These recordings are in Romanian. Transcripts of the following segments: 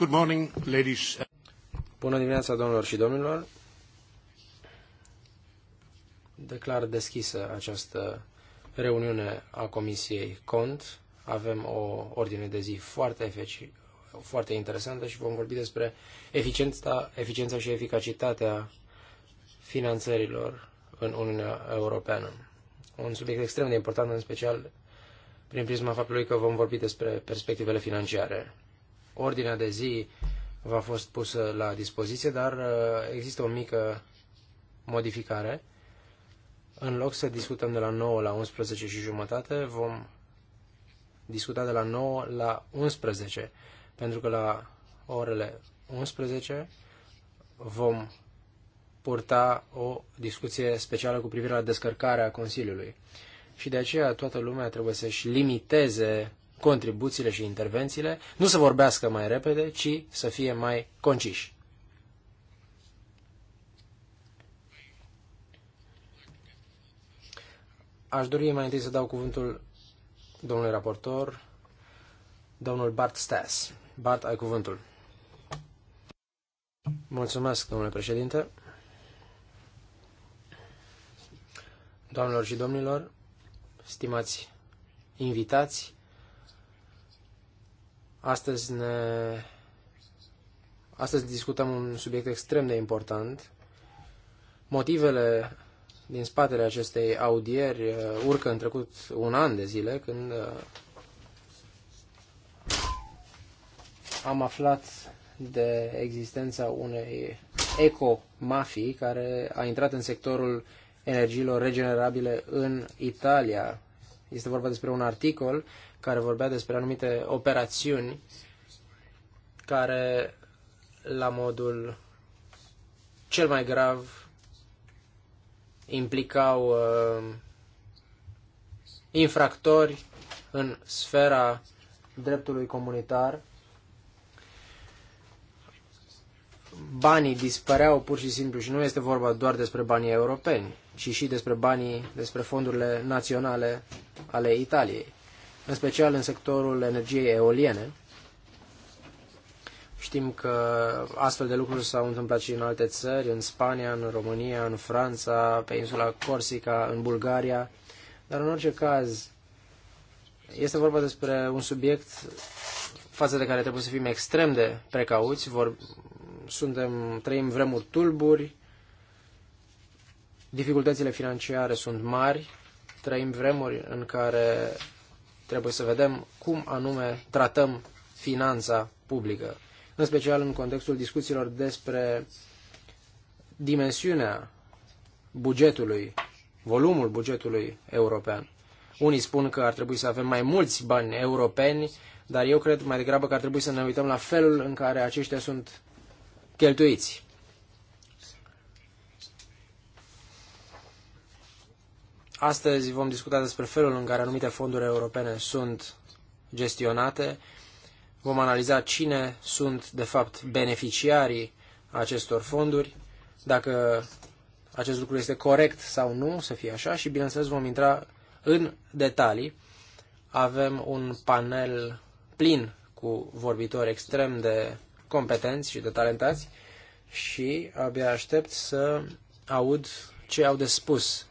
Good morning, ladies. Bună dimineața, domnilor și domnilor. Declar deschisă această reuniune a Comisiei CONT. Avem o ordine de zi foarte efic- foarte interesantă și vom vorbi despre eficiența, eficiența și eficacitatea finanțărilor în Uniunea Europeană. Un subiect extrem de important, în special prin prisma faptului că vom vorbi despre perspectivele financiare ordinea de zi v-a fost pusă la dispoziție, dar uh, există o mică modificare. În loc să discutăm de la 9 la 11 și jumătate, vom discuta de la 9 la 11, pentru că la orele 11 vom purta o discuție specială cu privire la descărcarea Consiliului. Și de aceea toată lumea trebuie să-și limiteze contribuțiile și intervențiile, nu să vorbească mai repede, ci să fie mai conciși. Aș dori mai întâi să dau cuvântul domnului raportor, domnul Bart Stas. Bart, ai cuvântul. Mulțumesc, domnule președinte. Doamnelor și domnilor, stimați invitați, Astăzi ne... Astăzi discutăm un subiect extrem de important. Motivele din spatele acestei audieri uh, urcă în trecut un an de zile, când uh, am aflat de existența unei eco-mafii care a intrat în sectorul energiilor regenerabile în Italia. Este vorba despre un articol care vorbea despre anumite operațiuni care, la modul cel mai grav, implicau uh, infractori în sfera dreptului comunitar. Banii dispăreau pur și simplu și nu este vorba doar despre banii europeni, ci și despre banii, despre fondurile naționale ale Italiei în special în sectorul energiei eoliene. Știm că astfel de lucruri s-au întâmplat și în alte țări, în Spania, în România, în Franța, pe insula Corsica, în Bulgaria, dar în orice caz este vorba despre un subiect față de care trebuie să fim extrem de precauți, vor, suntem, trăim vremuri tulburi, dificultățile financiare sunt mari, trăim vremuri în care Trebuie să vedem cum anume tratăm finanța publică, în special în contextul discuțiilor despre dimensiunea bugetului, volumul bugetului european. Unii spun că ar trebui să avem mai mulți bani europeni, dar eu cred mai degrabă că ar trebui să ne uităm la felul în care aceștia sunt cheltuiți. Astăzi vom discuta despre felul în care anumite fonduri europene sunt gestionate. Vom analiza cine sunt, de fapt, beneficiarii acestor fonduri, dacă acest lucru este corect sau nu, să fie așa, și, bineînțeles, vom intra în detalii. Avem un panel plin cu vorbitori extrem de competenți și de talentați și abia aștept să aud ce au de spus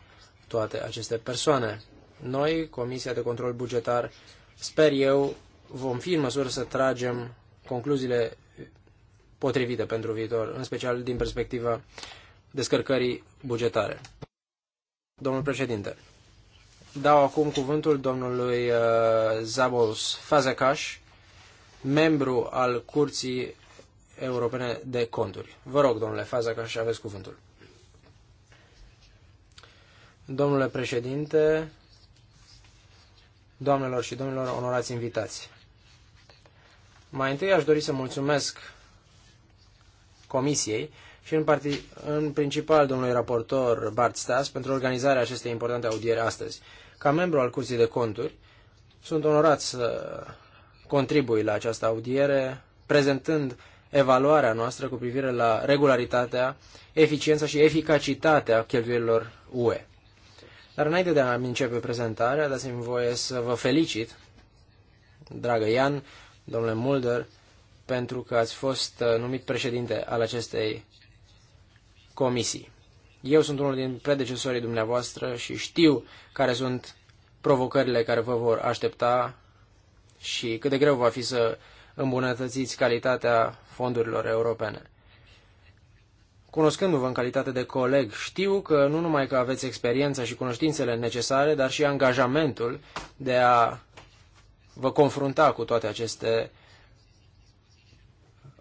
toate aceste persoane. Noi, Comisia de Control Bugetar, sper eu, vom fi în măsură să tragem concluziile potrivite pentru viitor, în special din perspectiva descărcării bugetare. Domnul președinte, dau acum cuvântul domnului uh, Zabos Fazekas, membru al Curții Europene de Conturi. Vă rog, domnule Fazekas, aveți cuvântul. Domnule președinte, doamnelor și domnilor, onorați invitați. Mai întâi aș dori să mulțumesc Comisiei și în, parti, în principal domnului raportor Bart Stas pentru organizarea acestei importante audieri astăzi. Ca membru al Curții de Conturi, sunt onorat să contribui la această audiere prezentând evaluarea noastră cu privire la regularitatea, eficiența și eficacitatea cheltuielilor UE. Dar înainte de a începe prezentarea, dați-mi voie să vă felicit, dragă Ian, domnule Mulder, pentru că ați fost uh, numit președinte al acestei comisii. Eu sunt unul din predecesorii dumneavoastră și știu care sunt provocările care vă vor aștepta și cât de greu va fi să îmbunătățiți calitatea fondurilor europene. Cunoscându-vă în calitate de coleg, știu că nu numai că aveți experiența și cunoștințele necesare, dar și angajamentul de a vă confrunta cu toate aceste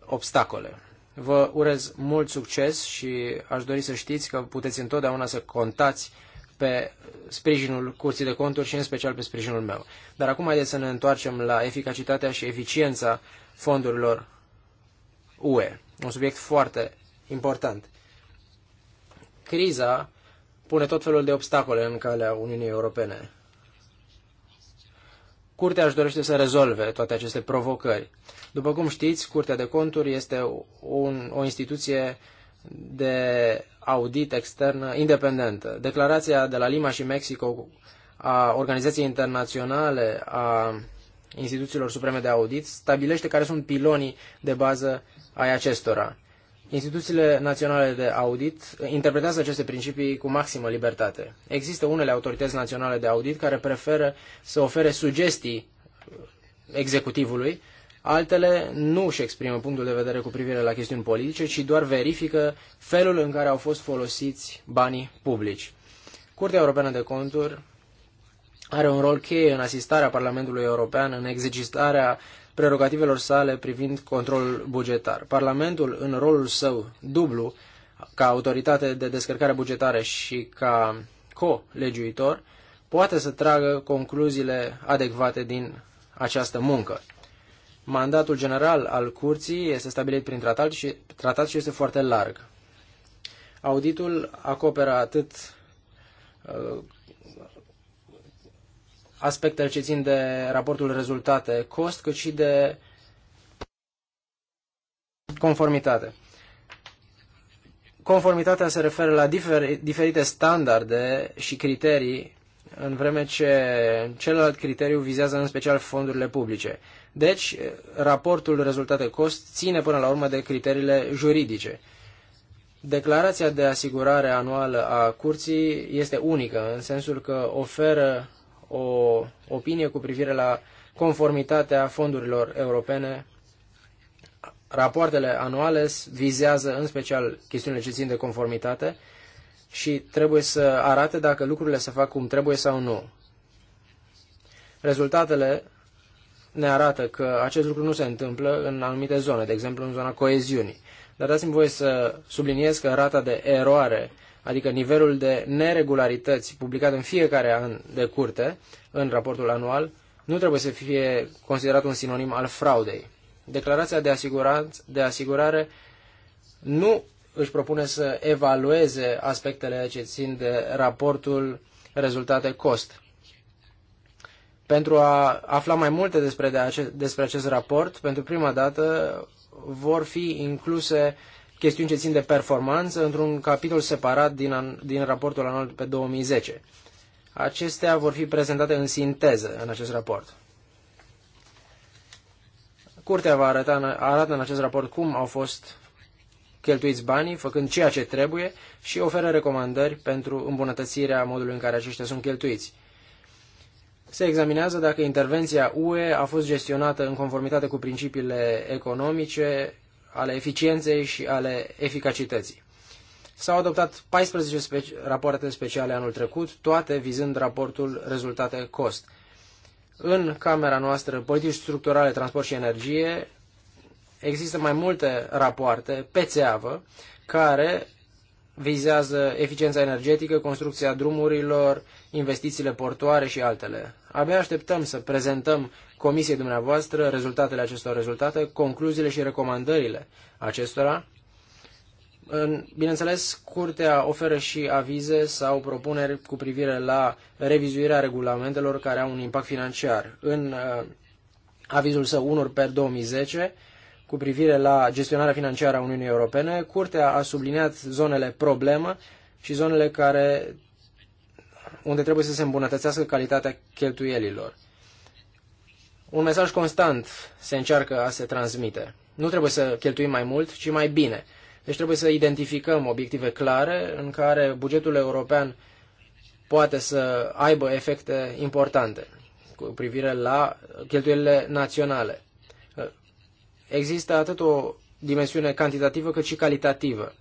obstacole. Vă urez mult succes și aș dori să știți că puteți întotdeauna să contați pe sprijinul Curții de Conturi și în special pe sprijinul meu. Dar acum haideți să ne întoarcem la eficacitatea și eficiența fondurilor UE. Un subiect foarte important. Criza pune tot felul de obstacole în calea Uniunii Europene. Curtea își dorește să rezolve toate aceste provocări. După cum știți, Curtea de Conturi este un, o instituție de audit extern independentă. Declarația de la Lima și Mexico a Organizației Internaționale a Instituțiilor Supreme de Audit stabilește care sunt pilonii de bază ai acestora. Instituțiile naționale de audit eh, interpretează aceste principii cu maximă libertate. Există unele autorități naționale de audit care preferă să ofere sugestii eh, executivului, altele nu își exprimă punctul de vedere cu privire la chestiuni politice, ci doar verifică felul în care au fost folosiți banii publici. Curtea Europeană de Conturi are un rol cheie în asistarea Parlamentului European în exercitarea prerogativelor sale privind controlul bugetar. Parlamentul, în rolul său dublu, ca autoritate de descărcare bugetară și ca co-legiuitor, poate să tragă concluziile adecvate din această muncă. Mandatul general al curții este stabilit prin tratat și, tratat și este foarte larg. Auditul acoperă atât uh, aspectele ce țin de raportul rezultate-cost, cât și de conformitate. Conformitatea se referă la difer- diferite standarde și criterii, în vreme ce celălalt criteriu vizează în special fondurile publice. Deci, raportul rezultate-cost ține până la urmă de criteriile juridice. Declarația de asigurare anuală a curții este unică, în sensul că oferă o opinie cu privire la conformitatea fondurilor europene. Rapoartele anuale vizează în special chestiunile ce țin de conformitate și trebuie să arate dacă lucrurile se fac cum trebuie sau nu. Rezultatele ne arată că acest lucru nu se întâmplă în anumite zone, de exemplu în zona coeziunii. Dar dați-mi voie să subliniez că rata de eroare adică nivelul de neregularități publicat în fiecare an de curte, în raportul anual, nu trebuie să fie considerat un sinonim al fraudei. Declarația de, de asigurare nu își propune să evalueze aspectele ce țin de raportul rezultate-cost. Pentru a afla mai multe despre, de ace- despre acest raport, pentru prima dată vor fi incluse chestiuni ce țin de performanță într-un capitol separat din, an, din raportul anual pe 2010. Acestea vor fi prezentate în sinteză în acest raport. Curtea va arăta, arată în acest raport cum au fost cheltuiți banii, făcând ceea ce trebuie și oferă recomandări pentru îmbunătățirea modului în care aceștia sunt cheltuiți. Se examinează dacă intervenția UE a fost gestionată în conformitate cu principiile economice ale eficienței și ale eficacității. S-au adoptat 14 speci rapoarte speciale anul trecut, toate vizând raportul rezultate cost. În camera noastră, politici structurale, transport și energie, există mai multe rapoarte pe țeavă care vizează eficiența energetică, construcția drumurilor, investițiile portoare și altele. Abia așteptăm să prezentăm comisiei dumneavoastră rezultatele acestor rezultate, concluziile și recomandările acestora. Bineînțeles, curtea oferă și avize sau propuneri cu privire la revizuirea regulamentelor care au un impact financiar. În uh, avizul său 1 per 2010, cu privire la gestionarea financiară a Uniunii Europene, Curtea a subliniat zonele problemă și zonele care, unde trebuie să se îmbunătățească calitatea cheltuielilor un mesaj constant se încearcă a se transmite. Nu trebuie să cheltuim mai mult, ci mai bine. Deci trebuie să identificăm obiective clare în care bugetul european poate să aibă efecte importante cu privire la cheltuielile naționale. Există atât o dimensiune cantitativă cât și calitativă.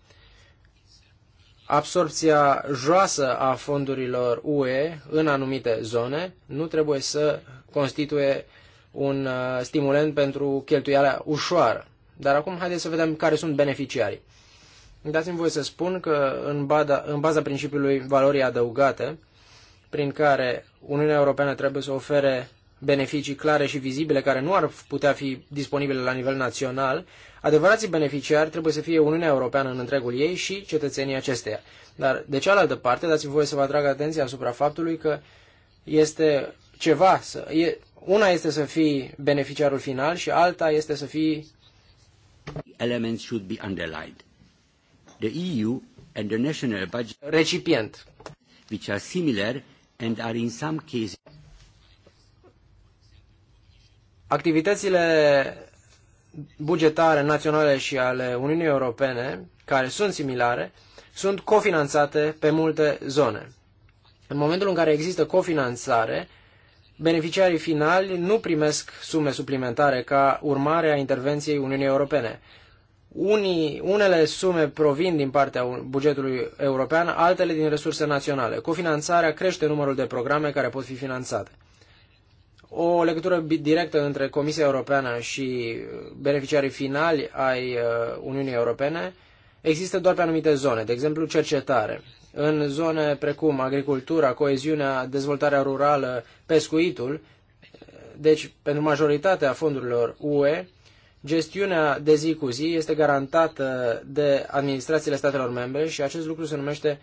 Absorpția joasă a fondurilor UE în anumite zone nu trebuie să constituie un uh, stimulent pentru cheltuiala ușoară. Dar acum haideți să vedem care sunt beneficiarii. Dați-mi voie să spun că în, bada, în baza principiului valorii adăugate, prin care Uniunea Europeană trebuie să ofere beneficii clare și vizibile care nu ar putea fi disponibile la nivel național, adevărații beneficiari trebuie să fie Uniunea Europeană în întregul ei și cetățenii acesteia. Dar, de cealaltă parte, dați-mi voie să vă atrag atenția asupra faptului că este ceva, să, e, una este să fii beneficiarul final și alta este să fii elements should be underlined. The EU and the national budget recipient which are similar and are in some cases Activitățile bugetare naționale și ale Uniunii Europene, care sunt similare, sunt cofinanțate pe multe zone. În momentul în care există cofinanțare, beneficiarii finali nu primesc sume suplimentare ca urmare a intervenției Uniunii Europene. Unii, unele sume provin din partea bugetului european, altele din resurse naționale. Cofinanțarea crește numărul de programe care pot fi finanțate. O legătură directă între Comisia Europeană și uh, beneficiarii finali ai uh, Uniunii Europene există doar pe anumite zone, de exemplu cercetare în zone precum agricultura, coeziunea, dezvoltarea rurală, pescuitul, deci pentru majoritatea fondurilor UE, gestiunea de zi cu zi este garantată de administrațiile statelor membre și acest lucru se numește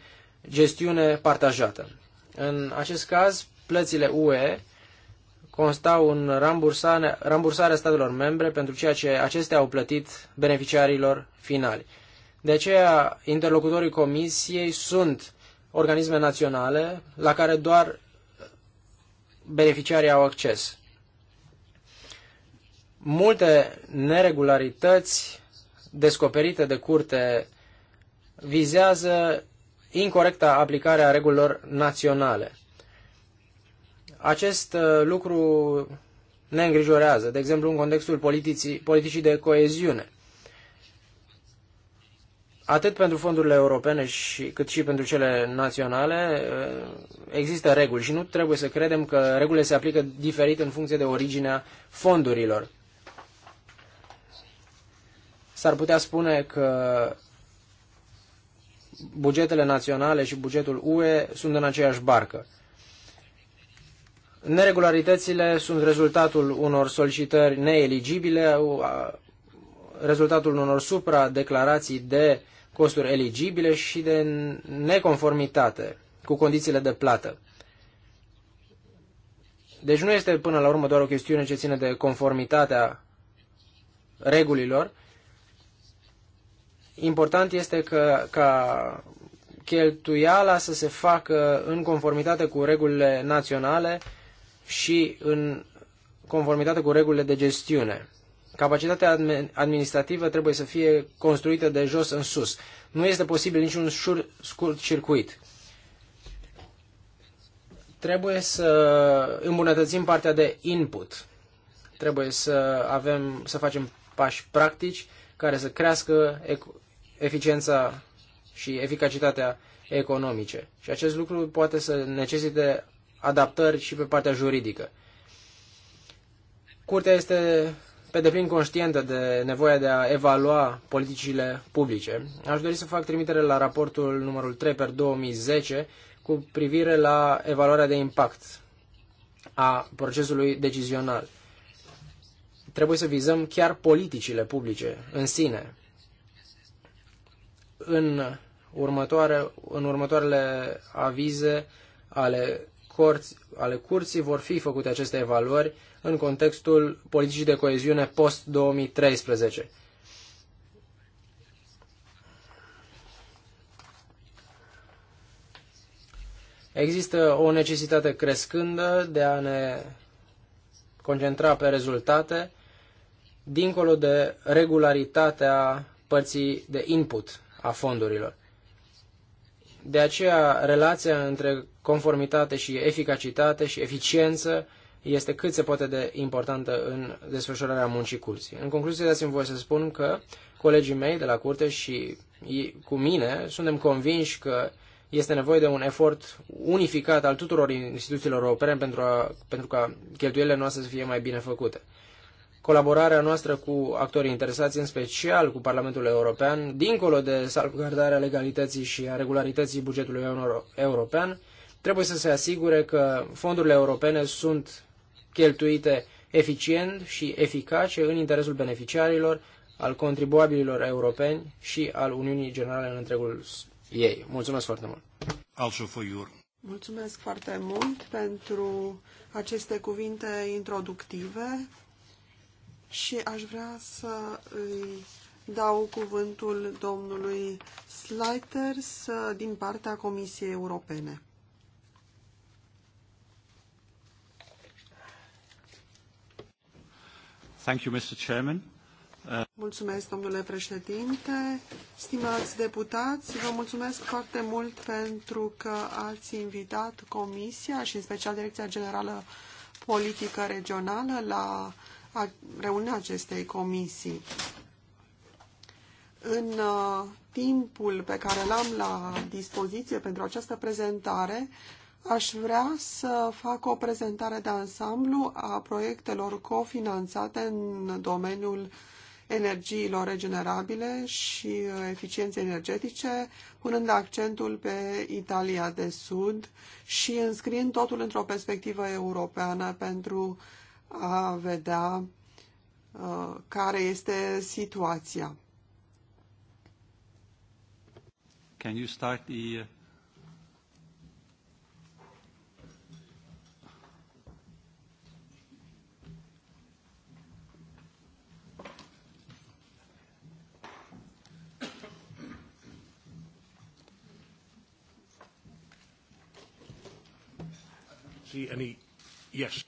gestiune partajată. În acest caz, plățile UE constau în rambursarea statelor membre pentru ceea ce acestea au plătit beneficiarilor finali. De aceea, interlocutorii comisiei sunt organisme naționale la care doar beneficiarii au acces. Multe neregularități descoperite de curte vizează incorrecta aplicare a regulilor naționale. Acest uh, lucru ne îngrijorează, de exemplu, în contextul politicii, de coeziune atât pentru fondurile europene și, cât și pentru cele naționale eh, există reguli și nu trebuie să credem că regulile se aplică diferit în funcție de originea fondurilor. S-ar putea spune că bugetele naționale și bugetul UE sunt în aceeași barcă. Neregularitățile sunt rezultatul unor solicitări neeligibile, rezultatul unor supra-declarații de uh, costuri eligibile și de neconformitate cu condițiile de plată. Deci nu este până la urmă doar o chestiune ce ține de conformitatea regulilor. Important este că, ca cheltuiala să se facă în conformitate cu regulile naționale și în conformitate cu regulile de gestiune. Capacitatea administrativă trebuie să fie construită de jos în sus. Nu este posibil niciun șur, scurt circuit. Trebuie să îmbunătățim partea de input. Trebuie să avem, să facem pași practici care să crească eficiența și eficacitatea economice. Și acest lucru poate să necesite adaptări și pe partea juridică. Curtea este pe deplin conștientă de nevoia de a evalua politicile publice, aș dori să fac trimitere la raportul numărul 3 per 2010 cu privire la evaluarea de impact a procesului decizional. Trebuie să vizăm chiar politicile publice în sine. În, următoare, în următoarele avize ale corți, ale curții vor fi făcute aceste evaluări în contextul politicii de coeziune post-2013. Există o necesitate crescândă de a ne concentra pe rezultate, dincolo de regularitatea părții de input a fondurilor. De aceea, relația între conformitate și eficacitate și eficiență este cât se poate de importantă în desfășurarea muncii curții. În concluzie, dați-mi voie să spun că colegii mei de la curte și cu mine suntem convinși că este nevoie de un efort unificat al tuturor instituțiilor europene pentru, a, pentru ca cheltuielile noastre să fie mai bine făcute. Colaborarea noastră cu actorii interesați, în special cu Parlamentul European, dincolo de salvgardarea legalității și a regularității bugetului european, trebuie să se asigure că fondurile europene sunt cheltuite eficient și eficace în interesul beneficiarilor, al contribuabililor europeni și al Uniunii Generale în întregul ei. Mulțumesc foarte mult! Mulțumesc foarte mult pentru aceste cuvinte introductive și aș vrea să îi dau cuvântul domnului Sliders din partea Comisiei Europene. Thank you, Mr. Chairman. Uh, mulțumesc, domnule președinte. Stimați deputați, vă mulțumesc foarte mult pentru că ați invitat Comisia și în special Direcția Generală Politică Regională la a reuniunea acestei comisii. În uh, timpul pe care l-am la dispoziție pentru această prezentare, aș vrea să fac o prezentare de ansamblu a proiectelor cofinanțate în domeniul energiilor regenerabile și uh, eficienței energetice, punând accentul pe Italia de Sud și înscriind totul într-o perspectivă europeană pentru a vedea uh, care este situația. Can you start the uh, see any yes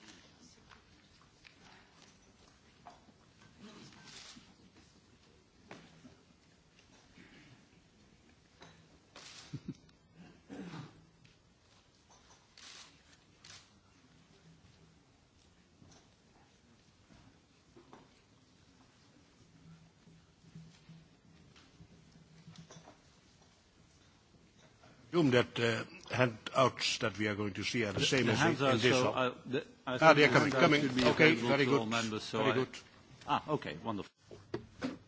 assume that uh, handouts that we are going to see are the same as in, this so, The handouts are, I ah, they are coming. coming. Okay, very good. Members, so very good. Ah, okay, wonderful.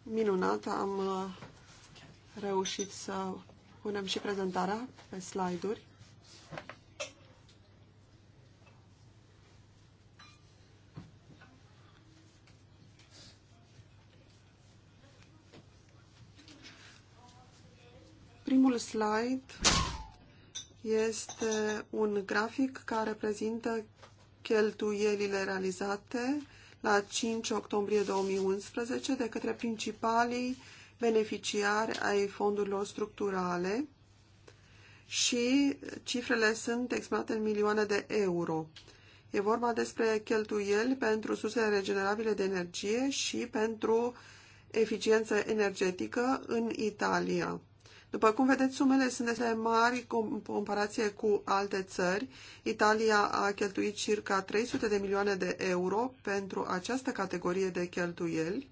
Minunat, am uh, reușit să punem și prezentarea pe slide-uri. Primul slide este un grafic care prezintă cheltuielile realizate la 5 octombrie 2011 de către principalii beneficiari ai fondurilor structurale și cifrele sunt exprimate în milioane de euro. E vorba despre cheltuieli pentru surse regenerabile de energie și pentru eficiență energetică în Italia. După cum vedeți, sumele sunt destul de mari în comparație cu alte țări. Italia a cheltuit circa 300 de milioane de euro pentru această categorie de cheltuieli.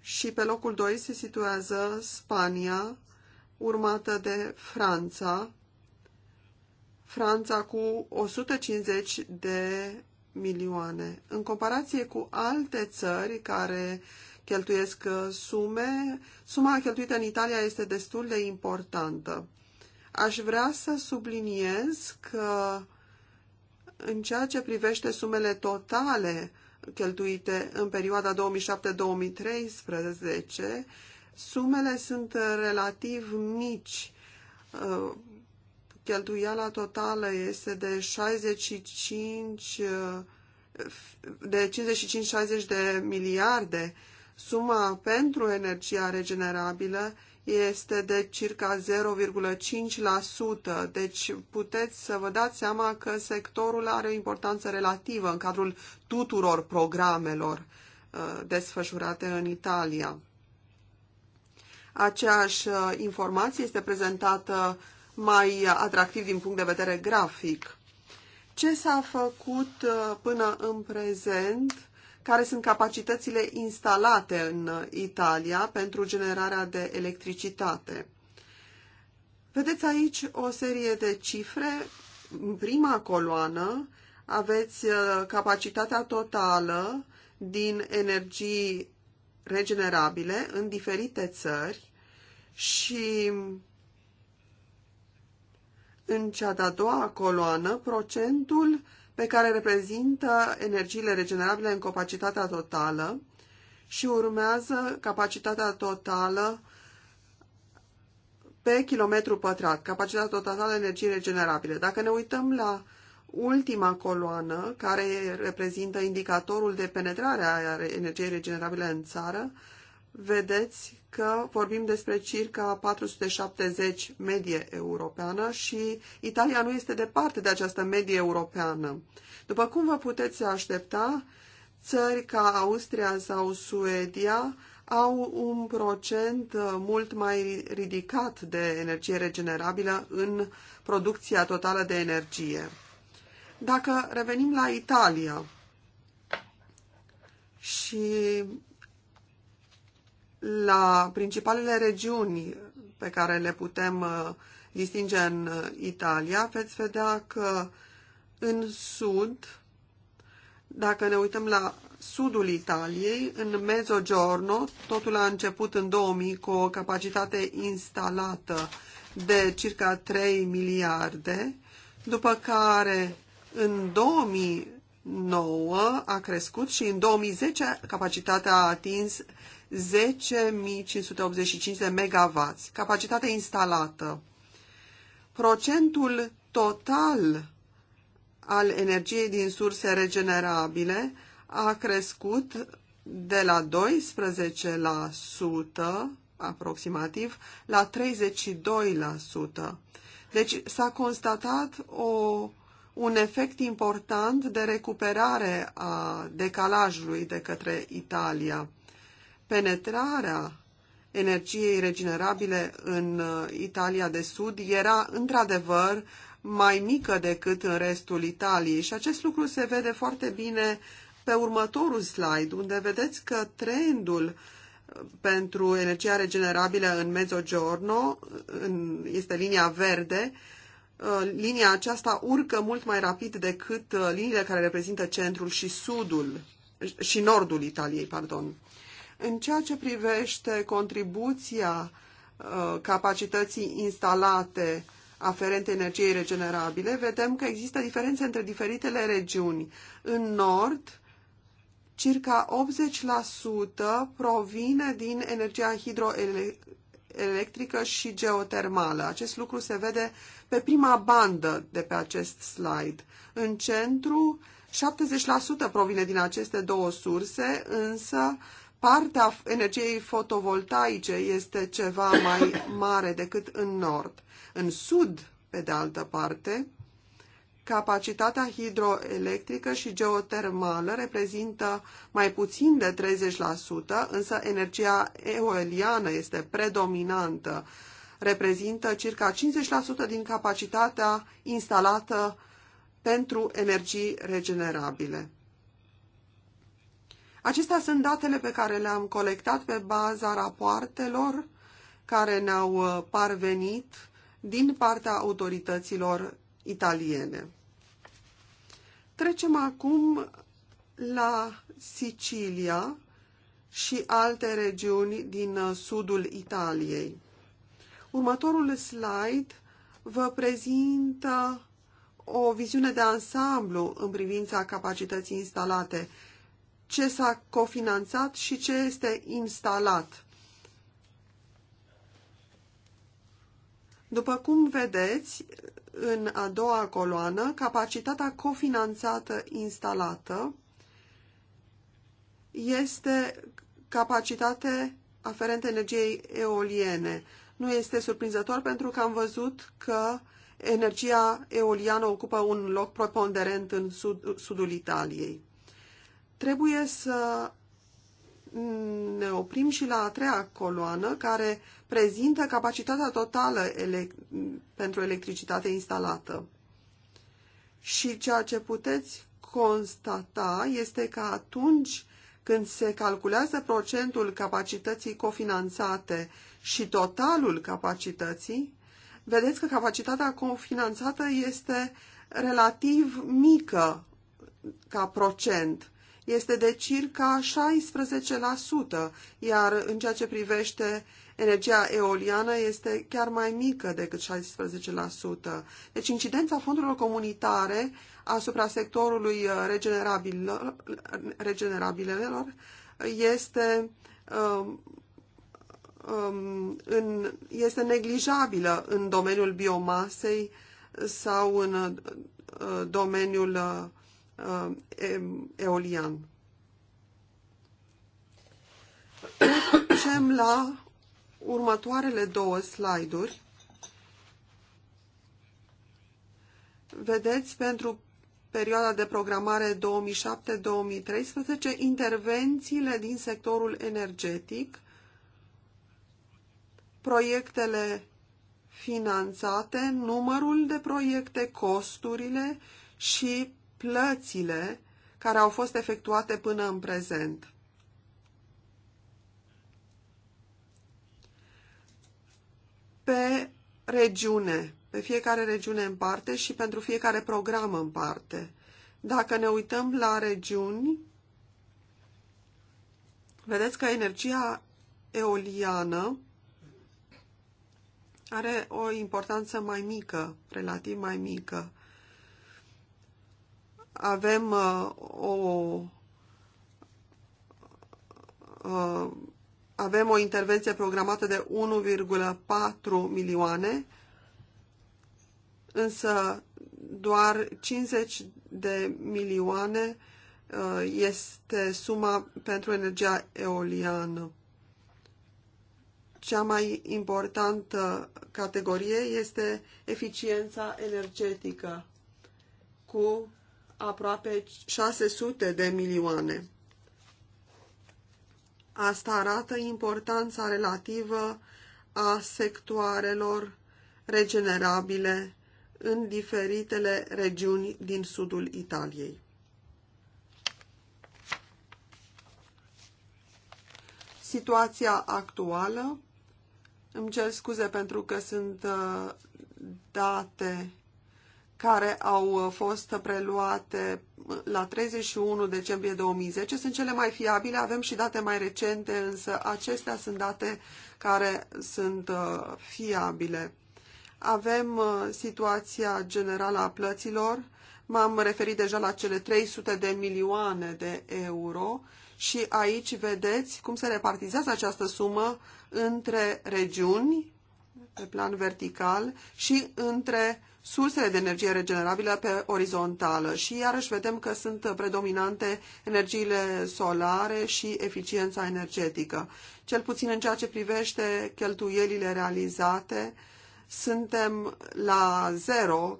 Și pe locul 2 se situează Spania, urmată de Franța, Franța cu 150 de milioane. În comparație cu alte țări care cheltuiesc uh, sume. Suma cheltuită în Italia este destul de importantă. Aș vrea să subliniez că în ceea ce privește sumele totale cheltuite în perioada 2007-2013, sumele sunt relativ mici. Uh, cheltuiala totală este de 65 uh, de 55-60 de miliarde Suma pentru energia regenerabilă este de circa 0,5%, deci puteți să vă dați seama că sectorul are o importanță relativă în cadrul tuturor programelor uh, desfășurate în Italia. Aceeași uh, informație este prezentată mai atractiv din punct de vedere grafic. Ce s-a făcut uh, până în prezent care sunt capacitățile instalate în Italia pentru generarea de electricitate. Vedeți aici o serie de cifre. În prima coloană aveți uh, capacitatea totală din energii regenerabile în diferite țări și în cea de-a doua coloană procentul pe care reprezintă energiile regenerabile în capacitatea totală și urmează capacitatea totală pe kilometru pătrat, capacitatea totală de energiei regenerabile. Dacă ne uităm la ultima coloană, care reprezintă indicatorul de penetrare a energiei regenerabile în țară, vedeți că vorbim despre circa 470 medie europeană și Italia nu este departe de această medie europeană. După cum vă puteți aștepta, țări ca Austria sau Suedia au un procent uh, mult mai ridicat de energie regenerabilă în producția totală de energie. Dacă revenim la Italia și la principalele regiuni pe care le putem uh, distinge în uh, Italia, veți vedea că în sud, dacă ne uităm la sudul Italiei, în Mezzogiorno, totul a început în 2000 cu o capacitate instalată de circa 3 miliarde, după care în 2009 a crescut și în 2010 capacitatea a atins 10.585 de megawatts, capacitate instalată. Procentul total al energiei din surse regenerabile a crescut de la 12% aproximativ la 32%. Deci s-a constatat o, un efect important de recuperare a decalajului de către Italia penetrarea energiei regenerabile în uh, Italia de Sud era într-adevăr mai mică decât în restul Italiei și acest lucru se vede foarte bine pe următorul slide, unde vedeți că trendul uh, pentru energia regenerabilă în Mezzogiorno în, este linia verde. Uh, linia aceasta urcă mult mai rapid decât liniile care reprezintă centrul și sudul și nordul Italiei, pardon. În ceea ce privește contribuția uh, capacității instalate aferente energiei regenerabile, vedem că există diferențe între diferitele regiuni. În nord, circa 80% provine din energia hidroelectrică și geotermală. Acest lucru se vede pe prima bandă de pe acest slide. În centru, 70% provine din aceste două surse, însă partea energiei fotovoltaice este ceva mai mare decât în nord. În sud, pe de altă parte, capacitatea hidroelectrică și geotermală reprezintă mai puțin de 30%, însă energia eoliană este predominantă, reprezintă circa 50% din capacitatea instalată pentru energii regenerabile. Acestea sunt datele pe care le-am colectat pe baza rapoartelor care ne-au uh, parvenit din partea autorităților italiene. Trecem acum la Sicilia și alte regiuni din uh, sudul Italiei. Următorul slide vă prezintă o viziune de ansamblu în privința capacității instalate ce s-a cofinanțat și ce este instalat. După cum vedeți, în a doua coloană, capacitatea cofinanțată instalată este capacitate aferentă energiei eoliene. Nu este surprinzător pentru că am văzut că energia eoliană ocupă un loc preponderent în sud, sudul Italiei trebuie să ne oprim și la a treia coloană, care prezintă capacitatea totală ele- pentru electricitate instalată. Și ceea ce puteți constata este că atunci când se calculează procentul capacității cofinanțate și totalul capacității, vedeți că capacitatea cofinanțată este relativ mică ca procent este de circa 16%, iar în ceea ce privește energia eoliană este chiar mai mică decât 16%. Deci incidența fondurilor comunitare asupra sectorului uh, regenerabil, regenerabilelor este, um, um, este neglijabilă în domeniul biomasei sau în uh, domeniul uh, Uh, eolian. Trecem la următoarele două slide-uri. Vedeți, pentru perioada de programare 2007-2013, intervențiile din sectorul energetic, proiectele finanțate, numărul de proiecte, costurile și plățile care au fost efectuate până în prezent. Pe regiune, pe fiecare regiune în parte și pentru fiecare program în parte. Dacă ne uităm la regiuni, vedeți că energia eoliană are o importanță mai mică, relativ mai mică avem uh, o uh, avem o intervenție programată de 1,4 milioane, însă doar 50 de milioane uh, este suma pentru energia eoliană. Cea mai importantă categorie este eficiența energetică cu aproape 600 de milioane. Asta arată importanța relativă a sectoarelor regenerabile în diferitele regiuni din sudul Italiei. Situația actuală, îmi cer scuze pentru că sunt uh, date care au uh, fost preluate uh, la 31 decembrie 2010 sunt cele mai fiabile, avem și date mai recente, însă acestea sunt date care sunt uh, fiabile. Avem situația generală a plăților, m-am referit deja la cele 300 de milioane de euro și aici vedeți cum se repartizează această sumă între regiuni pe plan vertical și între sursele de energie regenerabilă pe orizontală și iarăși vedem că sunt predominante energiile solare și eficiența energetică. Cel puțin în ceea ce privește cheltuielile realizate, suntem la zero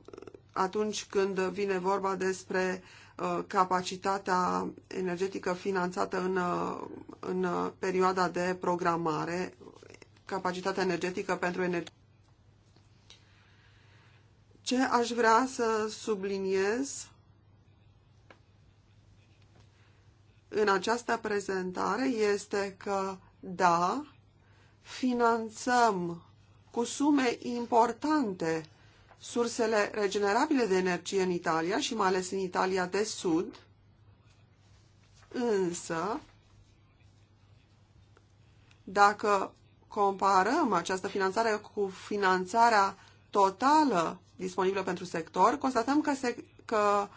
atunci când vine vorba despre uh, capacitatea energetică finanțată în, uh, în perioada de programare, capacitatea energetică pentru energie. Ce aș vrea să subliniez în această prezentare este că, da, finanțăm cu sume importante sursele regenerabile de energie în Italia și mai ales în Italia de Sud, însă, dacă comparăm această finanțare cu finanțarea totală disponibilă pentru sector, constatăm că, se, că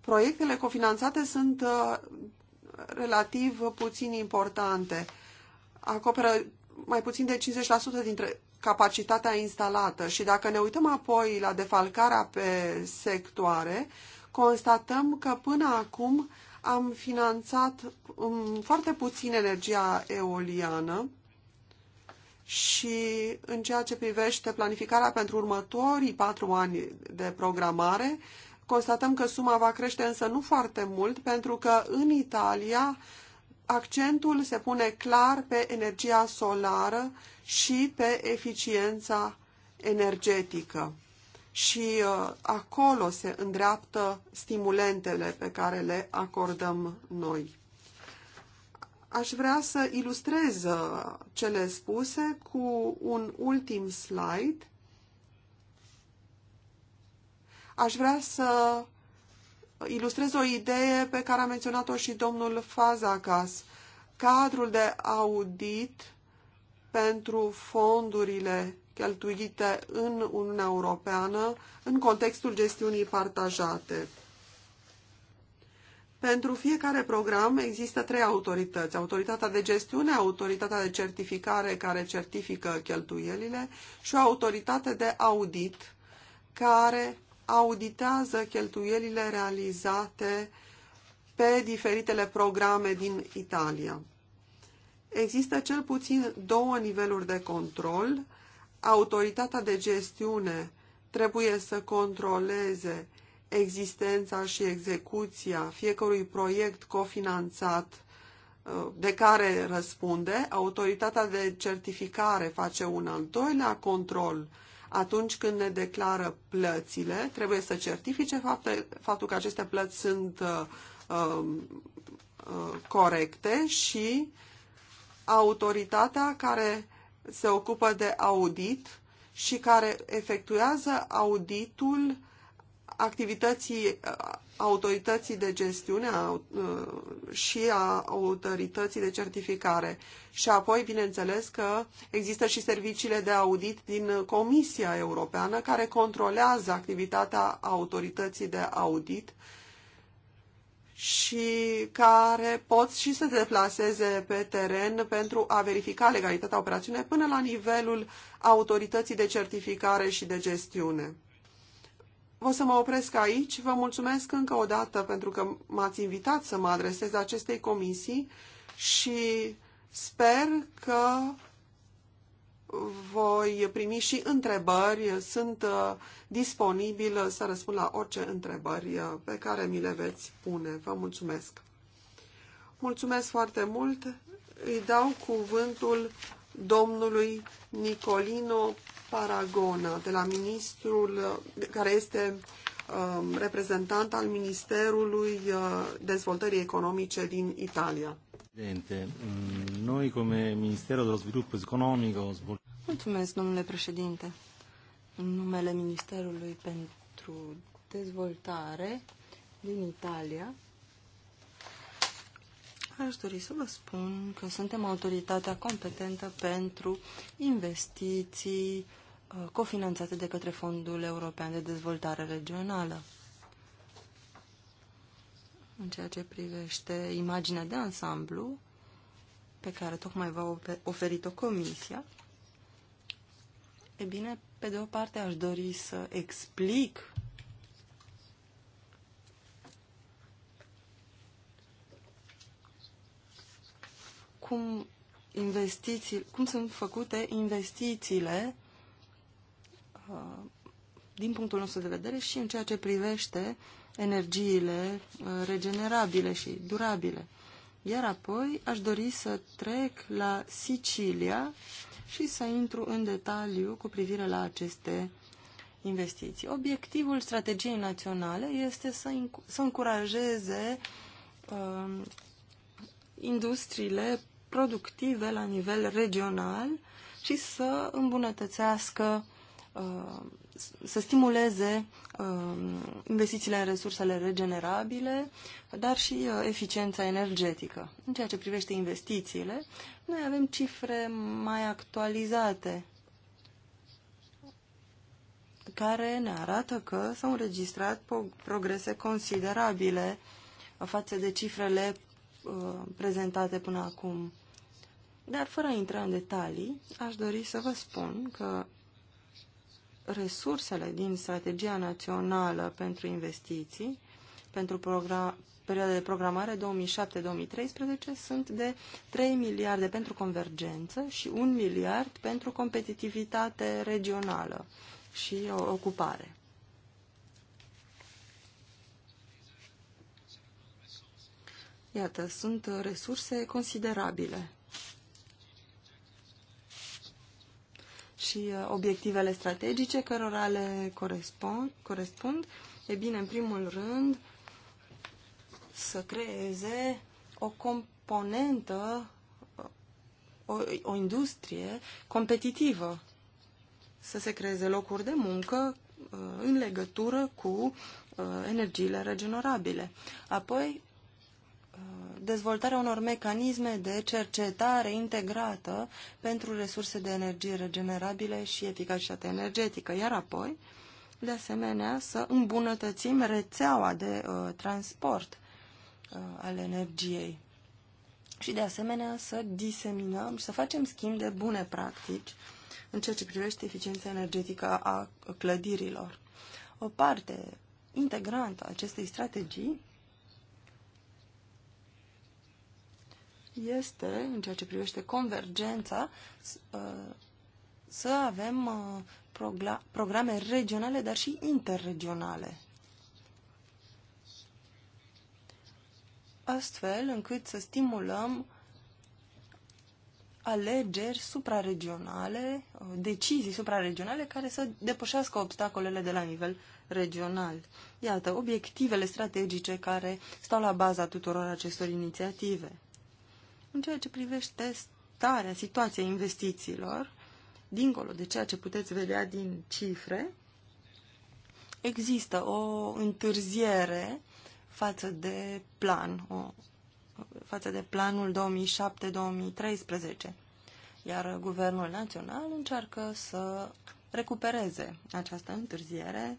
proiectele cofinanțate sunt uh, relativ puțin importante. Acoperă mai puțin de 50% dintre capacitatea instalată și dacă ne uităm apoi la defalcarea pe sectoare, constatăm că până acum am finanțat um, foarte puțin energia eoliană, și în ceea ce privește planificarea pentru următorii patru ani de programare, constatăm că suma va crește însă nu foarte mult, pentru că în Italia accentul se pune clar pe energia solară și pe eficiența energetică. Și uh, acolo se îndreaptă stimulentele pe care le acordăm noi aș vrea să ilustrez uh, cele spuse cu un ultim slide. Aș vrea să ilustrez o idee pe care a menționat-o și domnul Fazakas. Cadrul de audit pentru fondurile cheltuite în Uniunea Europeană în contextul gestiunii partajate. Pentru fiecare program există trei autorități. Autoritatea de gestiune, autoritatea de certificare care certifică cheltuielile și o autoritate de audit care auditează cheltuielile realizate pe diferitele programe din Italia. Există cel puțin două niveluri de control. Autoritatea de gestiune trebuie să controleze existența și execuția fiecărui proiect cofinanțat uh, de care răspunde, autoritatea de certificare face un al doilea control atunci când ne declară plățile, trebuie să certifice fapte, faptul că aceste plăți sunt uh, um, uh, corecte și autoritatea care se ocupă de audit și care efectuează auditul activității uh, autorității de gestiune uh, și a autorității de certificare. Și apoi, bineînțeles, că există și serviciile de audit din Comisia Europeană care controlează activitatea autorității de audit și care pot și să se deplaseze pe teren pentru a verifica legalitatea operațiunii până la nivelul autorității de certificare și de gestiune. O să mă opresc aici. Vă mulțumesc încă o dată pentru că m-ați invitat să mă adresez acestei comisii și sper că voi primi și întrebări. Sunt uh, disponibil să răspund la orice întrebări uh, pe care mi le veți pune. Vă mulțumesc. Mulțumesc foarte mult. Îi dau cuvântul domnului Nicolino Paragona, de la ministrul uh, care este um, reprezentant al Ministerului uh, Dezvoltării Economice din Italia. Presidente, noi come Ministero dello Sviluppo Economico... Mulțumesc, domnule președinte. În numele Ministerului pentru Dezvoltare din Italia, Aș dori să vă spun că suntem autoritatea competentă pentru investiții uh, cofinanțate de către Fondul European de Dezvoltare Regională. În ceea ce privește imaginea de ansamblu pe care tocmai v-a oferit-o Comisia, e bine, pe de o parte aș dori să explic cum, investiții, cum sunt făcute investițiile uh, din punctul nostru de vedere și în ceea ce privește energiile uh, regenerabile și durabile. Iar apoi aș dori să trec la Sicilia și să intru în detaliu cu privire la aceste investiții. Obiectivul strategiei naționale este să, să încurajeze uh, industriile productive la nivel regional și să îmbunătățească, uh, să stimuleze uh, investițiile în resursele regenerabile, dar și uh, eficiența energetică. În ceea ce privește investițiile, noi avem cifre mai actualizate care ne arată că s-au înregistrat progrese considerabile față de cifrele prezentate până acum. Dar fără a intra în detalii, aș dori să vă spun că resursele din Strategia Națională pentru Investiții pentru perioada de programare 2007-2013 sunt de 3 miliarde pentru convergență și 1 miliard pentru competitivitate regională și ocupare. Iată, sunt resurse considerabile. și uh, obiectivele strategice cărora le corespund, corespund, e bine, în primul rând, să creeze o componentă, o, o industrie competitivă, să se creeze locuri de muncă uh, în legătură cu uh, energiile regenerabile. Apoi, dezvoltarea unor mecanisme de cercetare integrată pentru resurse de energie regenerabile și eficacitate energetică, iar apoi, de asemenea, să îmbunătățim rețeaua de uh, transport uh, al energiei și, de asemenea, să diseminăm și să facem schimb de bune practici în ceea ce privește eficiența energetică a clădirilor. O parte integrantă a acestei strategii este, în ceea ce privește convergența, uh, să avem uh, programe regionale, dar și interregionale. Astfel încât să stimulăm alegeri supraregionale, uh, decizii supraregionale care să depășească obstacolele de la nivel regional. Iată, obiectivele strategice care stau la baza tuturor acestor inițiative. În ceea ce privește starea, situația investițiilor, dincolo de ceea ce puteți vedea din cifre, există o întârziere față de plan, o, față de planul 2007-2013. Iar Guvernul Național încearcă să recupereze această întârziere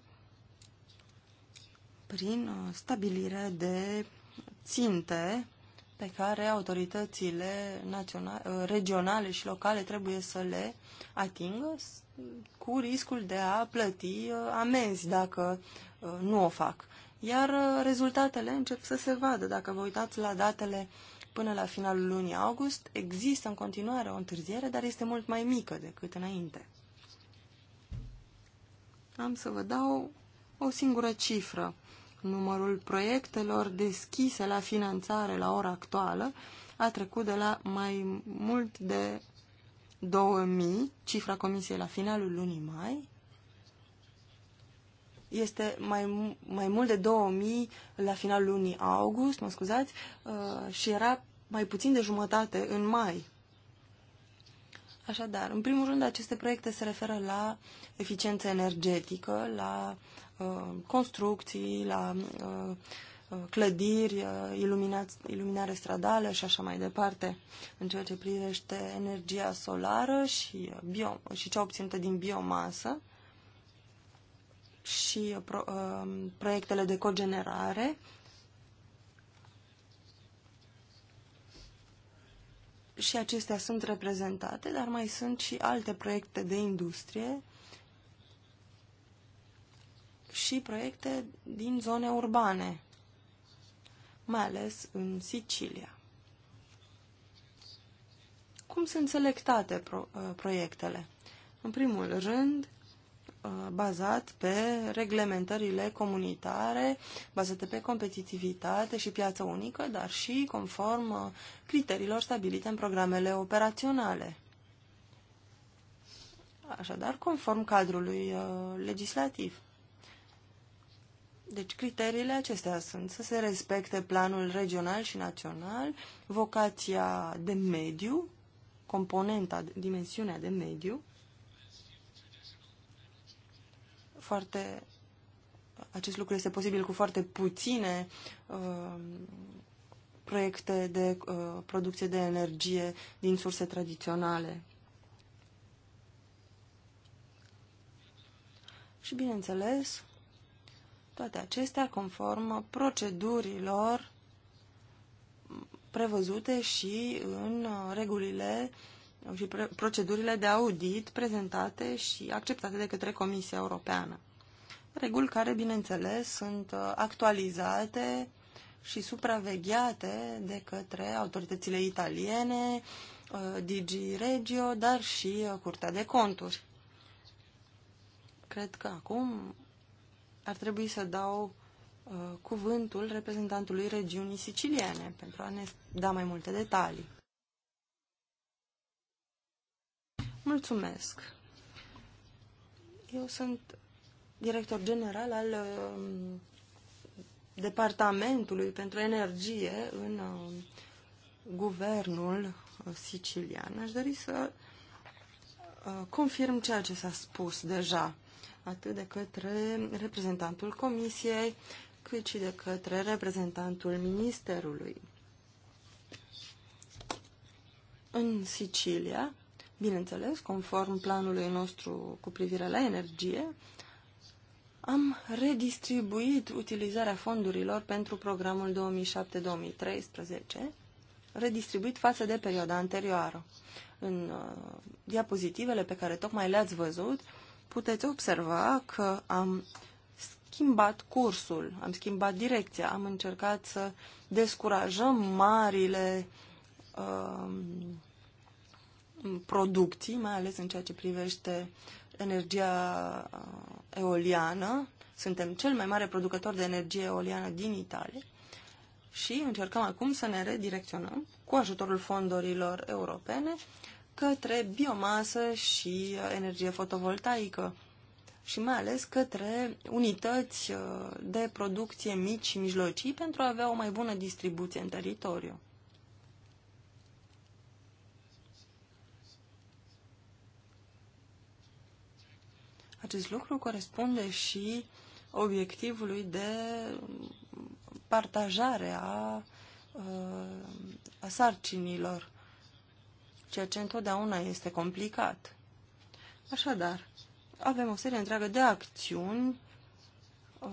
prin stabilire de ținte pe care autoritățile naționale, regionale și locale trebuie să le atingă cu riscul de a plăti uh, amenzi dacă uh, nu o fac. Iar uh, rezultatele încep să se vadă. Dacă vă uitați la datele până la finalul lunii august, există în continuare o întârziere, dar este mult mai mică decât înainte. Am să vă dau o singură cifră. Numărul proiectelor deschise la finanțare la ora actuală a trecut de la mai mult de 2000, cifra comisiei la finalul lunii mai, este mai, mai mult de 2000 la finalul lunii august, mă scuzați, uh, și era mai puțin de jumătate în mai. Așadar, în primul rând, aceste proiecte se referă la eficiență energetică, la Uh, construcții, la uh, uh, clădiri, iluminare stradală și așa mai departe. În ceea ce privește energia solară și, bio, și cea obținută din biomasă și pro, proiectele de cogenerare, și acestea sunt reprezentate, dar mai sunt și alte proiecte de industrie și proiecte din zone urbane, mai ales în Sicilia. Cum sunt selectate pro, uh, proiectele? În primul rând, uh, bazat pe reglementările comunitare, bazate pe competitivitate și piață unică, dar și conform uh, criteriilor stabilite în programele operaționale. Așadar, conform cadrului legislativ. Deci criteriile acestea sunt să se respecte planul regional și național, vocația de mediu, componenta, dimensiunea de mediu, foarte, acest lucru este posibil cu foarte puține uh, proiecte de uh, producție de energie din surse tradiționale. Și bineînțeles, toate acestea conform procedurilor prevăzute și în regulile și procedurile de audit prezentate și acceptate de către Comisia Europeană. Reguli care, bineînțeles, sunt actualizate și supravegheate de către autoritățile italiene, DG Regio, dar și Curtea de Conturi. Cred că acum ar trebui să dau uh, cuvântul reprezentantului regiunii siciliene pentru a ne da mai multe detalii. Mulțumesc! Eu sunt director general al uh, Departamentului pentru Energie în um, uh, guvernul sicilian. Aș dori să uh, confirm ceea ce s-a spus deja atât de către reprezentantul Comisiei, cât și de către reprezentantul Ministerului. În Sicilia, bineînțeles, conform planului nostru cu privire la energie, am redistribuit utilizarea fondurilor pentru programul 2007-2013, redistribuit față de perioada anterioară. În uh, diapozitivele pe care tocmai le-ați văzut, uh, puteți observa că am schimbat cursul, am schimbat direcția, am încercat să descurajăm marile uh, producții, mai ales în ceea ce privește energia uh, eoliană. Suntem cel mai mare producător de energie eoliană din Italia și încercăm acum să ne redirecționăm cu ajutorul fondurilor europene către biomasă și uh, energie fotovoltaică și mai ales către unități uh, de producție mici și mijlocii pentru a avea o mai bună distribuție în teritoriu. Acest lucru corespunde și obiectivului de partajare a, uh, a sarcinilor ceea ce întotdeauna este complicat. Așadar, avem o serie întreagă de acțiuni uh,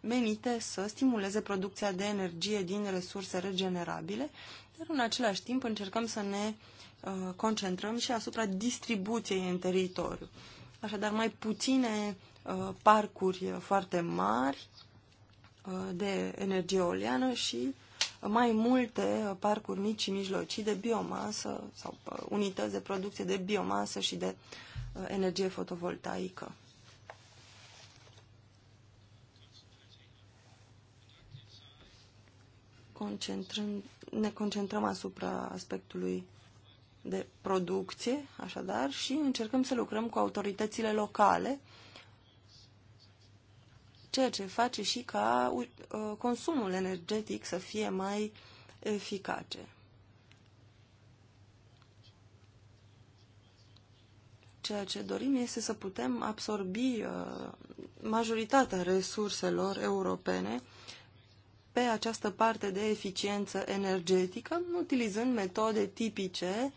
menite să stimuleze producția de energie din resurse regenerabile, dar în același timp încercăm să ne uh, concentrăm și asupra distribuției în teritoriu. Așadar, mai puține uh, parcuri foarte mari de energie oleană și mai multe parcuri mici și mijlocii de biomasă sau uh, unități de producție de biomasă și de uh, energie fotovoltaică. Concentrând, ne concentrăm asupra aspectului de producție, așadar, și încercăm să lucrăm cu autoritățile locale ceea ce face și ca uh, consumul energetic să fie mai eficace. Ceea ce dorim este să putem absorbi uh, majoritatea resurselor europene pe această parte de eficiență energetică, utilizând metode tipice,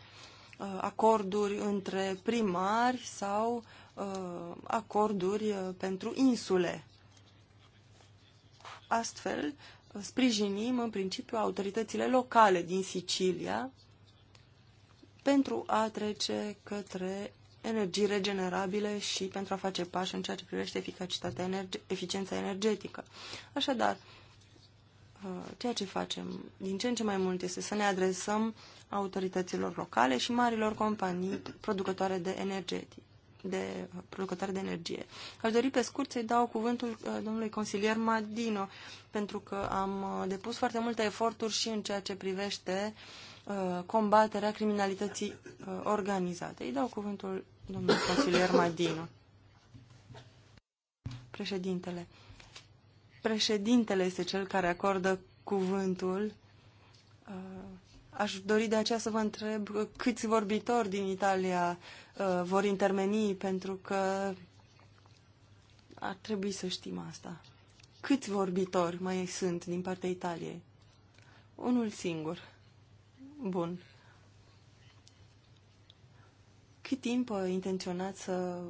uh, acorduri între primari sau acorduri pentru insule. Astfel, sprijinim în principiu autoritățile locale din Sicilia pentru a trece către energii regenerabile și pentru a face pași în ceea ce privește eficacitatea energe- eficiența energetică. Așadar, uh, ceea ce facem din ce în ce mai mult este să ne adresăm autorităților locale și marilor companii producătoare de energetic de producători de energie. Aș dori pe scurt să-i dau cuvântul uh, domnului consilier Madino, pentru că am uh, depus foarte multe eforturi și în ceea ce privește uh, combaterea criminalității organizate. Îi dau cuvântul domnului consilier Madino. Președintele. Președintele este cel care acordă cuvântul. Uh, Aș dori de aceea să vă întreb câți vorbitori din Italia uh, vor interveni, pentru că ar trebui să știm asta. Câți vorbitori mai sunt din partea Italiei? Unul singur. Bun. Cât timp uh, intenționați să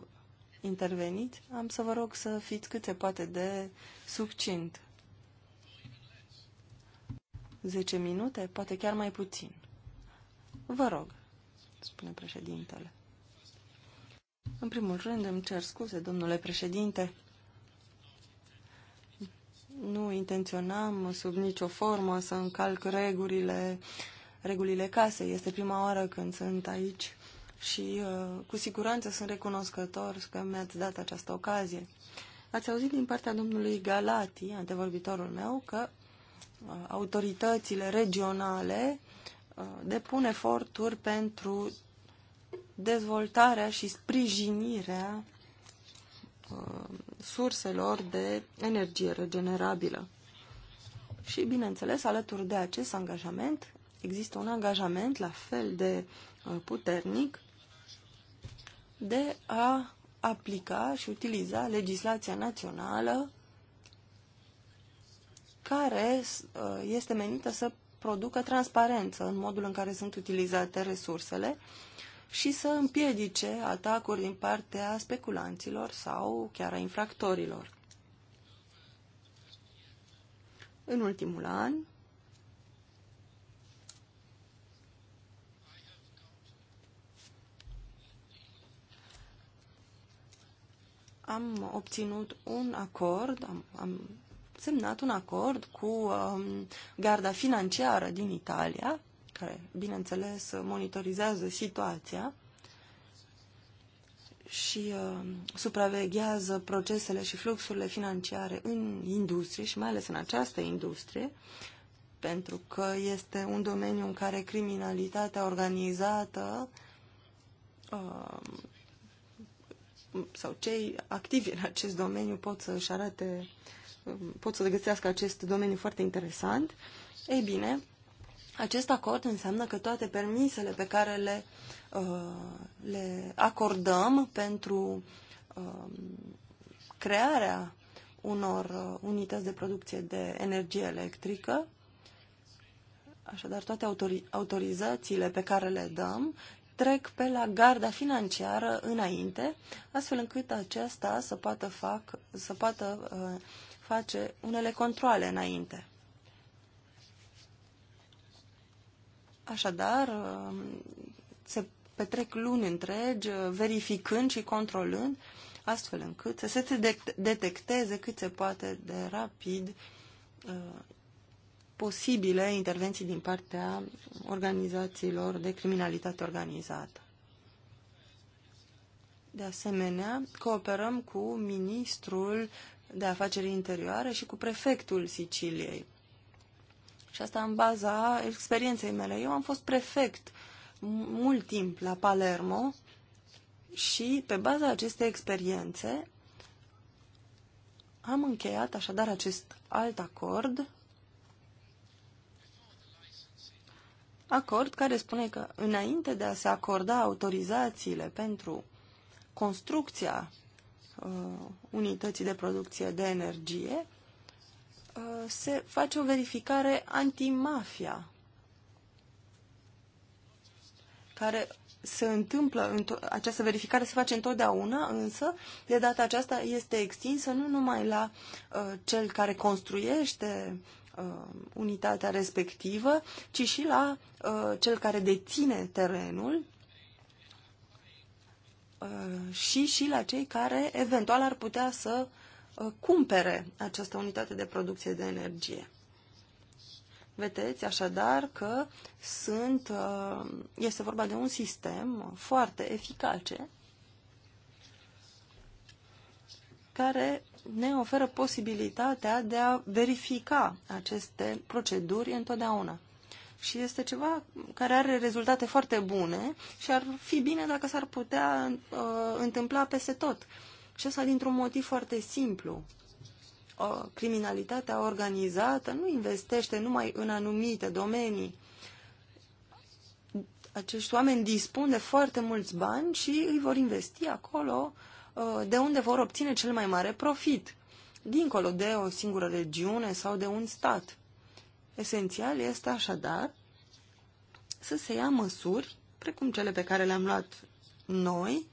interveniți? Am să vă rog să fiți cât se poate de succint. Zece minute, poate chiar mai puțin. Vă rog, spune președintele. În primul rând îmi cer scuze, domnule președinte. Nu intenționam sub nicio formă să încalc regulile, regulile casei. Este prima oară când sunt aici și uh, cu siguranță sunt recunoscător că mi-ați dat această ocazie. Ați auzit din partea domnului Galati, antevorbitorul meu, că autoritățile regionale uh, depun eforturi pentru dezvoltarea și sprijinirea uh, surselor de energie regenerabilă. Și, bineînțeles, alături de acest angajament, există un angajament la fel de uh, puternic de a aplica și utiliza legislația națională care uh, este menită să producă transparență în modul în care sunt utilizate resursele și să împiedice atacuri din partea speculanților sau chiar a infractorilor. În ultimul an, am obținut un acord, am, am semnat un acord cu um, garda financiară din Italia, care, bineînțeles, monitorizează situația și uh, supraveghează procesele și fluxurile financiare în industrie și mai ales în această industrie, pentru că este un domeniu în care criminalitatea organizată uh, sau cei activi în acest domeniu pot să-și arate uh, pot să găsească acest domeniu foarte interesant, ei bine, acest acord înseamnă că toate permisele pe care le, uh, le acordăm pentru um, crearea unor uh, unități de producție de energie electrică, așadar toate autorizațiile pe care le dăm, trec pe la garda financiară înainte, astfel încât aceasta să poată, fac, să poată uh, face unele controle înainte. Așadar, um, se petrec luni întregi uh, verificând și controlând, astfel încât să se detecteze cât se poate de rapid uh, posibile intervenții din partea organizațiilor de criminalitate organizată. De asemenea, cooperăm cu ministrul de afaceri interioare și cu prefectul Siciliei. Și asta în baza experienței mele. Eu am fost prefect mult timp la Palermo și pe baza acestei experiențe am încheiat așadar acest alt acord acord care spune că înainte de a se acorda autorizațiile pentru construcția Uh, unității de producție de energie, uh, se face o verificare antimafia care se întâmplă, această verificare se face întotdeauna, însă de data aceasta este extinsă nu numai la uh, cel care construiește uh, unitatea respectivă, ci și la uh, cel care deține terenul Uh, și și la cei care eventual ar putea să uh, cumpere această unitate de producție de energie. Vedeți așadar că sunt, uh, este vorba de un sistem foarte eficace care ne oferă posibilitatea de a verifica aceste proceduri întotdeauna și este ceva care are rezultate foarte bune și ar fi bine dacă s-ar putea uh, întâmpla peste tot. Și asta dintr-un motiv foarte simplu. O, criminalitatea organizată nu investește numai în anumite domenii. Acești oameni dispun de foarte mulți bani și îi vor investi acolo uh, de unde vor obține cel mai mare profit, dincolo de o singură regiune sau de un stat Esențial este așadar să se ia măsuri, precum cele pe care le-am luat noi,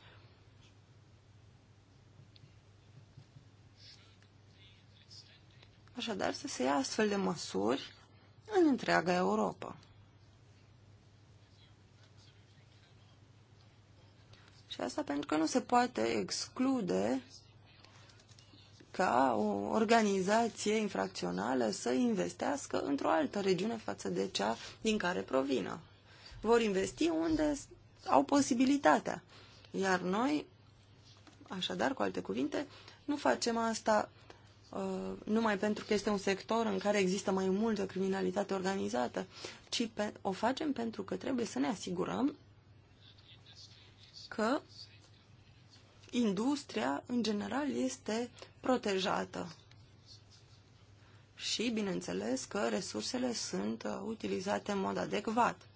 așadar să se ia astfel de măsuri în întreaga Europa. Și asta pentru că nu se poate exclude ca o organizație infracțională să investească într-o altă regiune față de cea din care provină. Vor investi unde au posibilitatea. Iar noi, așadar, cu alte cuvinte, nu facem asta uh, numai pentru că este un sector în care există mai multă criminalitate organizată, ci pe, o facem pentru că trebuie să ne asigurăm că industria, în general, este protejată. Și, bineînțeles, că resursele sunt uh, utilizate în mod adecvat.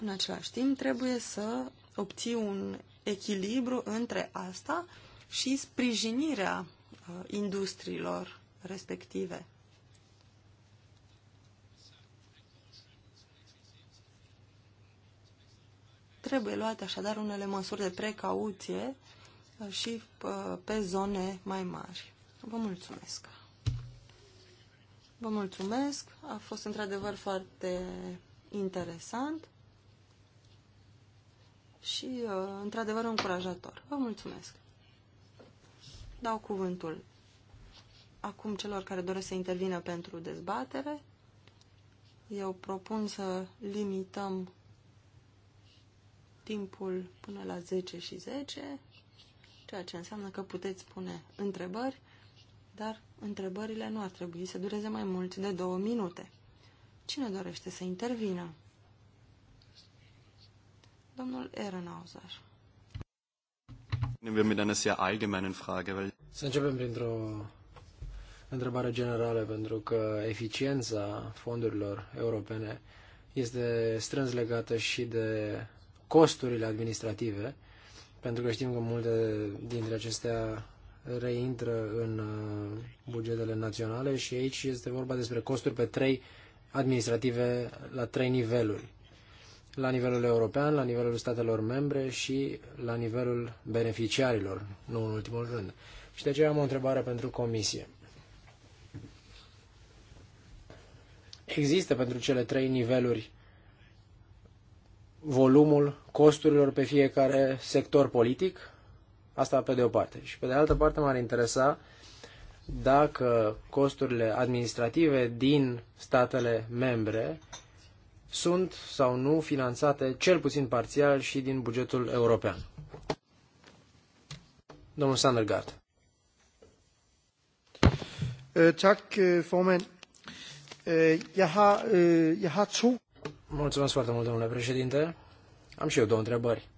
În același timp, trebuie să obții un echilibru între asta și sprijinirea uh, industriilor respective. Trebuie luate așadar unele măsuri de precauție uh, și uh, pe zone mai mari. Vă mulțumesc! Vă mulțumesc! A fost într-adevăr foarte interesant și uh, într-adevăr încurajator. Vă mulțumesc! Dau cuvântul acum celor care doresc să intervină pentru dezbatere. Eu propun să limităm timpul până la 10 și 10, ceea ce înseamnă că puteți pune întrebări, dar întrebările nu ar trebui să dureze mai mult de două minute. Cine dorește să intervină? Domnul Ehrenhauser. Să începem printr-o întrebare generală, pentru că eficiența fondurilor europene este strâns legată și de costurile administrative, pentru că știm că multe dintre acestea reintră în uh, bugetele naționale și aici este vorba despre costuri pe trei administrative la trei niveluri. La nivelul european, la nivelul statelor membre și la nivelul beneficiarilor, nu în ultimul rând. Și de aceea am o întrebare pentru comisie. Există pentru cele trei niveluri volumul costurilor pe fiecare sector politic, asta pe de o parte. Și pe de altă parte m-ar interesa dacă costurile administrative din statele membre sunt sau nu finanțate cel puțin parțial și din bugetul european. Domnul Sandergaard. Øh, tak, øh, formand. Øh, jeg har, jeg har to Mulțumesc foarte mult, domnule președinte. Am și eu două întrebări.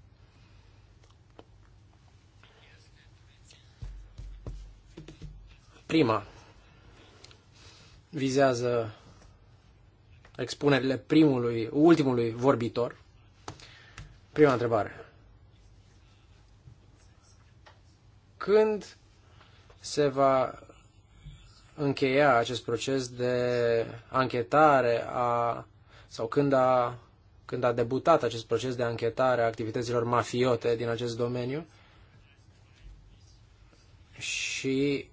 Prima vizează expunerile primului, ultimului vorbitor. Prima întrebare. Când se va încheia acest proces de anchetare a sau când a, când a debutat acest proces de anchetare a activităților mafiote din acest domeniu. Și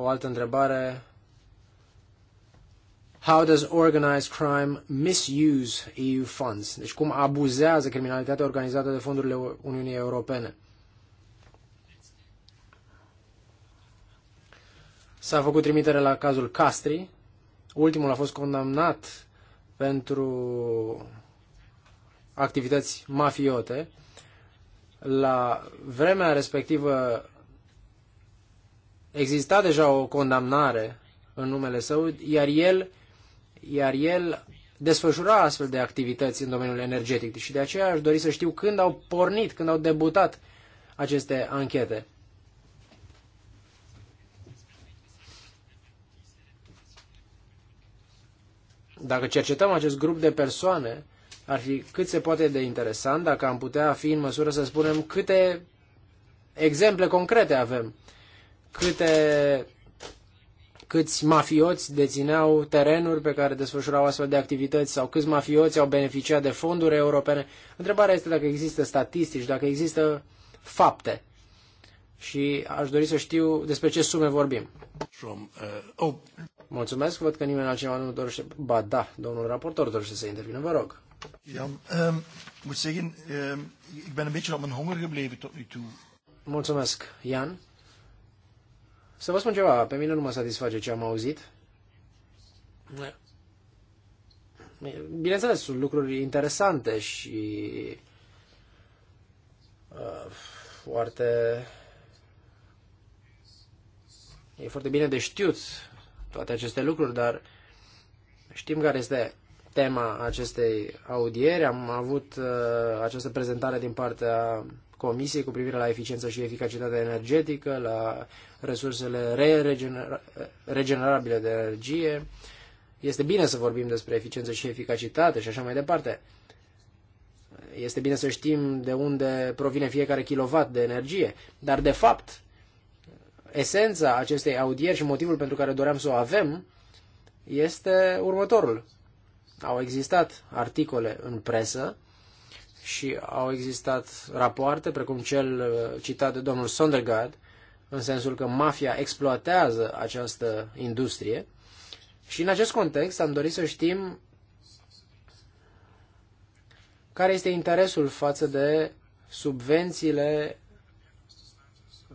o altă întrebare. How does organized crime misuse EU funds? Deci cum abuzează criminalitatea organizată de fondurile Uniunii Europene? S-a făcut trimitere la cazul Castri. Ultimul a fost condamnat pentru activități mafiote. La vremea respectivă exista deja o condamnare în numele său, iar el, iar el desfășura astfel de activități în domeniul energetic și de aceea aș dori să știu când au pornit, când au debutat aceste anchete. Dacă cercetăm acest grup de persoane, ar fi cât se poate de interesant dacă am putea fi în măsură să spunem câte exemple concrete avem, câte, câți mafioți dețineau terenuri pe care desfășurau astfel de activități sau câți mafioți au beneficiat de fonduri europene. Întrebarea este dacă există statistici, dacă există fapte. Și aș dori să știu despre ce sume vorbim. From, uh, oh. Mulțumesc, văd că nimeni altcineva nu dorește. Ba da, domnul raportor dorește să intervină, vă rog. Ja, um, moet zeggen, um, ik ben een beetje op mijn honger gebleven Mulțumesc, Ian. Să vă spun ceva, pe mine nu mă satisface ce am auzit. Bineînțeles, sunt lucruri interesante și uh, foarte... E foarte bine de știut toate aceste lucruri, dar știm care este tema acestei audieri. Am avut uh, această prezentare din partea Comisiei cu privire la eficiență și eficacitatea energetică, la resursele regenera regenerabile de energie. Este bine să vorbim despre eficiență și eficacitate și așa mai departe. Este bine să știm de unde provine fiecare kilowatt de energie, dar de fapt esența acestei audieri și motivul pentru care doream să o avem este următorul. Au existat articole în presă și au existat rapoarte, precum cel uh, citat de domnul Sondergaard, în sensul că mafia exploatează această industrie. Și în acest context am dorit să știm care este interesul față de subvențiile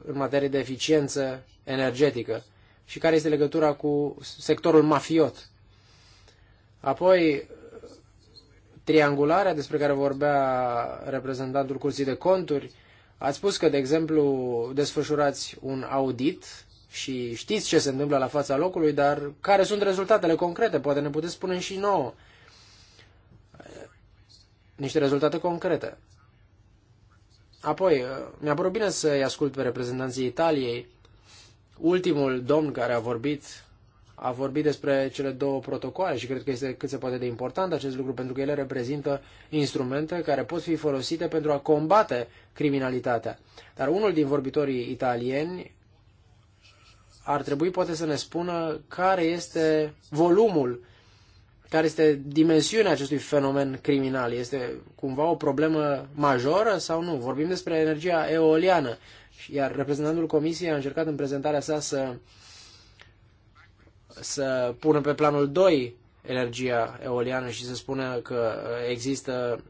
în materie de eficiență energetică și care este legătura cu sectorul mafiot. Apoi, triangularea despre care vorbea reprezentantul Curții de Conturi, ați spus că, de exemplu, desfășurați un audit și știți ce se întâmplă la fața locului, dar care sunt rezultatele concrete? Poate ne puteți spune și nouă niște rezultate concrete. Apoi, uh, mi-a părut bine să-i ascult pe reprezentanții Italiei. Ultimul domn care a vorbit a vorbit despre cele două protocoale și cred că este cât se poate de important acest lucru pentru că ele reprezintă instrumente care pot fi folosite pentru a combate criminalitatea. Dar unul din vorbitorii italieni ar trebui poate să ne spună care este volumul care este dimensiunea acestui fenomen criminal. Este cumva o problemă majoră sau nu? Vorbim despre energia eoliană, iar reprezentantul Comisiei a încercat în prezentarea sa să, să pună pe planul 2 energia eoliană și să spună că există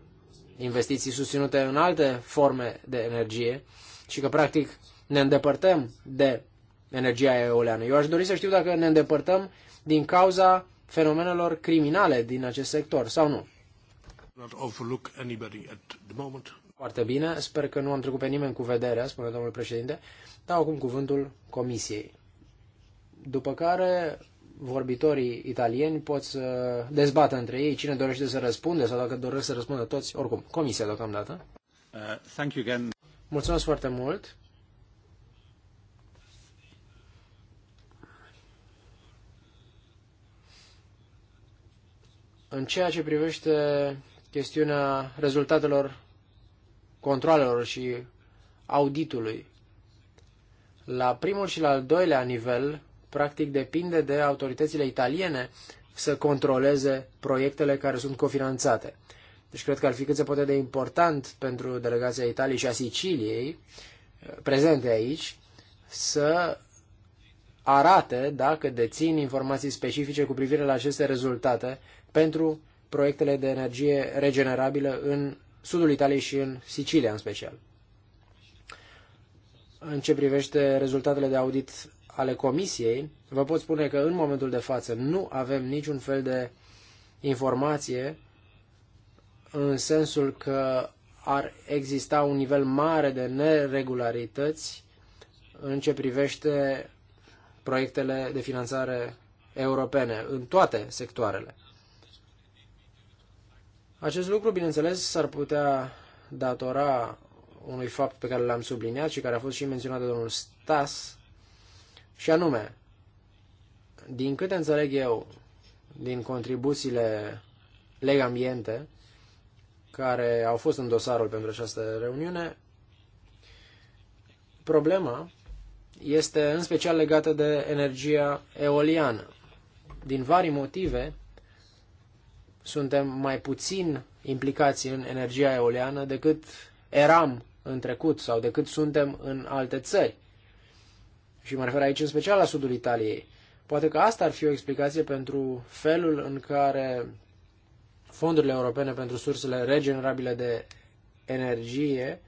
investiții susținute în alte forme de energie și că practic ne îndepărtăm de energia eoliană. Eu aș dori să știu dacă ne îndepărtăm din cauza fenomenelor criminale din acest sector, sau nu? Foarte bine, sper că nu am trecut pe nimeni cu vederea, spune domnul președinte. Dau acum cuvântul comisiei. După care vorbitorii italieni pot să dezbată între ei cine dorește să răspunde sau dacă doresc să răspundă toți, oricum, comisia deocamdată. Uh, thank you again. Mulțumesc foarte mult. În ceea ce privește chestiunea rezultatelor controlelor și auditului, la primul și la al doilea nivel, practic depinde de autoritățile italiene să controleze proiectele care sunt cofinanțate. Deci cred că ar fi cât se poate de important pentru delegația Italiei și a Siciliei, eh, prezente aici, să arate dacă dețin informații specifice cu privire la aceste rezultate pentru proiectele de energie regenerabilă în sudul Italiei și în Sicilia în special. În ce privește rezultatele de audit ale comisiei, vă pot spune că în momentul de față nu avem niciun fel de informație în sensul că ar exista un nivel mare de neregularități în ce privește proiectele de finanțare europene, în toate sectoarele. Acest lucru, bineînțeles, s-ar putea datora unui fapt pe care l-am subliniat și care a fost și menționat de domnul Stas, și anume, din câte înțeleg eu, din contribuțiile legambiente care au fost în dosarul pentru această reuniune, problema este în special legată de energia eoliană. Din vari motive, suntem mai puțin implicați în energia eoliană decât eram în trecut sau decât suntem în alte țări. Și mă refer aici în special la sudul Italiei. Poate că asta ar fi o explicație pentru felul în care fondurile europene pentru sursele regenerabile de energie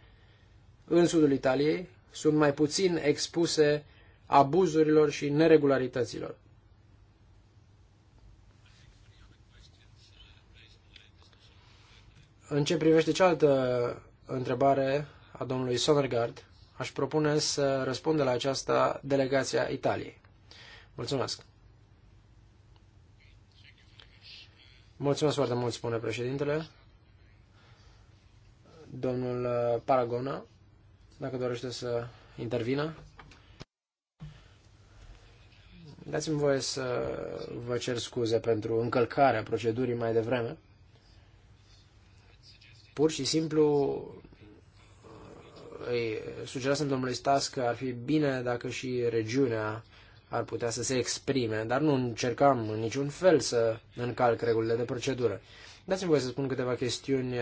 în sudul Italiei sunt mai puțin expuse abuzurilor și neregularităților. În ce privește cealaltă întrebare a domnului Sonergaard, aș propune să răspundă la aceasta delegația Italiei. Mulțumesc! Mulțumesc foarte mult, spune președintele. Domnul Paragona, dacă dorește să intervină. Dați-mi voie să vă cer scuze pentru încălcarea procedurii mai devreme. Pur și simplu îi sugerasem domnului Stas că ar fi bine dacă și regiunea ar putea să se exprime, dar nu încercam în niciun fel să încalc regulile de procedură. Dați-mi voie să spun câteva chestiuni uh,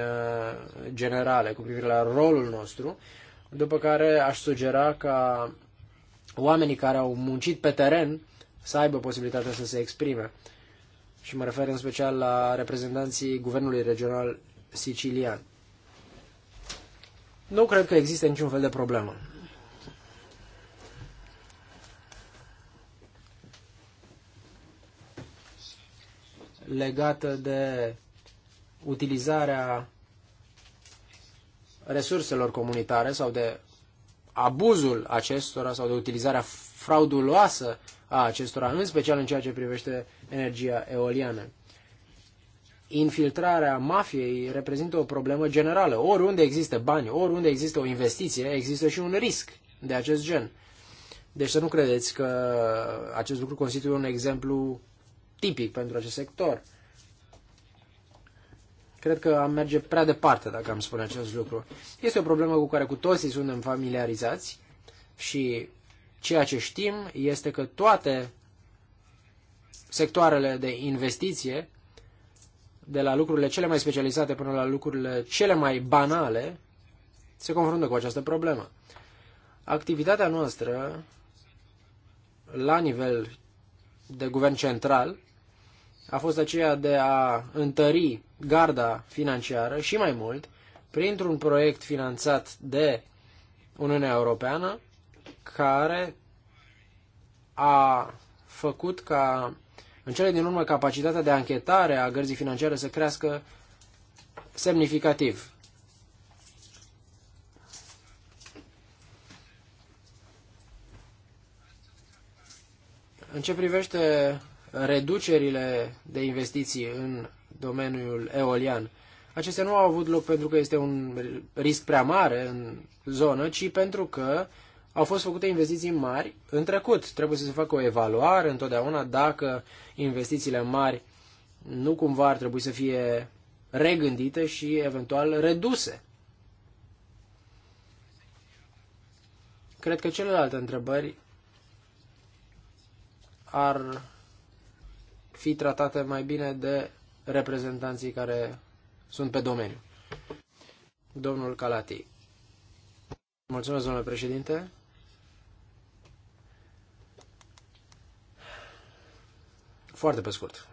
generale cu privire la rolul nostru, după care aș sugera ca oamenii care au muncit pe teren să aibă posibilitatea să se exprime. Și mă refer în special la reprezentanții Guvernului Regional sicilian. Nu cred că există niciun fel de problemă. legată de utilizarea resurselor comunitare sau de abuzul acestora sau de utilizarea frauduloasă a acestora, în special în ceea ce privește energia eoliană infiltrarea mafiei reprezintă o problemă generală. Oriunde există bani, oriunde există o investiție, există și un risc de acest gen. Deci să nu credeți că acest lucru constituie un exemplu tipic pentru acest sector. Cred că am merge prea departe dacă am spune acest lucru. Este o problemă cu care cu toții suntem familiarizați și ceea ce știm este că toate sectoarele de investiție de la lucrurile cele mai specializate până la lucrurile cele mai banale, se confruntă cu această problemă. Activitatea noastră la nivel de guvern central a fost aceea de a întări garda financiară și mai mult printr-un proiect finanțat de Uniunea Europeană care a făcut ca în cele din urmă, capacitatea de anchetare a gărzii financiare să crească semnificativ. În ce privește reducerile de investiții în domeniul eolian, acestea nu au avut loc pentru că este un risc prea mare în zonă, ci pentru că au fost făcute investiții mari în trecut. Trebuie să se facă o evaluare întotdeauna dacă investițiile mari nu cumva ar trebui să fie regândite și eventual reduse. Cred că celelalte întrebări ar fi tratate mai bine de reprezentanții care sunt pe domeniu. Domnul Calati. Mulțumesc, domnule președinte. Foarte pe scurt.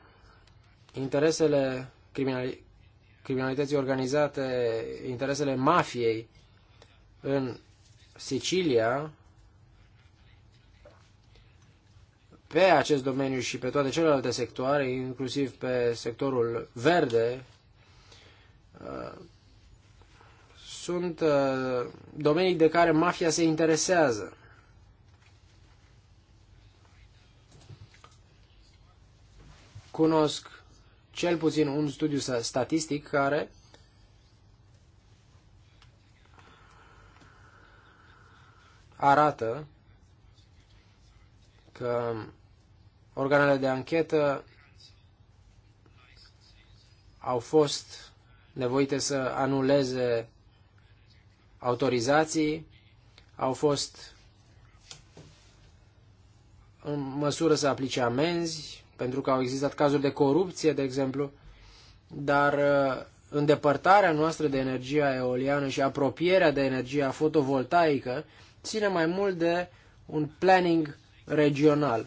Interesele criminali- criminalității organizate, interesele mafiei în Sicilia, pe acest domeniu și pe toate celelalte sectoare, inclusiv pe sectorul verde, uh, sunt uh, domenii de care mafia se interesează. cunosc cel puțin un studiu statistic care arată că organele de anchetă au fost nevoite să anuleze autorizații, au fost în măsură să aplice amenzi pentru că au existat cazuri de corupție, de exemplu, dar uh, îndepărtarea noastră de energia eoliană și apropierea de energia fotovoltaică ține mai mult de un planning regional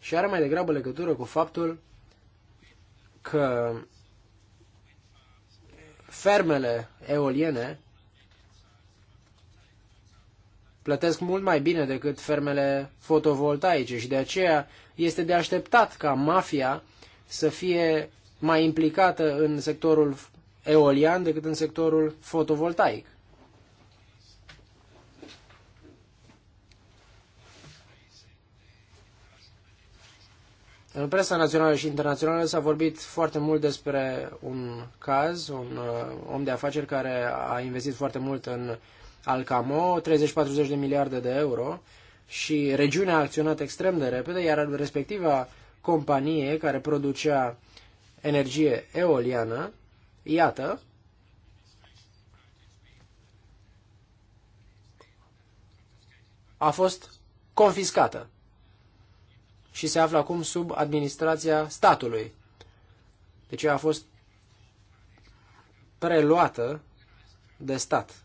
și are mai degrabă legătură cu faptul că fermele eoliene plătesc mult mai bine decât fermele fotovoltaice și de aceea este de așteptat ca mafia să fie mai implicată în sectorul eolian decât în sectorul fotovoltaic. În presa națională și internațională s-a vorbit foarte mult despre un caz, un uh, om de afaceri care a investit foarte mult în Alcamo, 30-40 de miliarde de euro, și regiunea a acționat extrem de repede, iar respectiva companie care producea energie eoliană, iată, a fost confiscată și se află acum sub administrația statului. Deci a fost preluată de stat.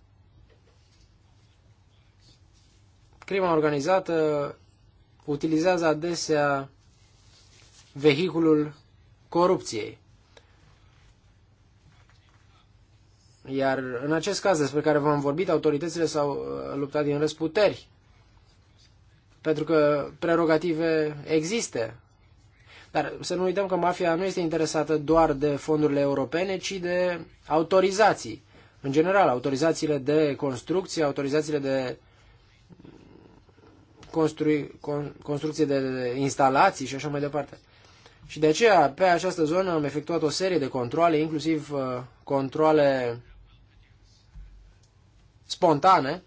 Crima organizată utilizează adesea vehiculul corupției. Iar în acest caz despre care v-am vorbit, autoritățile s-au uh, luptat din răsputeri, pentru că prerogative există. Dar să nu uităm că mafia nu este interesată doar de fondurile europene, ci de autorizații. În general, autorizațiile de construcție, autorizațiile de construi, con, construcție de instalații și așa mai departe. Și de aceea, pe această zonă am efectuat o serie de controle, inclusiv uh, controle spontane,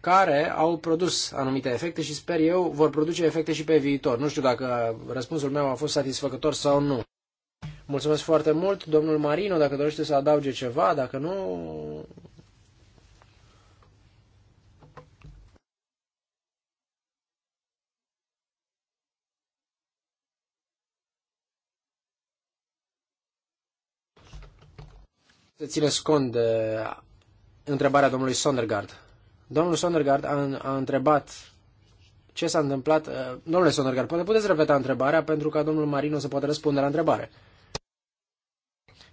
care au produs anumite efecte și sper eu vor produce efecte și pe viitor. Nu știu dacă răspunsul meu a fost satisfăcător sau nu. Mulțumesc foarte mult, domnul Marino, dacă dorește să adauge ceva, dacă nu, să țineți cont de întrebarea domnului Sondergaard. Domnul Sondergaard a, a întrebat ce s-a întâmplat. Uh, domnule Sondergaard, poate puteți repeta întrebarea pentru ca domnul Marino să poată răspunde la întrebare.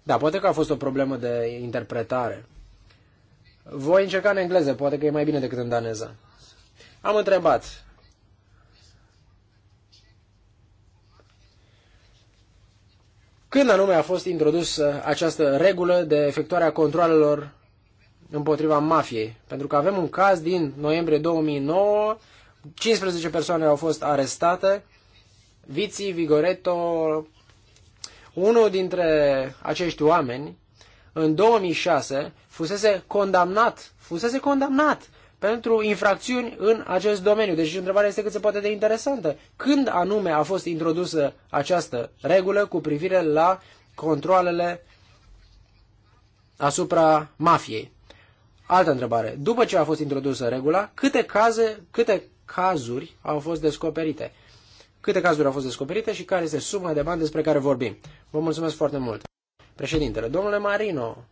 Da, poate că a fost o problemă de interpretare. Voi încerca în engleză, poate că e mai bine decât în daneză. Am întrebat când anume a fost introdusă această regulă de efectuarea controlelor împotriva mafiei. Pentru că avem un caz din noiembrie 2009, 15 persoane au fost arestate, Vici Vigoreto, unul dintre acești oameni, în 2006, fusese condamnat, fusese condamnat pentru infracțiuni în acest domeniu. Deci întrebarea este cât se poate de interesantă. Când anume a fost introdusă această regulă cu privire la controlele asupra mafiei? Altă întrebare. După ce a fost introdusă regula, câte, caze, câte cazuri au fost descoperite? Câte cazuri au fost descoperite și care este suma de bani despre care vorbim? Vă mulțumesc foarte mult. Președintele, domnule Marino,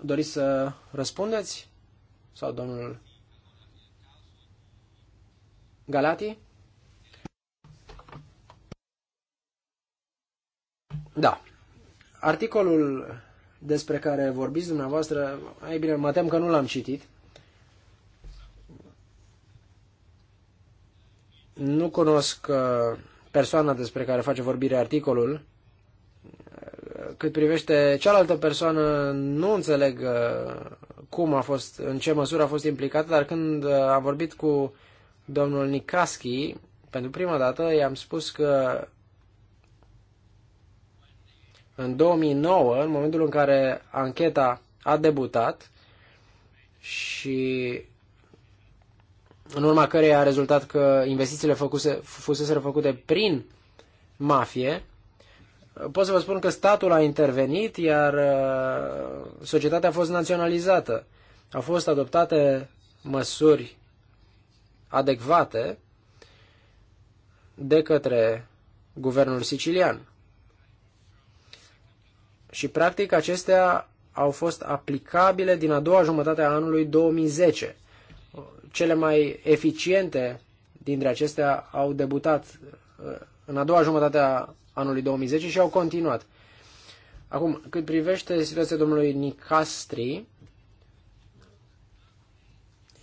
doriți să răspundeți? sau domnul Galati? Da. Articolul despre care vorbiți dumneavoastră, ai bine, mă tem că nu l-am citit. Nu cunosc uh, persoana despre care face vorbire articolul. Cât privește cealaltă persoană, nu înțeleg uh, cum a fost, în ce măsură a fost implicată, dar când uh, am vorbit cu domnul Nikaschi, pentru prima dată i-am spus că în 2009, în momentul în care ancheta a debutat și în urma căreia a rezultat că investițiile făcuse, fuseseră făcute prin mafie, pot să vă spun că statul a intervenit, iar uh, societatea a fost naționalizată. Au fost adoptate măsuri adecvate de către guvernul sicilian. Și, practic, acestea au fost aplicabile din a doua jumătate a anului 2010. Cele mai eficiente dintre acestea au debutat uh, în a doua jumătate a anului 2010 și au continuat. Acum, cât privește situația domnului Nicastri,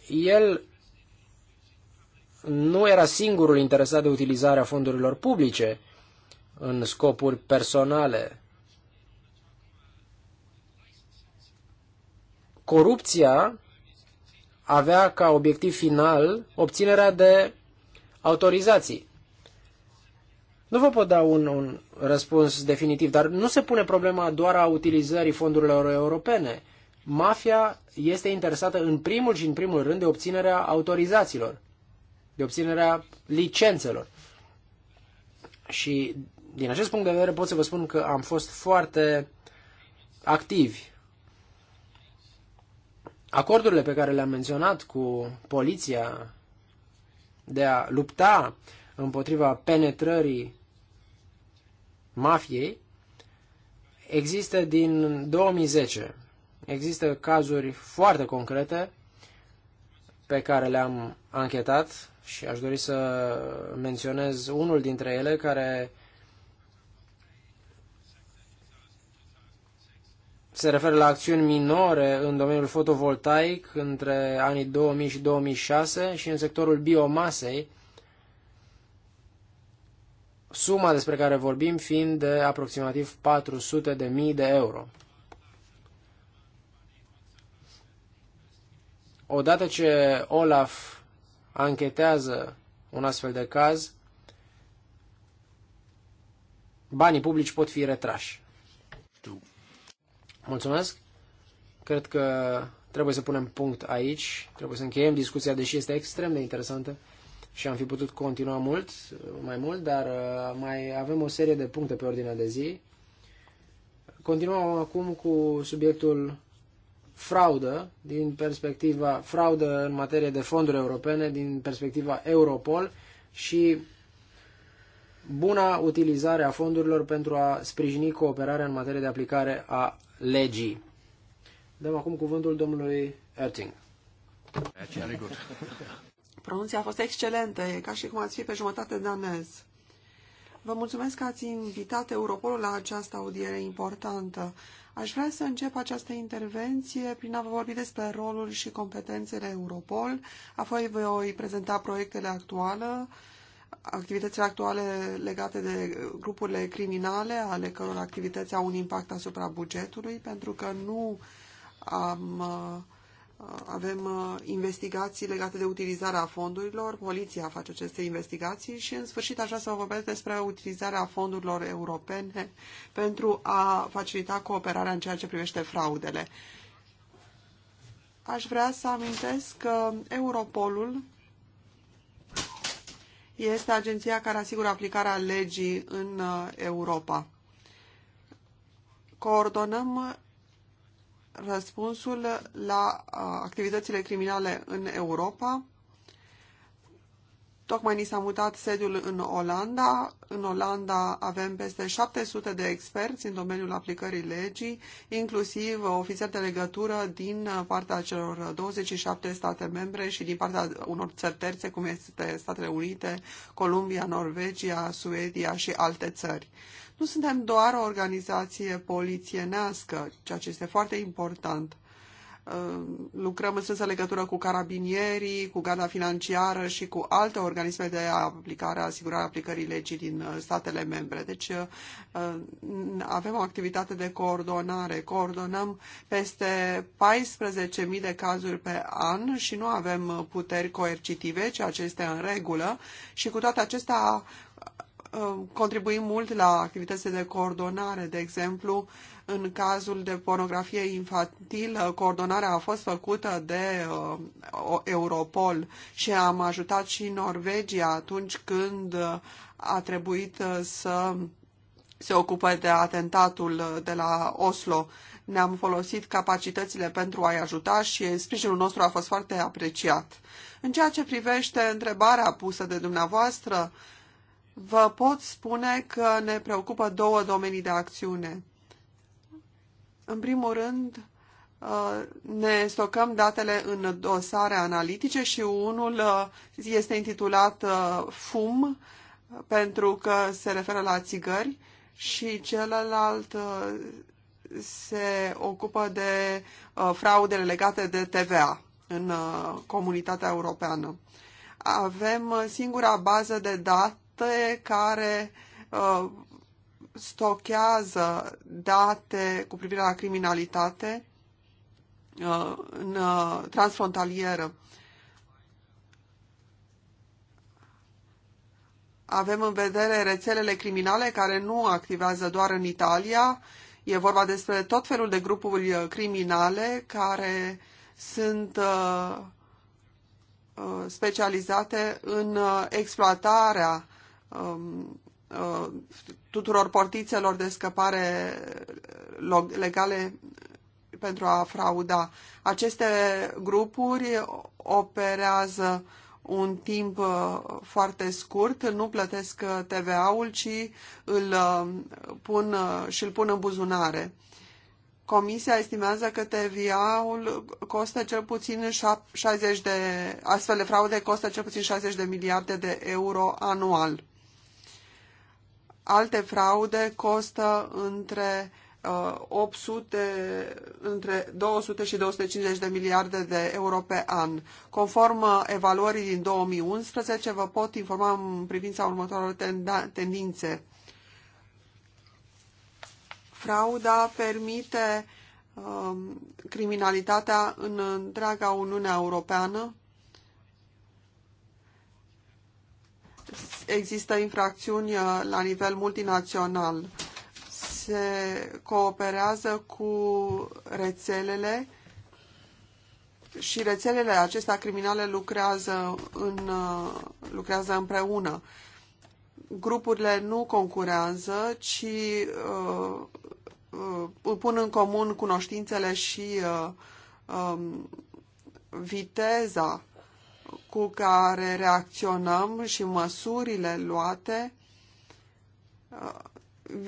el nu era singurul interesat de utilizarea fondurilor publice în scopuri personale. Corupția avea ca obiectiv final obținerea de autorizații. Nu vă pot da un, un răspuns definitiv, dar nu se pune problema doar a utilizării fondurilor europene. Mafia este interesată în primul și în primul rând de obținerea autorizațiilor, de obținerea licențelor. Și din acest punct de vedere pot să vă spun că am fost foarte activi. Acordurile pe care le-am menționat cu poliția de a lupta împotriva penetrării mafiei există din 2010. Există cazuri foarte concrete pe care le-am anchetat și aș dori să menționez unul dintre ele care se referă la acțiuni minore în domeniul fotovoltaic între anii 2000 și 2006 și în sectorul biomasei suma despre care vorbim fiind de aproximativ 400 de mii de euro. Odată ce Olaf anchetează un astfel de caz, banii publici pot fi retrași. Mulțumesc. Cred că trebuie să punem punct aici, trebuie să încheiem discuția, deși este extrem de interesantă și am fi putut continua mult, mai mult, dar uh, mai avem o serie de puncte pe ordinea de zi. Continuăm acum cu subiectul fraudă din perspectiva fraudă în materie de fonduri europene din perspectiva Europol și buna utilizare a fondurilor pentru a sprijini cooperarea în materie de aplicare a legii. Dăm acum cuvântul domnului Erting. Pronunția a fost excelentă, e ca și cum ați fi pe jumătate danez. Vă mulțumesc că ați invitat Europolul la această audiere importantă. Aș vrea să încep această intervenție prin a vă vorbi despre rolul și competențele Europol, apoi voi prezenta proiectele actuale, activitățile actuale legate de grupurile criminale, ale căror activități au un impact asupra bugetului, pentru că nu am uh, avem uh, investigații legate de utilizarea fondurilor, poliția face aceste investigații și în sfârșit așa să vorbesc despre utilizarea fondurilor europene pentru a facilita cooperarea în ceea ce privește fraudele. Aș vrea să amintesc că Europolul este agenția care asigură aplicarea legii în uh, Europa. Coordonăm răspunsul la activitățile criminale în Europa. Tocmai ni s-a mutat sediul în Olanda. În Olanda avem peste 700 de experți în domeniul aplicării legii, inclusiv ofițeri de legătură din partea celor 27 state membre și din partea unor țări terțe, cum este Statele Unite, Columbia, Norvegia, Suedia și alte țări. Nu suntem doar o organizație polițienească, ceea ce este foarte important. Uh, lucrăm în sensă legătură cu carabinierii, cu garda financiară și cu alte organisme de aplicare, asigurare aplicării legii din uh, statele membre. Deci uh, avem o activitate de coordonare. Coordonăm peste 14.000 de cazuri pe an și nu avem puteri coercitive, ceea ce este în regulă. Și cu toate acestea Uh, contribuim mult la activitățile de coordonare. De exemplu, în cazul de pornografie infantilă, coordonarea a fost făcută de uh, Europol și am ajutat și Norvegia atunci când uh, a trebuit să se ocupe de atentatul de la Oslo. Ne-am folosit capacitățile pentru a-i ajuta și sprijinul nostru a fost foarte apreciat. În ceea ce privește întrebarea pusă de dumneavoastră, uh, vă pot spune că ne preocupă două domenii de acțiune. În primul rând, uh, ne stocăm datele în dosare analitice și unul uh, este intitulat uh, FUM, pentru că se referă la țigări, și celălalt se ocupă de fraudele legate de TVA în comunitatea europeană. Avem singura bază de date state care uh, stochează date cu privire la criminalitate uh, în, uh, transfrontalieră. Avem în vedere rețelele criminale care nu activează doar în Italia. E vorba despre tot felul de grupuri uh, criminale care sunt uh, uh specializate în uh, exploatarea um, uh, tuturor portițelor de scăpare legale pentru a frauda. Aceste grupuri operează un timp uh, foarte scurt, nu plătesc uh, TVA-ul, ci îl pun și îl pun în buzunare. Comisia estimează că TVA-ul costă cel puțin 60 de, astfel de fraude costă cel puțin 60 de miliarde de euro anual alte fraude costă între 800, uh, între 200 și 250 de miliarde de euro pe an. Conform uh, evaluării din 2011, vă pot informa în privința următoarelor tendințe. Frauda permite uh, criminalitatea în întreaga Uniunea Europeană, există infracțiuni uh, la nivel multinațional. Se cooperează cu rețelele și rețelele acestea criminale lucrează, în, uh, lucrează împreună. Grupurile nu concurează, ci uh, uh, pun în comun cunoștințele și uh, um, viteza cu care reacționăm și măsurile luate, uh,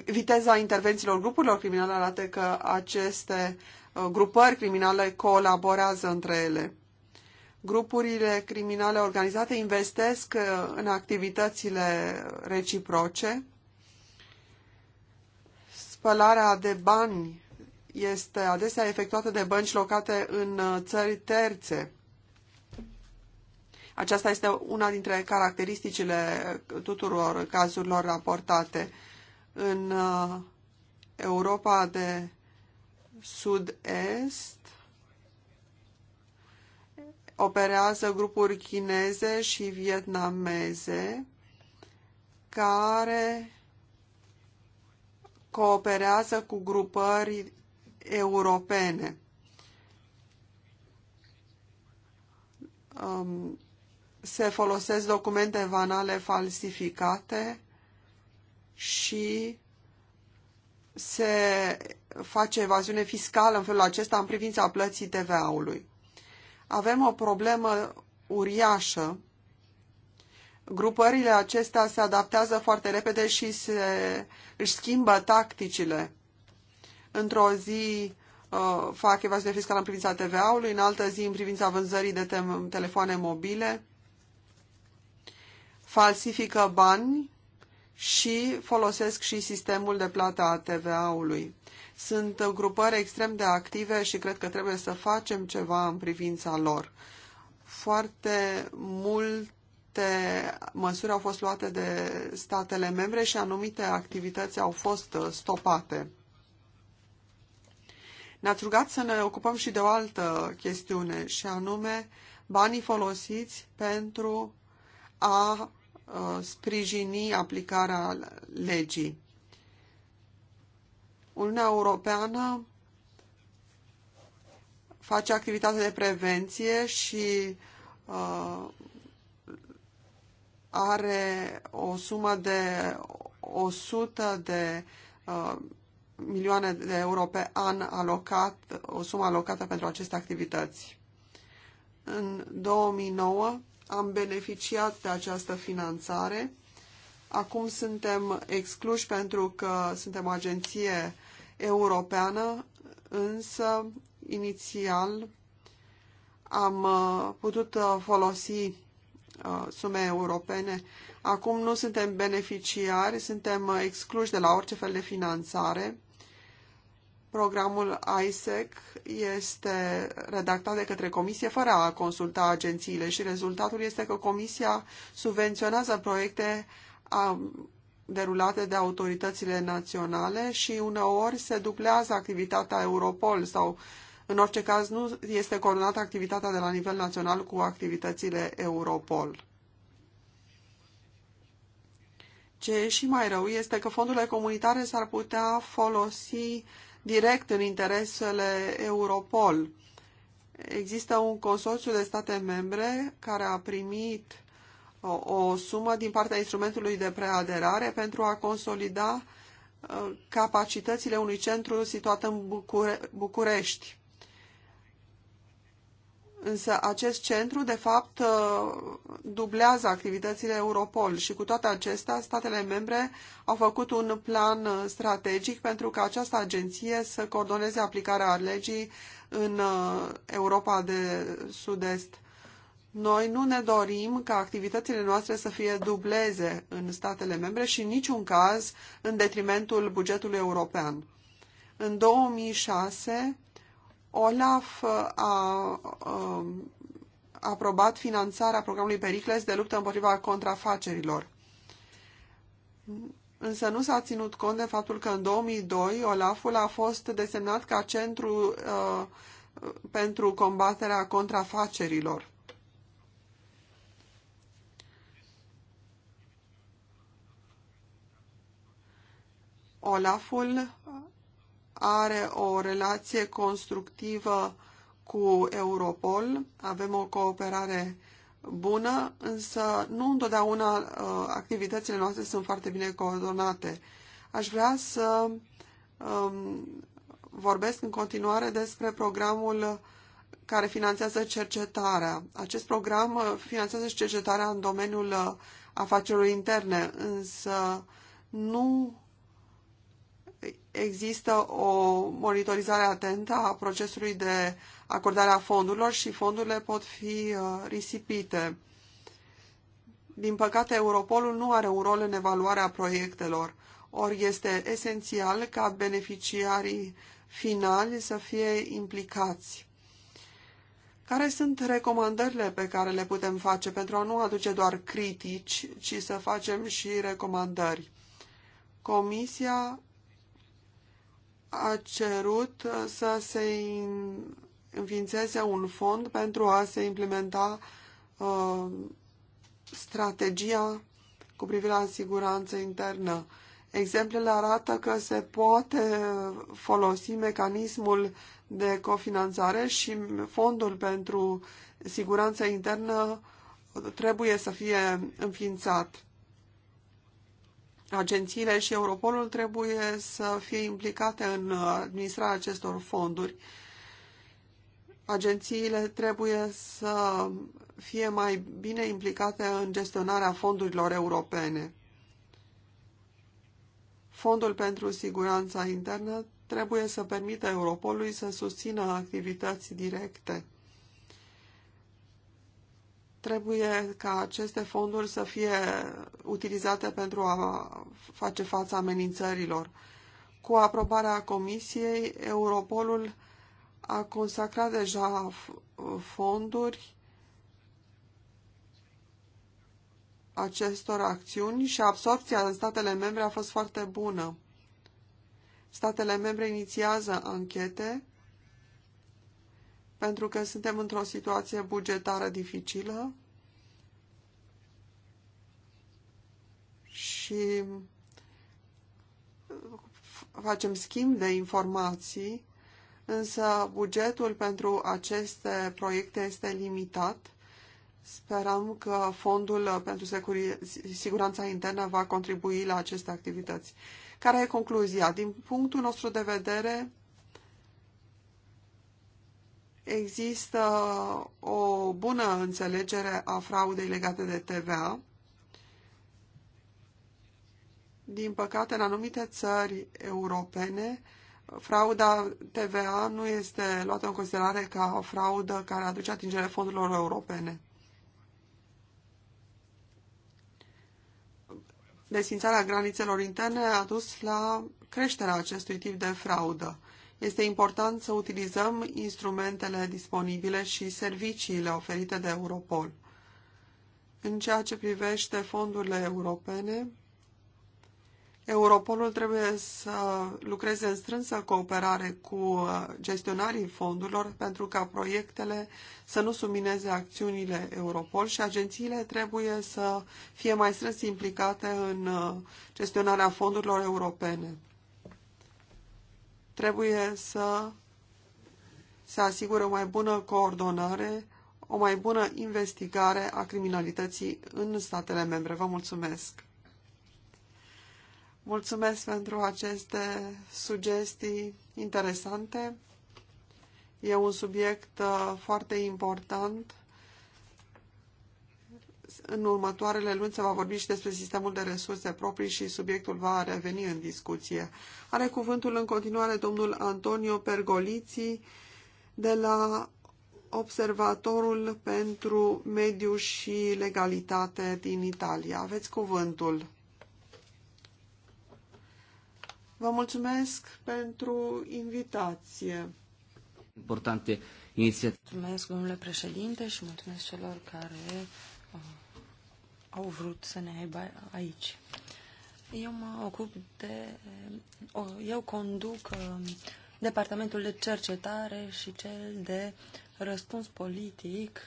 viteza intervențiilor grupurilor criminale arată că aceste uh, grupări criminale colaborează între ele. Grupurile criminale organizate investesc uh, în activitățile reciproce. Spălarea de bani este adesea efectuată de bănci locate în țări terțe. Aceasta este una dintre caracteristicile tuturor cazurilor raportate. În uh, Europa de Sud-Est operează grupuri chineze și vietnameze care cooperează cu grupări europene. Um, se folosesc documente vanale falsificate și se face evaziune fiscală în felul acesta în privința plății TVA-ului. Avem o problemă uriașă. Grupările acestea se adaptează foarte repede și se, își schimbă tacticile. Într-o zi uh, fac evaziune fiscală în privința TVA-ului, în altă zi în privința vânzării de telefoane mobile falsifică bani și folosesc și sistemul de plată a TVA-ului. Sunt grupări extrem de active și cred că trebuie să facem ceva în privința lor. Foarte mult măsuri au fost luate de statele membre și anumite activități au fost uh, stopate. Ne-ați rugat să ne ocupăm și de o altă chestiune, și anume banii folosiți pentru a Uh, sprijini aplicarea legii. Uniunea Europeană face activitate de prevenție și uh, are o sumă de 100 de uh, milioane de euro pe an alocat, o sumă alocată pentru aceste activități. În 2009 am beneficiat de această finanțare. Acum suntem excluși pentru că suntem o agenție europeană, însă inițial am uh, putut uh, folosi uh, sume europene. Acum nu suntem beneficiari, suntem excluși de la orice fel de finanțare. Programul ISEC este redactat de către Comisie fără a consulta agențiile și rezultatul este că Comisia subvenționează proiecte derulate de autoritățile naționale și uneori se dublează activitatea Europol sau în orice caz nu este coordonată activitatea de la nivel național cu activitățile Europol. Ce e și mai rău este că fondurile comunitare s-ar putea folosi direct în interesele Europol. Există un consorțiu de state membre care a primit o, o sumă din partea instrumentului de preaderare pentru a consolida uh, capacitățile unui centru situat în Bucure- București. Însă acest centru, de fapt, uh, dublează activitățile Europol și cu toate acestea, statele membre au făcut un plan uh, strategic pentru ca această agenție să coordoneze aplicarea legii în uh, Europa de Sud-Est. Noi nu ne dorim ca activitățile noastre să fie dubleze în statele membre și în niciun caz în detrimentul bugetului european. În 2006, Olaf a aprobat finanțarea programului Pericles de luptă împotriva contrafacerilor. Însă nu s-a ținut cont de faptul că în 2002 Olaful a fost desemnat ca centru uh, pentru combaterea contrafacerilor. Olaful are o relație constructivă cu Europol, avem o cooperare bună, însă nu întotdeauna uh, activitățile noastre sunt foarte bine coordonate. Aș vrea să um, vorbesc în continuare despre programul care finanțează cercetarea. Acest program uh, finanțează și cercetarea în domeniul uh, afacerilor interne, însă nu există o monitorizare atentă a procesului de acordare a fondurilor și fondurile pot fi uh, risipite. Din păcate, Europolul nu are un rol în evaluarea proiectelor, ori este esențial ca beneficiarii finali să fie implicați. Care sunt recomandările pe care le putem face pentru a nu aduce doar critici, ci să facem și recomandări? Comisia a cerut uh, să se înființeze un fond pentru a se implementa uh, strategia cu privire la siguranță internă. Exemplele arată că se poate folosi mecanismul de cofinanțare și fondul pentru siguranță internă trebuie să fie înființat agențiile și Europolul trebuie să fie implicate în administrarea acestor fonduri. Agențiile trebuie să fie mai bine implicate în gestionarea fondurilor europene. Fondul pentru siguranța internă trebuie să permită Europolului să susțină activități directe. Trebuie ca aceste fonduri să fie utilizate pentru a face fața amenințărilor. Cu aprobarea Comisiei, Europolul a consacrat deja fonduri acestor acțiuni și absorpția în statele membre a fost foarte bună. Statele membre inițiază anchete pentru că suntem într-o situație bugetară dificilă și facem schimb de informații, însă bugetul pentru aceste proiecte este limitat. Sperăm că Fondul pentru Securi Siguranța Internă va contribui la aceste activități. Care e concluzia? Din punctul nostru de vedere, există o bună înțelegere a fraudei legate de TVA. Din păcate, în anumite țări europene, frauda TVA nu este luată în considerare ca o fraudă care aduce atingere fondurilor europene. Desfințarea granițelor interne a dus la creșterea acestui tip de fraudă este important să utilizăm instrumentele disponibile și serviciile oferite de Europol. În ceea ce privește fondurile europene, Europolul trebuie să lucreze în strânsă cooperare cu gestionarii fondurilor pentru ca proiectele să nu submineze acțiunile Europol și agențiile trebuie să fie mai strâns implicate în gestionarea fondurilor europene trebuie să se asigure o mai bună coordonare, o mai bună investigare a criminalității în statele membre. Vă mulțumesc! Mulțumesc pentru aceste sugestii interesante. E un subiect uh, foarte important în următoarele luni se va vorbi și despre sistemul de resurse proprii și subiectul va reveni în discuție. Are cuvântul în continuare domnul Antonio Pergoliții de la Observatorul pentru Mediu și Legalitate din Italia. Aveți cuvântul. Vă mulțumesc pentru invitație. Importante inițiative. Mulțumesc, domnule președinte, și mulțumesc celor care au vrut să ne aibă aici. Eu mă ocup de... Eu conduc um, departamentul de cercetare și cel de răspuns politic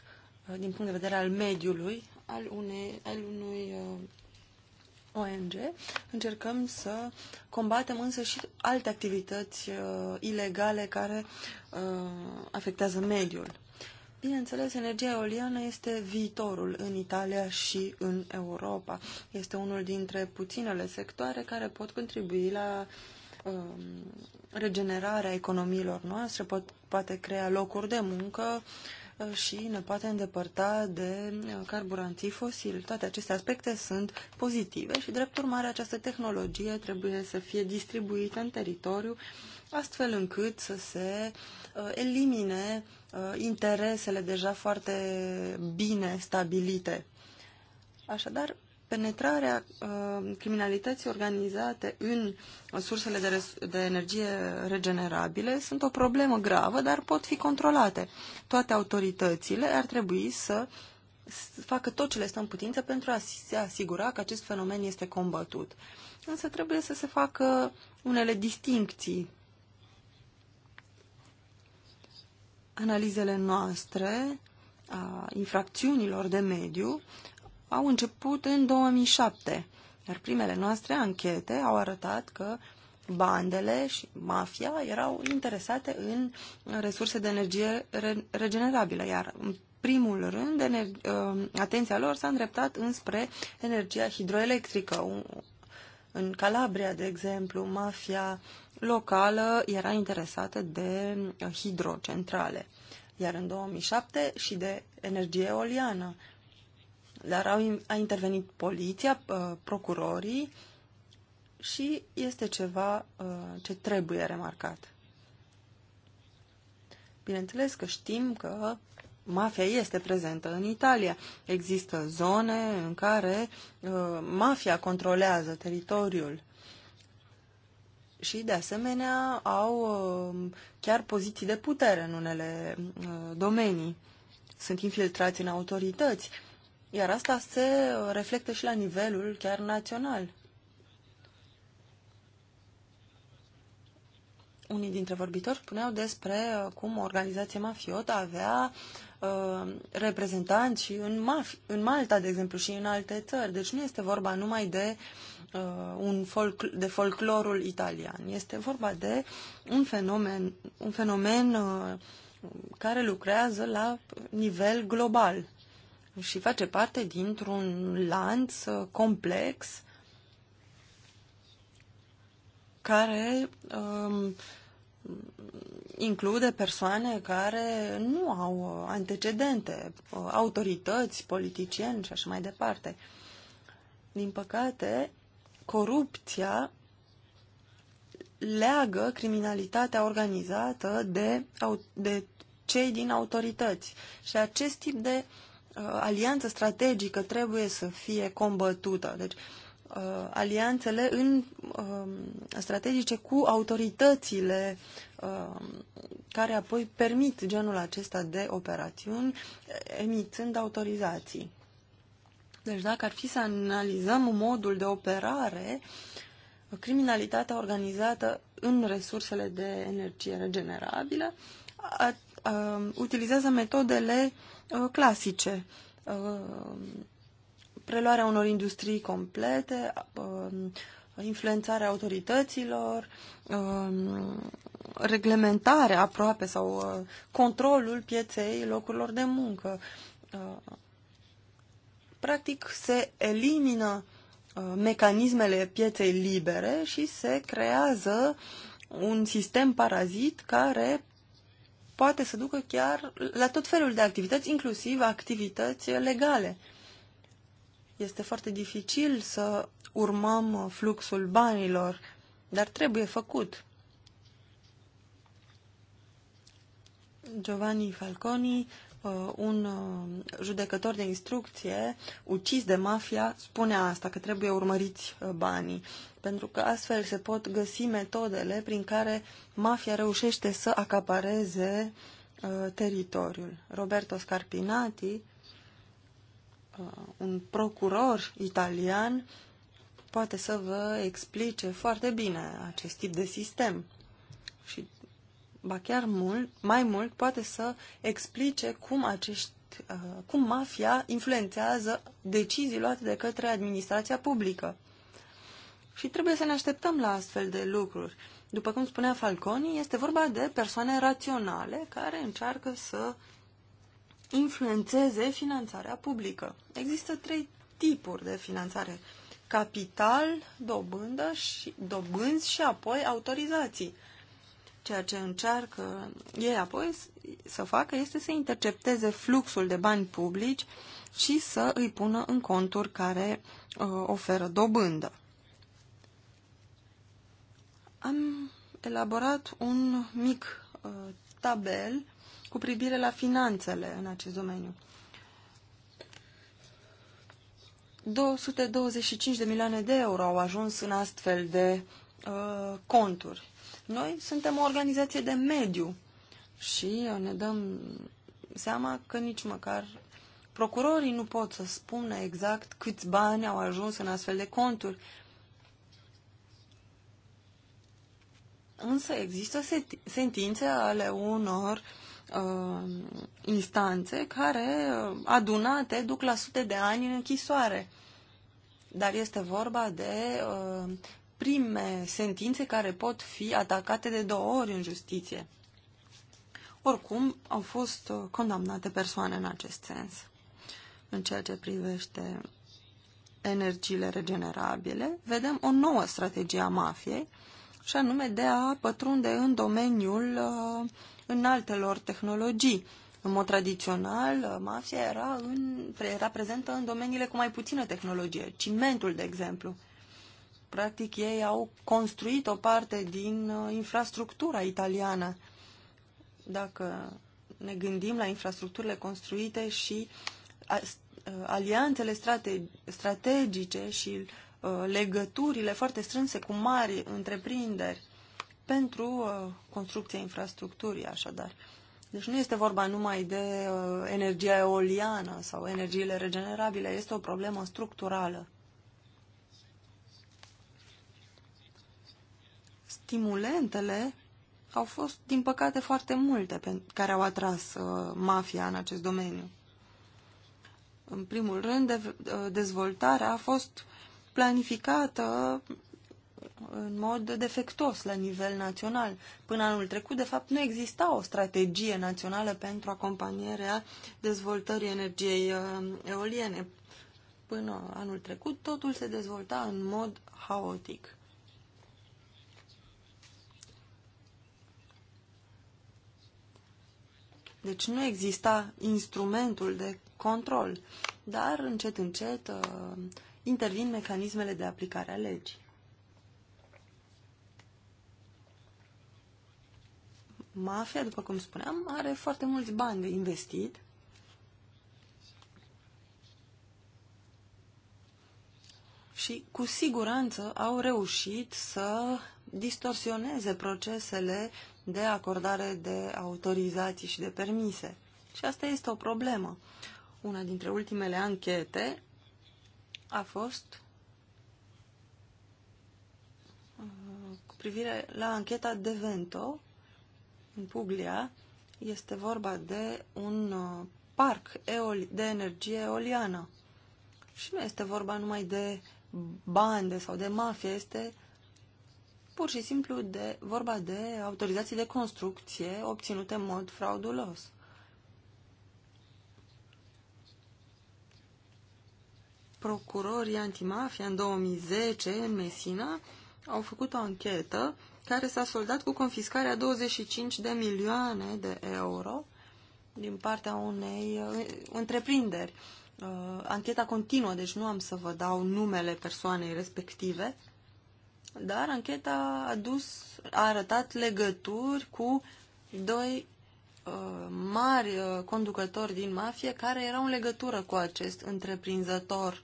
uh, din punct de vedere al mediului al, unei, al unui uh, ONG. Încercăm să combatem însă și alte activități uh, ilegale care afectează mediul. Bineînțeles, energia eoliană este viitorul în Italia și în Europa. Este unul dintre puținele sectoare care pot contribui la um, regenerarea economiilor noastre, pot, poate crea locuri de muncă uh, și ne poate îndepărta de uh, carburanții fosili. Toate aceste aspecte sunt pozitive și, drept urmare, această tehnologie trebuie să fie distribuită în teritoriu uh, astfel încât să se uh, elimine uh, interesele deja foarte bine stabilite. Așadar, penetrarea uh, criminalității organizate în sursele de, de energie regenerabile sunt o problemă gravă, dar pot fi controlate. Toate autoritățile ar trebui să facă tot ce le stă în putință pentru a se asigura că acest fenomen este combătut. Însă trebuie să se facă unele distincții analizele noastre a infracțiunilor de mediu au început în 2007, iar primele noastre anchete au arătat că bandele și mafia erau interesate în resurse de energie regenerabilă, iar în primul rând uh, atenția lor s-a îndreptat înspre energia hidroelectrică. În Calabria, de exemplu, mafia locală era interesată de uh, hidrocentrale, iar în 2007 și de energie eoliană. Dar au, a intervenit poliția, uh, procurorii și este ceva uh, ce trebuie remarcat. Bineînțeles că știm că mafia este prezentă în Italia. Există zone în care uh, mafia controlează teritoriul și, de asemenea, au um, chiar poziții de putere în unele uh, domenii. Sunt infiltrați în autorități, iar asta se reflectă și la nivelul chiar național. Unii dintre vorbitori spuneau despre uh, cum o organizație mafiotă avea Uh, reprezentanți și în, Maf- în Malta, de exemplu, și în alte țări. Deci nu este vorba numai de, uh, un folc- de folclorul italian. Este vorba de un fenomen, un fenomen uh, care lucrează la nivel global și face parte dintr-un lanț uh, complex care uh, include persoane care nu au uh, antecedente, uh, autorități, politicieni și așa mai departe. Din păcate, corupția leagă criminalitatea organizată de, de cei din autorități. Și acest tip de uh, alianță strategică trebuie să fie combătută. Deci, uh, uh, alianțele în, uh, strategice cu autoritățile uh, care apoi permit genul acesta de operațiuni emițând autorizații. Deci dacă ar fi să analizăm modul de operare, criminalitatea organizată în resursele de energie regenerabilă a, a, um, utilizează metodele a, uh, clasice. A, uh, preluarea unor industrii complete, um, influențarea autorităților, um, reglementarea aproape sau uh, controlul pieței locurilor de muncă. Uh, practic se elimină uh, mecanismele pieței libere și se creează un sistem parazit care poate să ducă chiar la tot felul de activități, inclusiv activități legale. Este foarte dificil să urmăm fluxul banilor, dar trebuie făcut. Giovanni Falconi, uh, un uh, judecător de instrucție ucis de mafia, spune asta, că trebuie urmăriți uh, banii, pentru că astfel se pot găsi metodele prin care mafia reușește să acapareze teritoriul. Roberto Scarpinati, Uh, un procuror italian poate să vă explice foarte bine acest tip de sistem. Și ba chiar mult, mai mult, poate să explice cum acești uh, cum mafia influențează decizii luate de către administrația publică. Și trebuie să ne așteptăm la astfel de lucruri. După cum spunea Falconi, este vorba de persoane raționale care încearcă să uh, influențeze finanțarea publică. Există trei tipuri de finanțare. Capital, dobândă și, dobânzi și apoi autorizații. Ceea ce încearcă ei apoi să facă este să intercepteze fluxul de bani publici și să îi pună în conturi care uh, oferă dobândă. Am elaborat un mic uh, tabel cu privire la finanțele în acest domeniu. 225 de milioane de euro au ajuns în astfel de uh, conturi. Noi suntem o organizație de mediu și ne dăm seama că nici măcar procurorii nu pot să spună exact câți bani au ajuns în astfel de conturi. Însă există sentințe ale unor uh, instanțe care, uh, adunate, duc la sute de ani în închisoare. Dar este vorba de uh, prime sentințe care pot fi atacate de două ori în justiție. Oricum, au fost uh, condamnate persoane în acest sens. În ceea ce privește energiile regenerabile, vedem o nouă strategie a mafiei, și anume de a pătrunde în domeniul uh, în altelor tehnologii. În mod tradițional, mafia era, în, era prezentă în domeniile cu mai puțină tehnologie, cimentul, de exemplu. Practic, ei au construit o parte din uh, infrastructura italiană. Dacă ne gândim la infrastructurile construite și uh, alianțele strate, strategice și uh, legăturile foarte strânse cu mari întreprinderi pentru uh, construcția infrastructurii, așadar. Deci nu este vorba numai de uh, energia eoliană sau energiile regenerabile, este o problemă structurală. Stimulentele au fost, din păcate, foarte multe care au atras uh, mafia în acest domeniu. În primul rând, dezvoltarea a fost planificată în mod defectuos la nivel național. Până anul trecut, de fapt, nu exista o strategie națională pentru acompanierea dezvoltării energiei uh, eoliene. Până anul trecut, totul se dezvolta în mod haotic. Deci nu exista instrumentul de control, dar încet, încet uh, intervin mecanismele de aplicare a legii. Mafia, după cum spuneam, are foarte mulți bani de investit. Și cu siguranță au reușit să distorsioneze procesele de acordare de autorizații și de permise. Și asta este o problemă. Una dintre ultimele anchete a fost uh, cu privire la ancheta de Vento, în Puglia, este vorba de un uh, parc de energie eoliană. Și nu este vorba numai de bande sau de mafie, este pur și simplu de, vorba de autorizații de construcție obținute în mod fraudulos. Procurorii antimafia în 2010 în Messina au făcut o anchetă care s-a soldat cu confiscarea 25 de milioane de euro din partea unei uh, întreprinderi. Uh, Ancheta continuă, deci nu am să vă dau numele persoanei respective, dar ancheta a, dus, a arătat legături cu doi uh, mari uh, conducători din mafie care erau în legătură cu acest întreprinzător.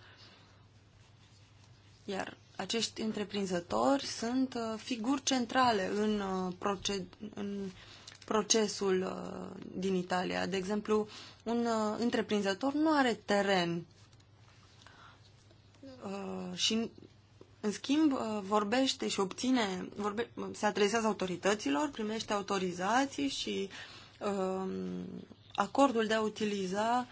Iar acești întreprinzători sunt uh, figuri centrale în, uh, proced, în procesul uh, din Italia. De exemplu, un întreprinzător nu are teren și, în schimb, vorbește și obține, vorbe, se adresează autorităților, primește autorizații și um, acordul de a utiliza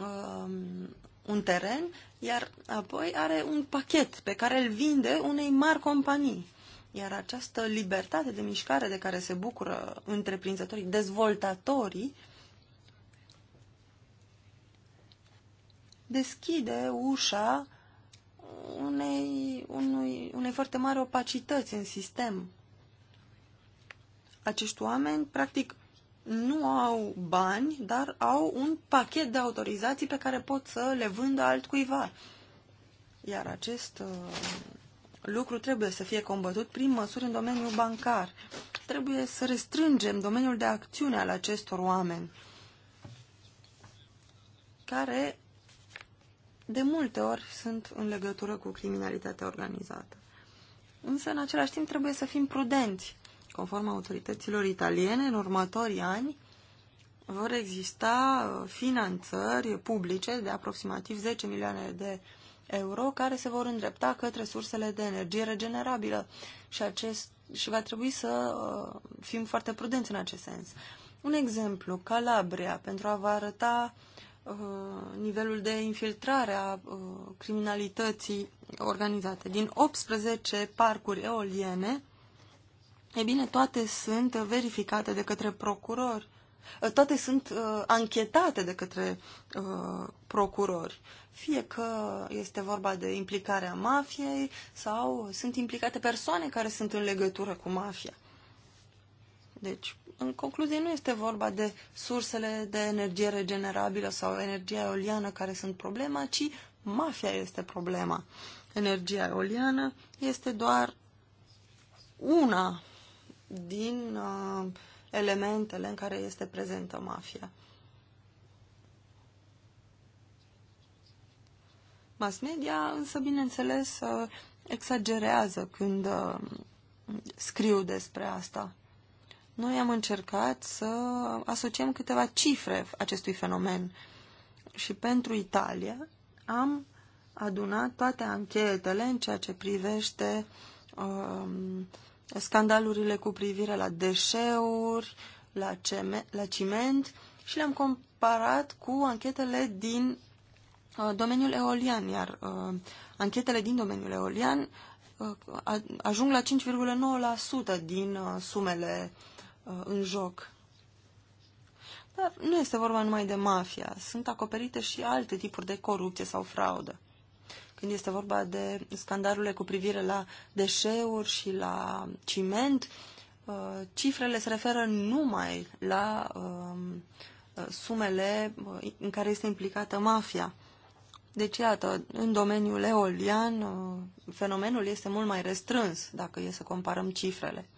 um, un teren, iar apoi are un pachet pe care îl vinde unei mari companii. Iar această libertate de mișcare de care se bucură întreprinzătorii, dezvoltatorii, deschide ușa unei, unui, unei foarte mari opacități în sistem. Acești oameni, practic, nu au bani, dar au un pachet de autorizații pe care pot să le vândă altcuiva. Iar acest uh, lucru trebuie să fie combătut prin măsuri în domeniul bancar. Trebuie să restrângem domeniul de acțiune al acestor oameni care de multe ori sunt în legătură cu criminalitatea organizată. Însă, în același timp, trebuie să fim prudenți Conform autorităților italiene, în următorii ani vor exista uh, finanțări publice de aproximativ 10 milioane de euro care se vor îndrepta către sursele de energie regenerabilă și, acest, și va trebui să uh, fim foarte prudenți în acest sens. Un exemplu, Calabria, pentru a vă arăta uh, nivelul de infiltrare a uh, criminalității organizate. Din 18 parcuri eoliene, E bine, toate sunt verificate de către procurori. Toate sunt uh, anchetate de către uh, procurori. Fie că este vorba de implicarea mafiei sau sunt implicate persoane care sunt în legătură cu mafia. Deci, în concluzie, nu este vorba de sursele de energie regenerabilă sau energia eoliană care sunt problema, ci mafia este problema. Energia eoliană este doar una din uh, elementele în care este prezentă mafia. Mass media însă, bineînțeles, uh, exagerează când uh, scriu despre asta. Noi am încercat să asociem câteva cifre acestui fenomen și pentru Italia am adunat toate anchetele în ceea ce privește uh, scandalurile cu privire la deșeuri, la, ceme, la ciment și le-am comparat cu anchetele din uh, domeniul eolian, iar uh, anchetele din domeniul eolian uh, ajung la 5,9% din uh, sumele uh, în joc. Dar nu este vorba numai de mafia, sunt acoperite și alte tipuri de corupție sau fraudă când este vorba de scandalurile cu privire la deșeuri și la ciment, uh, cifrele se referă numai la um, uh, sumele uh, în care este implicată mafia. Deci, iată, în domeniul eolian, fenomenul este mult mai restrâns, dacă e să comparăm cifrele.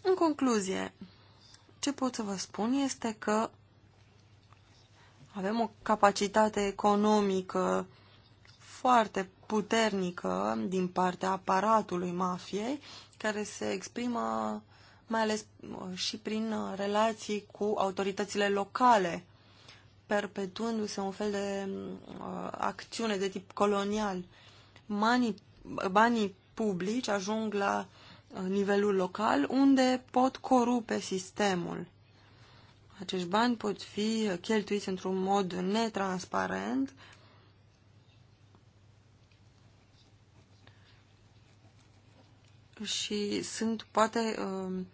În concluzie, ce pot să vă spun este că avem o capacitate economică foarte puternică din partea aparatului mafiei, care se exprimă mai ales uh, și prin uh, relații cu autoritățile locale, perpetuându-se un fel de mm, uh, acțiune de tip colonial. Banii, banii publici ajung la uh, nivelul local, unde pot corupe sistemul. Acești bani pot fi cheltuiți într-un mod netransparent, uh, și sunt poate um,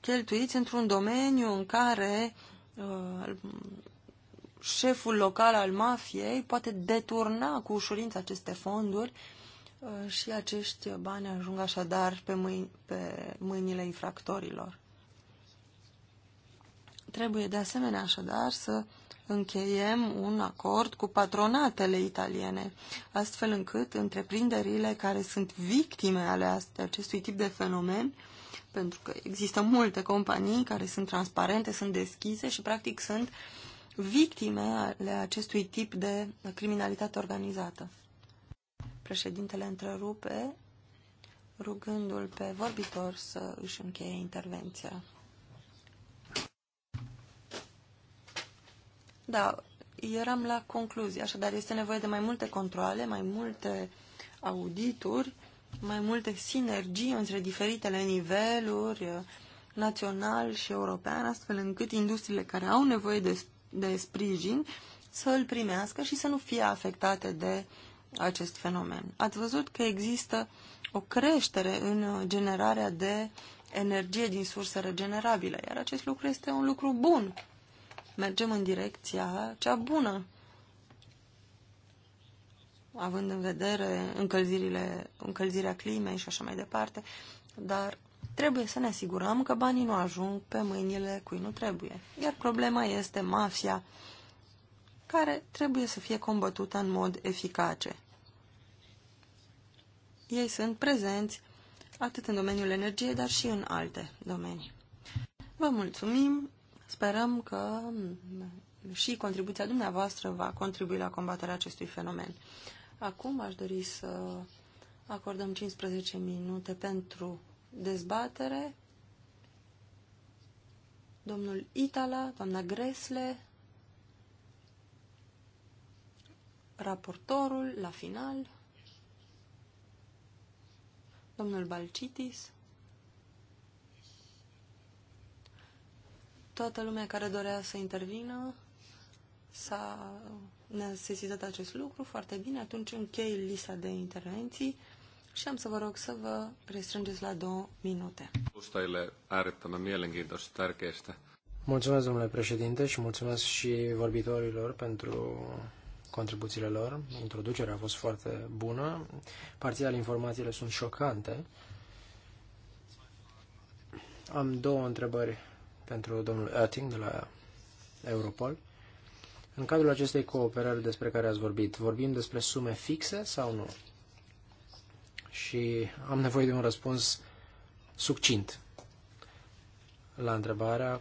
cheltuiți într-un domeniu în care uh, șeful local al mafiei poate deturna cu ușurință aceste fonduri uh, și acești bani ajung așadar pe, mâini, pe mâinile infractorilor. Trebuie de asemenea așadar să încheiem un acord cu patronatele italiene, astfel încât întreprinderile care sunt victime ale acestui tip de fenomen, pentru că există multe companii care sunt transparente, sunt deschise și practic sunt victime ale acestui tip de criminalitate organizată. Președintele întrerupe rugându-l pe vorbitor să își încheie intervenția. Da, eram la concluzie, așadar este nevoie de mai multe controle, mai multe audituri, mai multe sinergii între diferitele niveluri, uh, național și european, astfel încât industriile care au nevoie de, de sprijin să îl primească și să nu fie afectate de acest fenomen. Ați văzut că există o creștere în generarea de energie din surse regenerabile, iar acest lucru este un lucru bun mergem în direcția cea bună, având în vedere încălzirile, încălzirea climei și așa mai departe, dar trebuie să ne asigurăm că banii nu ajung pe mâinile cui nu trebuie. Iar problema este mafia, care trebuie să fie combătută în mod eficace. Ei sunt prezenți atât în domeniul energiei, dar și în alte domenii. Vă mulțumim! Sperăm că și contribuția dumneavoastră va contribui la combaterea acestui fenomen. Acum aș dori să acordăm 15 minute pentru dezbatere. Domnul Itala, doamna Gresle, raportorul la final, domnul Balcitis Toată lumea care dorea să intervină s-a sesizat acest lucru foarte bine. Atunci închei lista de intervenții și am să vă rog să vă restrângeți la două minute. Mulțumesc, domnule președinte, și mulțumesc și vorbitorilor pentru contribuțiile lor. Introducerea a fost foarte bună. Parțial informațiile sunt șocante. Am două întrebări pentru domnul Oetting de la Europol. În cadrul acestei cooperări despre care ați vorbit, vorbim despre sume fixe sau nu? Și am nevoie de un răspuns succint la întrebarea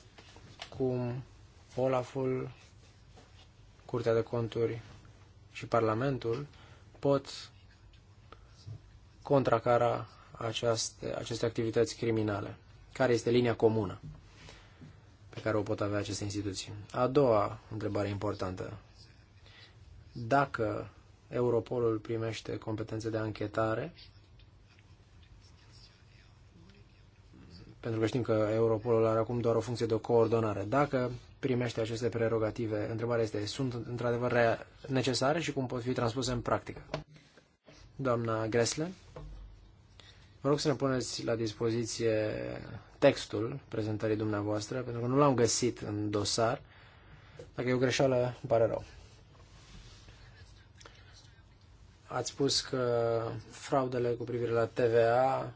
cum Olaful, Curtea de Conturi și Parlamentul pot contracara aceste aceste activități criminale. Care este linia comună? pe care o pot avea aceste instituții. A doua întrebare importantă. Dacă Europolul primește competențe de anchetare, pentru că știm că Europolul are acum doar o funcție de coordonare. Dacă primește aceste prerogative, întrebarea este, sunt într-adevăr necesare și cum pot fi transpuse în practică? Doamna Gresle, vă rog să ne puneți la dispoziție textul prezentării dumneavoastră, pentru că nu l-am găsit în dosar. Dacă e o greșeală, îmi pare rău. Ați spus că fraudele cu privire la TVA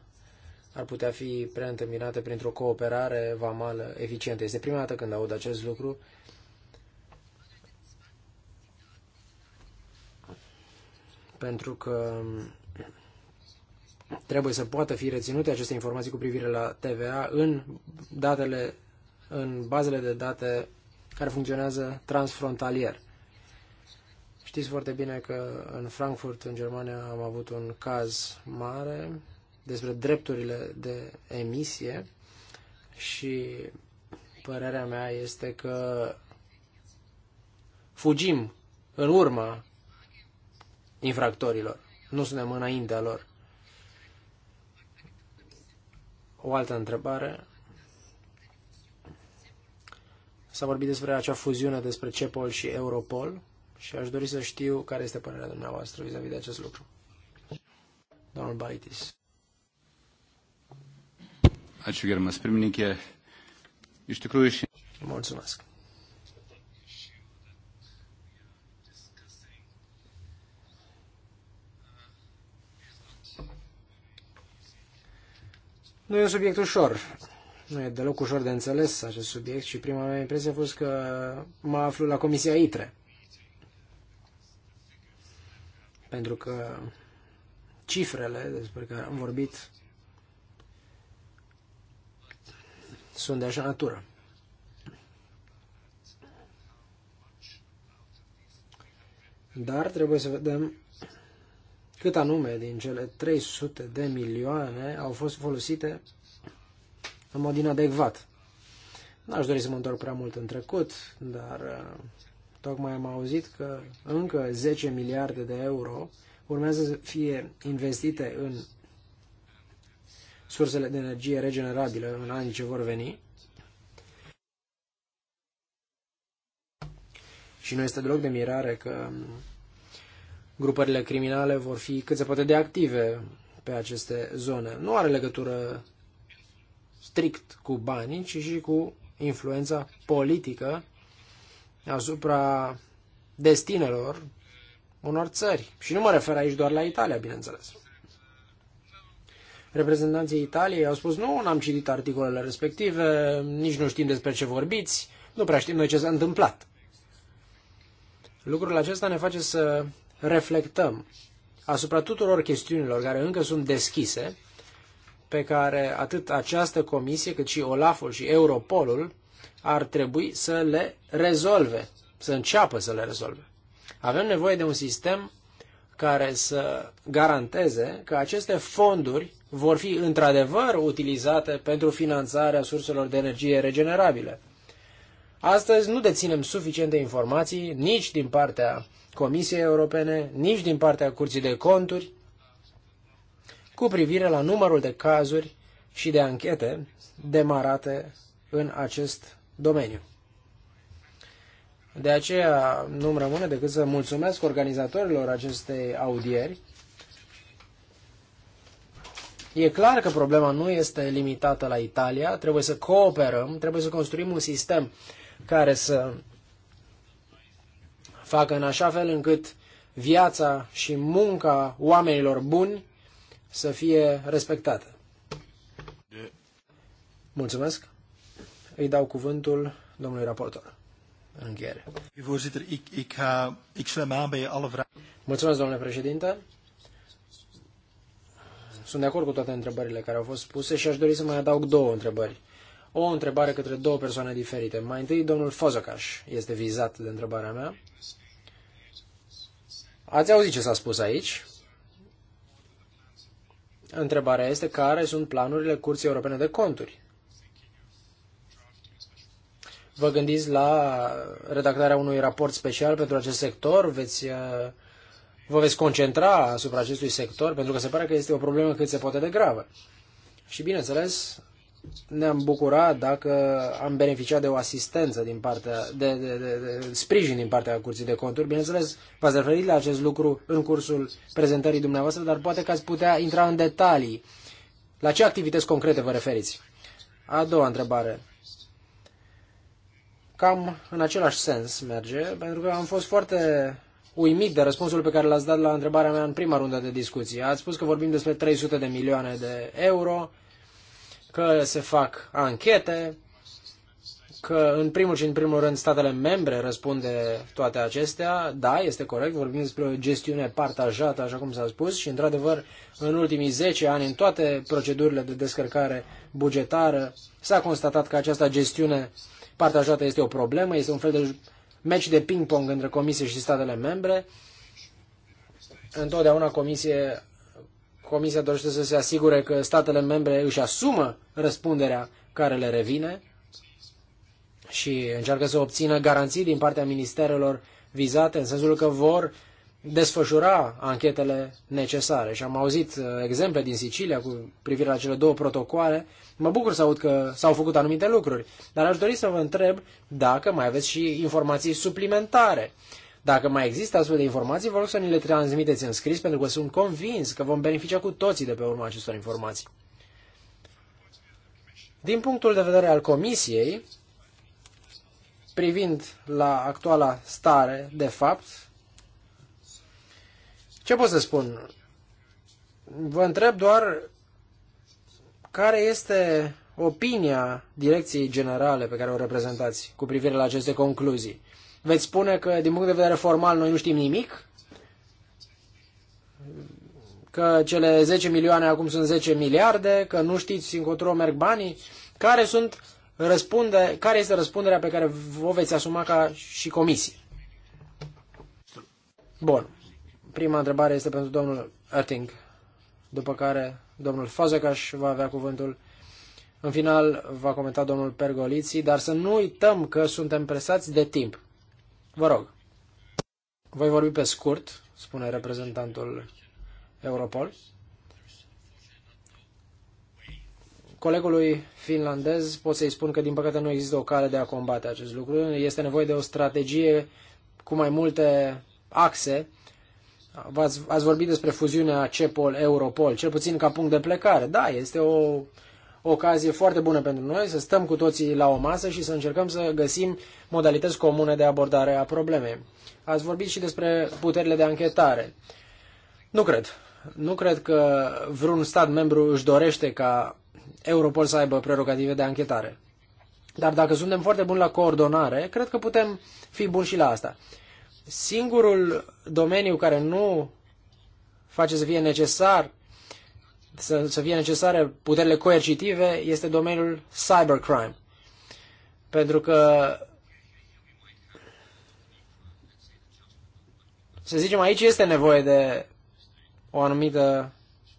ar putea fi preîntâmpinate printr-o cooperare vamală eficientă. Este prima dată când aud acest lucru. Pentru că Trebuie să poată fi reținute aceste informații cu privire la TVA în datele, în bazele de date care funcționează transfrontalier. Știți foarte bine că în Frankfurt, în Germania, am avut un caz mare despre drepturile de emisie și părerea mea este că fugim în urma infractorilor, nu suntem înaintea lor. O altă întrebare. S-a vorbit despre acea fuziune despre CEPOL și Europol și aș dori să știu care este părerea dumneavoastră vis-a-vis -vis de acest lucru. Domnul Baitis. Ačiū gerbiamas pirmininkė. Iš tikrųjų, Mulțumesc. Nu e un subiect ușor. Nu e deloc ușor de înțeles acest subiect și prima mea impresie a fost că mă aflu la Comisia ITRE. Pentru că cifrele despre care am vorbit sunt de așa natură. Dar trebuie să vedem cât anume din cele 300 de milioane au fost folosite în mod inadecvat. N-aș dori să mă întorc prea mult în trecut, dar uh, tocmai am auzit că încă 10 miliarde de euro urmează să fie investite în sursele de energie regenerabilă în anii ce vor veni. Și nu este deloc de mirare că grupările criminale vor fi cât se poate de active pe aceste zone. Nu are legătură strict cu banii, ci și cu influența politică asupra destinelor unor țări. Și nu mă refer aici doar la Italia, bineînțeles. Reprezentanții Italiei au spus, nu, n-am citit articolele respective, nici nu știm despre ce vorbiți, nu prea știm noi ce s-a întâmplat. Lucrul acesta ne face să reflectăm asupra tuturor chestiunilor care încă sunt deschise, pe care atât această comisie cât și Olaful și Europolul ar trebui să le rezolve, să înceapă să le rezolve. Avem nevoie de un sistem care să garanteze că aceste fonduri vor fi într-adevăr utilizate pentru finanțarea surselor de energie regenerabile. Astăzi nu deținem suficiente informații nici din partea Comisiei Europene, nici din partea Curții de Conturi, cu privire la numărul de cazuri și de anchete demarate în acest domeniu. De aceea nu-mi rămâne decât să mulțumesc organizatorilor acestei audieri. E clar că problema nu este limitată la Italia, trebuie să cooperăm, trebuie să construim un sistem care să facă în așa fel încât viața și munca oamenilor buni să fie respectată. Mulțumesc. Îi dau cuvântul domnului raportor. În încheiere. Eh, Mulțumesc, domnule președinte. Sunt de acord cu toate întrebările care au fost puse și aș dori să mai adaug două întrebări. O întrebare către două persoane diferite. Mai întâi, domnul Fozocaș este vizat de întrebarea mea. Ați auzit ce s-a spus aici? Întrebarea este care sunt planurile Curții Europene de Conturi. Vă gândiți la redactarea unui raport special pentru acest sector? Veți, uh, vă veți concentra asupra acestui sector? Pentru că se pare că este o problemă cât se poate de gravă. Și bineînțeles, ne-am bucurat dacă am beneficiat de o asistență din partea, de, de, de, de sprijin din partea Curții de Conturi. Bineînțeles, v-ați referit la acest lucru în cursul prezentării dumneavoastră, dar poate că ați putea intra în detalii. La ce activități concrete vă referiți? A doua întrebare. Cam în același sens merge, pentru că am fost foarte uimit de răspunsul pe care l-ați dat la întrebarea mea în prima rundă de discuții. Ați spus că vorbim despre 300 de milioane de euro, că se fac anchete, că în primul și în primul rând statele membre răspunde toate acestea. Da, este corect, vorbim despre o gestiune partajată, așa cum s-a spus, și într-adevăr în ultimii 10 ani, în toate procedurile de descărcare bugetară, s-a constatat că această gestiune partajată este o problemă, este un fel de meci de ping-pong între Comisie și statele membre. Întotdeauna Comisie Comisia dorește să se asigure că statele membre își asumă răspunderea care le revine și încearcă să obțină garanții din partea ministerelor vizate, în sensul că vor desfășura anchetele necesare. Și am auzit uh, exemple din Sicilia cu privire la cele două protocoale. Mă bucur să aud că s-au făcut anumite lucruri, dar aș dori să vă întreb dacă mai aveți și informații suplimentare dacă mai există astfel de informații, vă rog să ni le transmiteți în scris, pentru că sunt convins că vom beneficia cu toții de pe urma acestor informații. Din punctul de vedere al Comisiei, privind la actuala stare, de fapt, ce pot să spun? Vă întreb doar care este opinia direcției generale pe care o reprezentați cu privire la aceste concluzii. Veți spune că, din punct de vedere formal, noi nu știm nimic? Că cele 10 milioane acum sunt 10 miliarde, că nu știți încotro merg banii? Care, sunt răspunde, care este răspunderea pe care vă veți asuma ca și comisie? Bun. Prima întrebare este pentru domnul Erting, după care domnul Fazekas va avea cuvântul. În final va comenta domnul Pergoliții, dar să nu uităm că suntem presați de timp. Vă rog. Voi vorbi pe scurt, spune reprezentantul Europol. Colegului finlandez pot să-i spun că, din păcate, nu există o cale de a combate acest lucru. Este nevoie de o strategie cu mai multe axe. ați ați vorbit despre fuziunea CEPOL-Europol, cel puțin ca punct de plecare. Da, este o o ocazie foarte bună pentru noi să stăm cu toții la o masă și să încercăm să găsim modalități comune de abordare a problemei. Ați vorbit și despre puterile de anchetare. Nu cred. Nu cred că vreun stat membru își dorește ca Europol să aibă prerogative de anchetare. Dar dacă suntem foarte buni la coordonare, cred că putem fi buni și la asta. Singurul domeniu care nu face să fie necesar să, să fie necesare puterile coercitive este domeniul cybercrime. Pentru că să zicem aici este nevoie de o anumită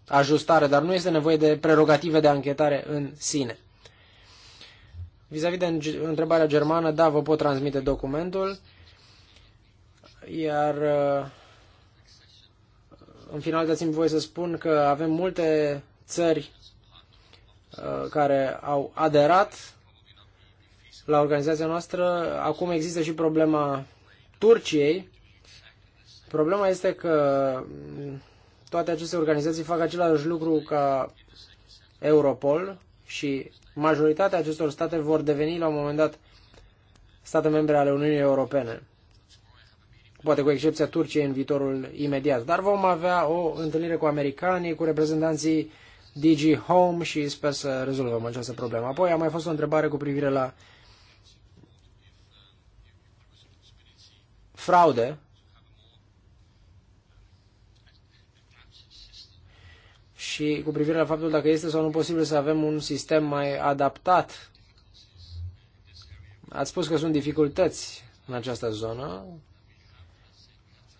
ajustare, dar nu este nevoie de prerogative de anchetare în sine. Vis-a-vis -vis de întrebarea germană, da, vă pot transmite documentul, iar uh, în final dați-mi voie să spun că avem multe țări uh, care au aderat la organizația noastră. Acum există și problema Turciei. Problema este că mm, toate aceste organizații fac același lucru ca Europol și majoritatea acestor state vor deveni la un moment dat state membre ale Uniunii Europene poate cu excepția Turciei în viitorul imediat. Dar vom avea o întâlnire cu americanii, cu reprezentanții DG Home și sper să rezolvăm această problemă. Apoi a mai fost o întrebare cu privire la fraude și cu privire la faptul dacă este sau nu posibil să avem un sistem mai adaptat. Ați spus că sunt dificultăți în această zonă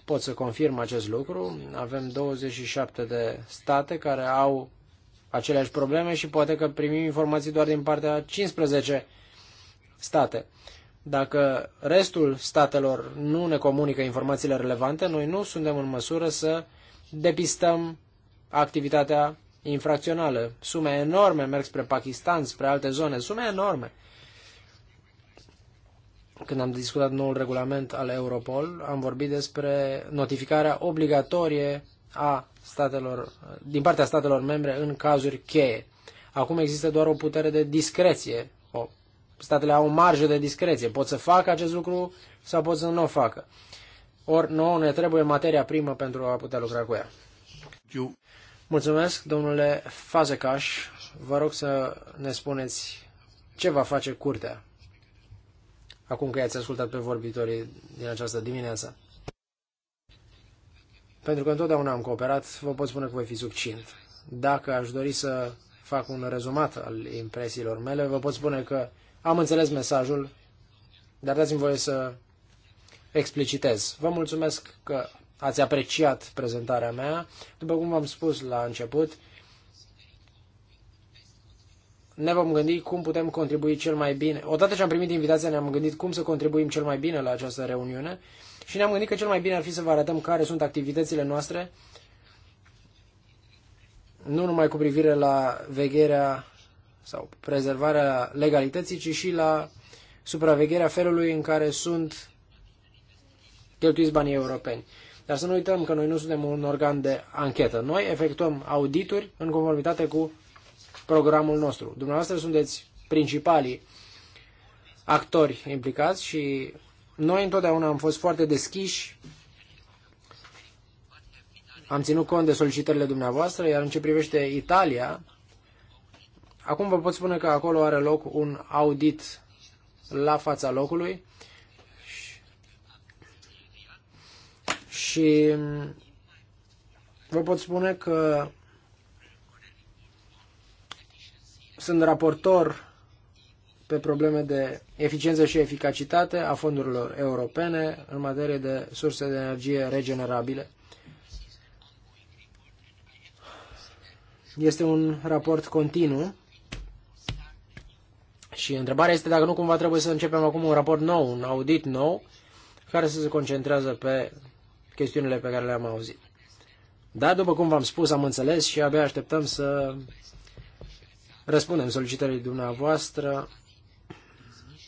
pot să confirm acest lucru. Avem 27 de state care au aceleași probleme și poate că primim informații doar din partea 15 state. Dacă restul statelor nu ne comunică informațiile relevante, noi nu suntem în măsură să depistăm activitatea infracțională. Sume enorme merg spre Pakistan, spre alte zone, sume enorme când am discutat noul regulament al Europol, am vorbit despre notificarea obligatorie a statelor, din partea statelor membre în cazuri cheie. Acum există doar o putere de discreție. O, statele au o marjă de discreție. Pot să facă acest lucru sau pot să nu o facă. Ori nouă ne trebuie materia primă pentru a putea lucra cu ea. Eu. Mulțumesc, domnule Fazecaș. Vă rog să ne spuneți ce va face curtea acum că i-ați ascultat pe vorbitorii din această dimineață. Pentru că întotdeauna am cooperat, vă pot spune că voi fi succint. Dacă aș dori să fac un rezumat al impresiilor mele, vă pot spune că am înțeles mesajul, dar dați-mi voie să explicitez. Vă mulțumesc că ați apreciat prezentarea mea. După cum v-am spus la început, ne vom gândi cum putem contribui cel mai bine. Odată ce am primit invitația, ne-am gândit cum să contribuim cel mai bine la această reuniune și ne-am gândit că cel mai bine ar fi să vă arătăm care sunt activitățile noastre, nu numai cu privire la vegherea sau prezervarea legalității, ci și la supravegherea felului în care sunt cheltuiți banii europeni. Dar să nu uităm că noi nu suntem un organ de anchetă. Noi efectuăm audituri în conformitate cu programul nostru. Dumneavoastră sunteți principalii actori implicați și noi întotdeauna am fost foarte deschiși, am ținut cont de solicitările dumneavoastră, iar în ce privește Italia, acum vă pot spune că acolo are loc un audit la fața locului și, și vă pot spune că Sunt raportor pe probleme de eficiență și eficacitate a fondurilor europene în materie de surse de energie regenerabile. Este un raport continuu și întrebarea este dacă nu cumva trebuie să începem acum un raport nou, un audit nou, care să se concentrează pe chestiunile pe care le-am auzit. Dar, după cum v-am spus, am înțeles și abia așteptăm să răspundem solicitării dumneavoastră.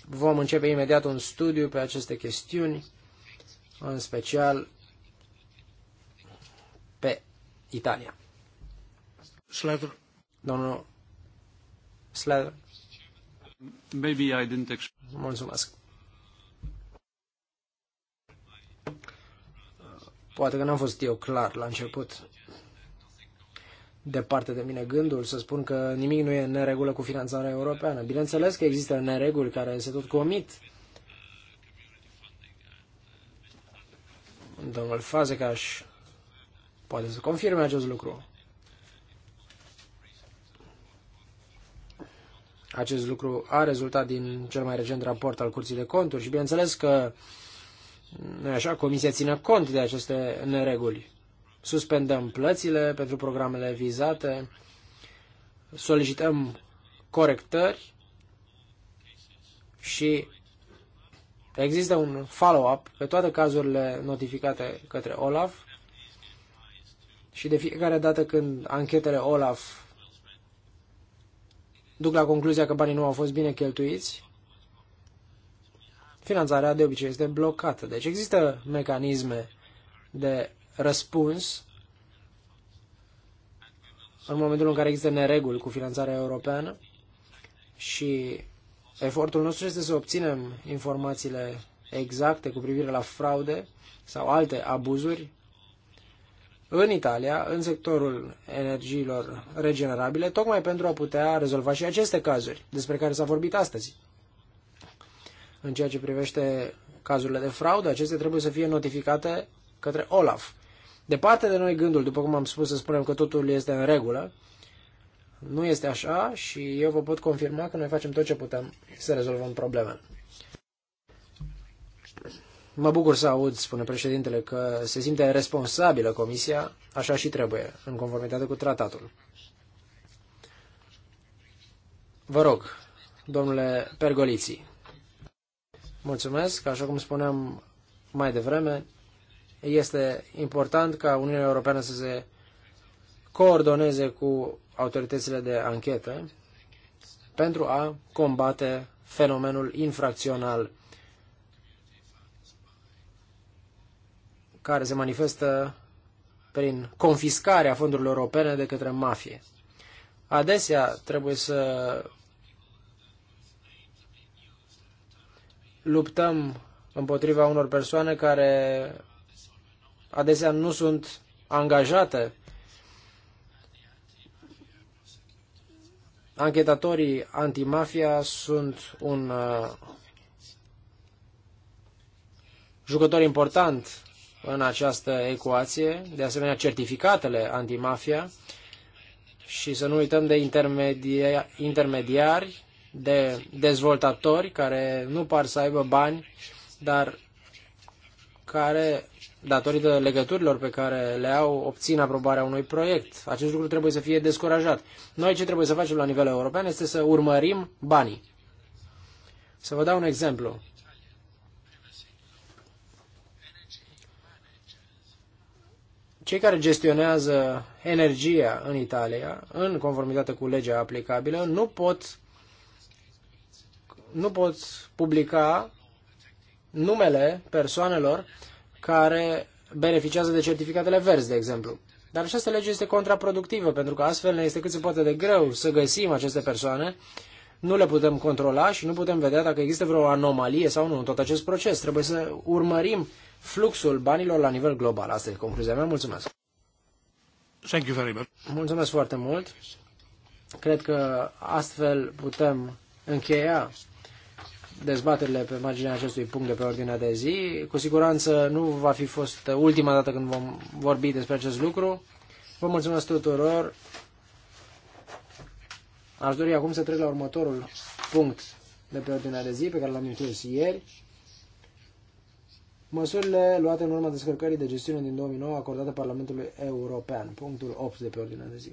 Vom începe imediat un studiu pe aceste chestiuni, în special pe Italia. Slater. Domnul Slater. Maybe I didn't Mulțumesc. Poate că n-am fost eu clar la început departe de mine gândul să spun că nimic nu e în neregulă cu finanțarea europeană. Bineînțeles că există nereguli care se tot comit. Domnul Fazekas poate să confirme acest lucru. Acest lucru a rezultat din cel mai recent raport al Curții de Conturi și bineînțeles că, așa, Comisia ține cont de aceste nereguli suspendăm plățile pentru programele vizate, solicităm corectări și există un follow-up pe toate cazurile notificate către OLAF și de fiecare dată când anchetele OLAF duc la concluzia că banii nu au fost bine cheltuiți, finanțarea de obicei este blocată. Deci există mecanisme de răspuns în momentul în care există nereguli cu finanțarea europeană și efortul nostru este să obținem informațiile exacte cu privire la fraude sau alte abuzuri în Italia, în sectorul energiilor regenerabile, tocmai pentru a putea rezolva și aceste cazuri despre care s-a vorbit astăzi. În ceea ce privește cazurile de fraudă, acestea trebuie să fie notificate către OLAF departe de noi gândul, după cum am spus, să spunem că totul este în regulă. Nu este așa și eu vă pot confirma că noi facem tot ce putem să rezolvăm problema. Mă bucur să aud, spune președintele, că se simte responsabilă comisia, așa și trebuie, în conformitate cu tratatul. Vă rog, domnule Pergoliții. Mulțumesc, așa cum spuneam mai devreme, este important ca Uniunea Europeană să se coordoneze cu autoritățile de anchetă pentru a combate fenomenul infracțional care se manifestă prin confiscarea fondurilor europene de către mafie. Adesea trebuie să luptăm împotriva unor persoane care adesea nu sunt angajate. Anchetatorii antimafia sunt un uh, jucător important în această ecuație, de asemenea certificatele antimafia și să nu uităm de intermedia, intermediari, de dezvoltatori care nu par să aibă bani, dar care, datorită legăturilor pe care le au, obțin aprobarea unui proiect. Acest lucru trebuie să fie descurajat. Noi ce trebuie să facem la nivel european este să urmărim banii. Să vă dau un exemplu. Cei care gestionează energia în Italia, în conformitate cu legea aplicabilă, nu pot, nu pot publica numele persoanelor care beneficiază de certificatele verzi, de exemplu. Dar această lege este contraproductivă, pentru că astfel ne este cât se poate de greu să găsim aceste persoane, nu le putem controla și nu putem vedea dacă există vreo anomalie sau nu în tot acest proces. Trebuie să urmărim fluxul banilor la nivel global. Asta e concluzia mea. Mulțumesc! Thank you very much. Mulțumesc foarte mult! Cred că astfel putem încheia dezbaterile pe marginea acestui punct de pe ordinea de zi. Cu siguranță nu va fi fost ultima dată când vom vorbi despre acest lucru. Vă mulțumesc tuturor. Aș dori acum să trec la următorul punct de pe ordinea de zi pe care l-am inclus ieri. Măsurile luate în urma descărcării de gestiune din 2009 acordate Parlamentului European. Punctul 8 de pe ordinea de zi.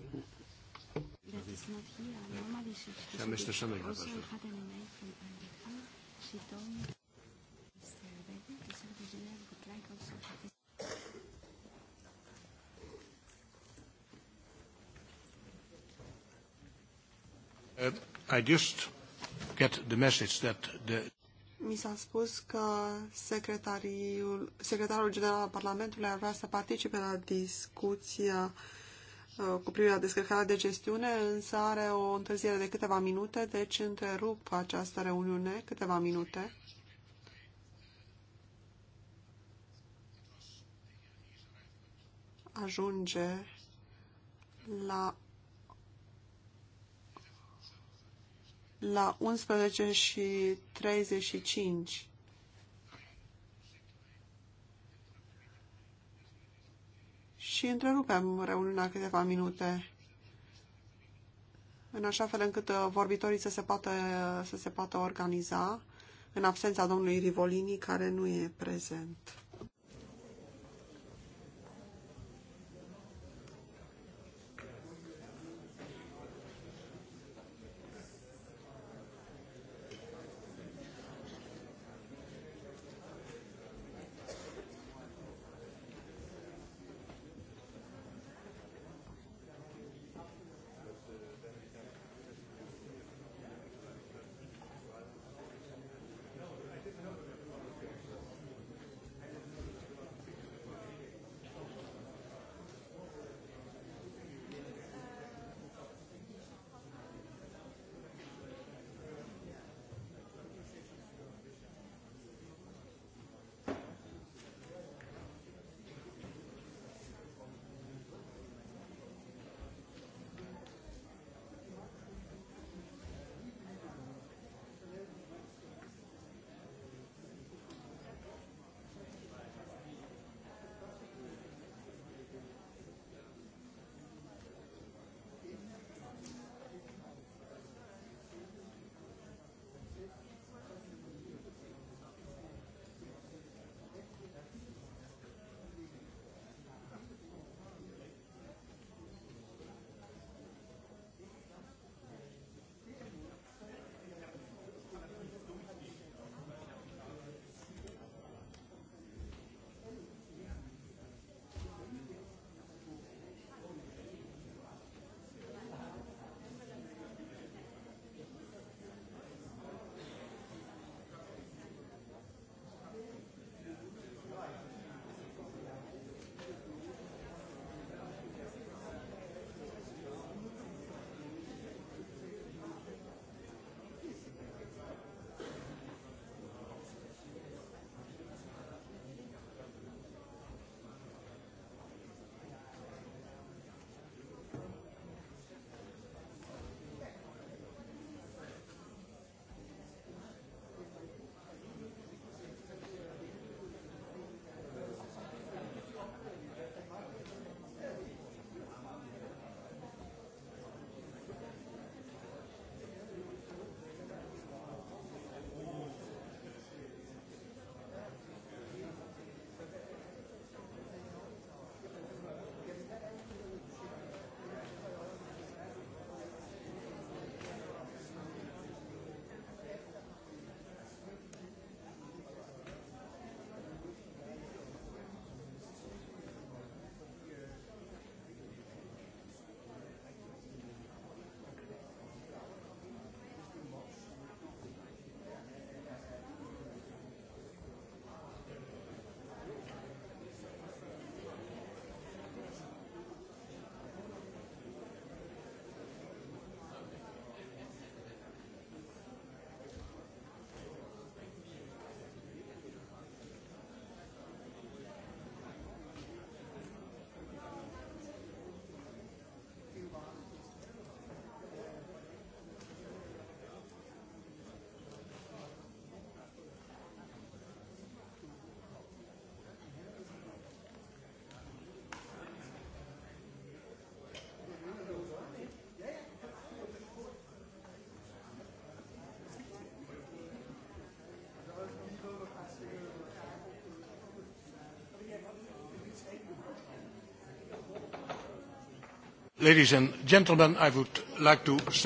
Ja myślę, że Uh, I just get the message that the mi s-a spus că secretariul, secretarul general al Parlamentului ar vrea să participe la discuția Uh, cu privire la descărcarea de gestiune, însă are o întârziere de câteva minute, deci întrerup această reuniune câteva minute. Ajunge la la 11 și 35 și întrerupem reuniunea câteva minute în așa fel încât uh, vorbitorii să se poată, să se poată organiza în absența domnului Rivolini, care nu e prezent.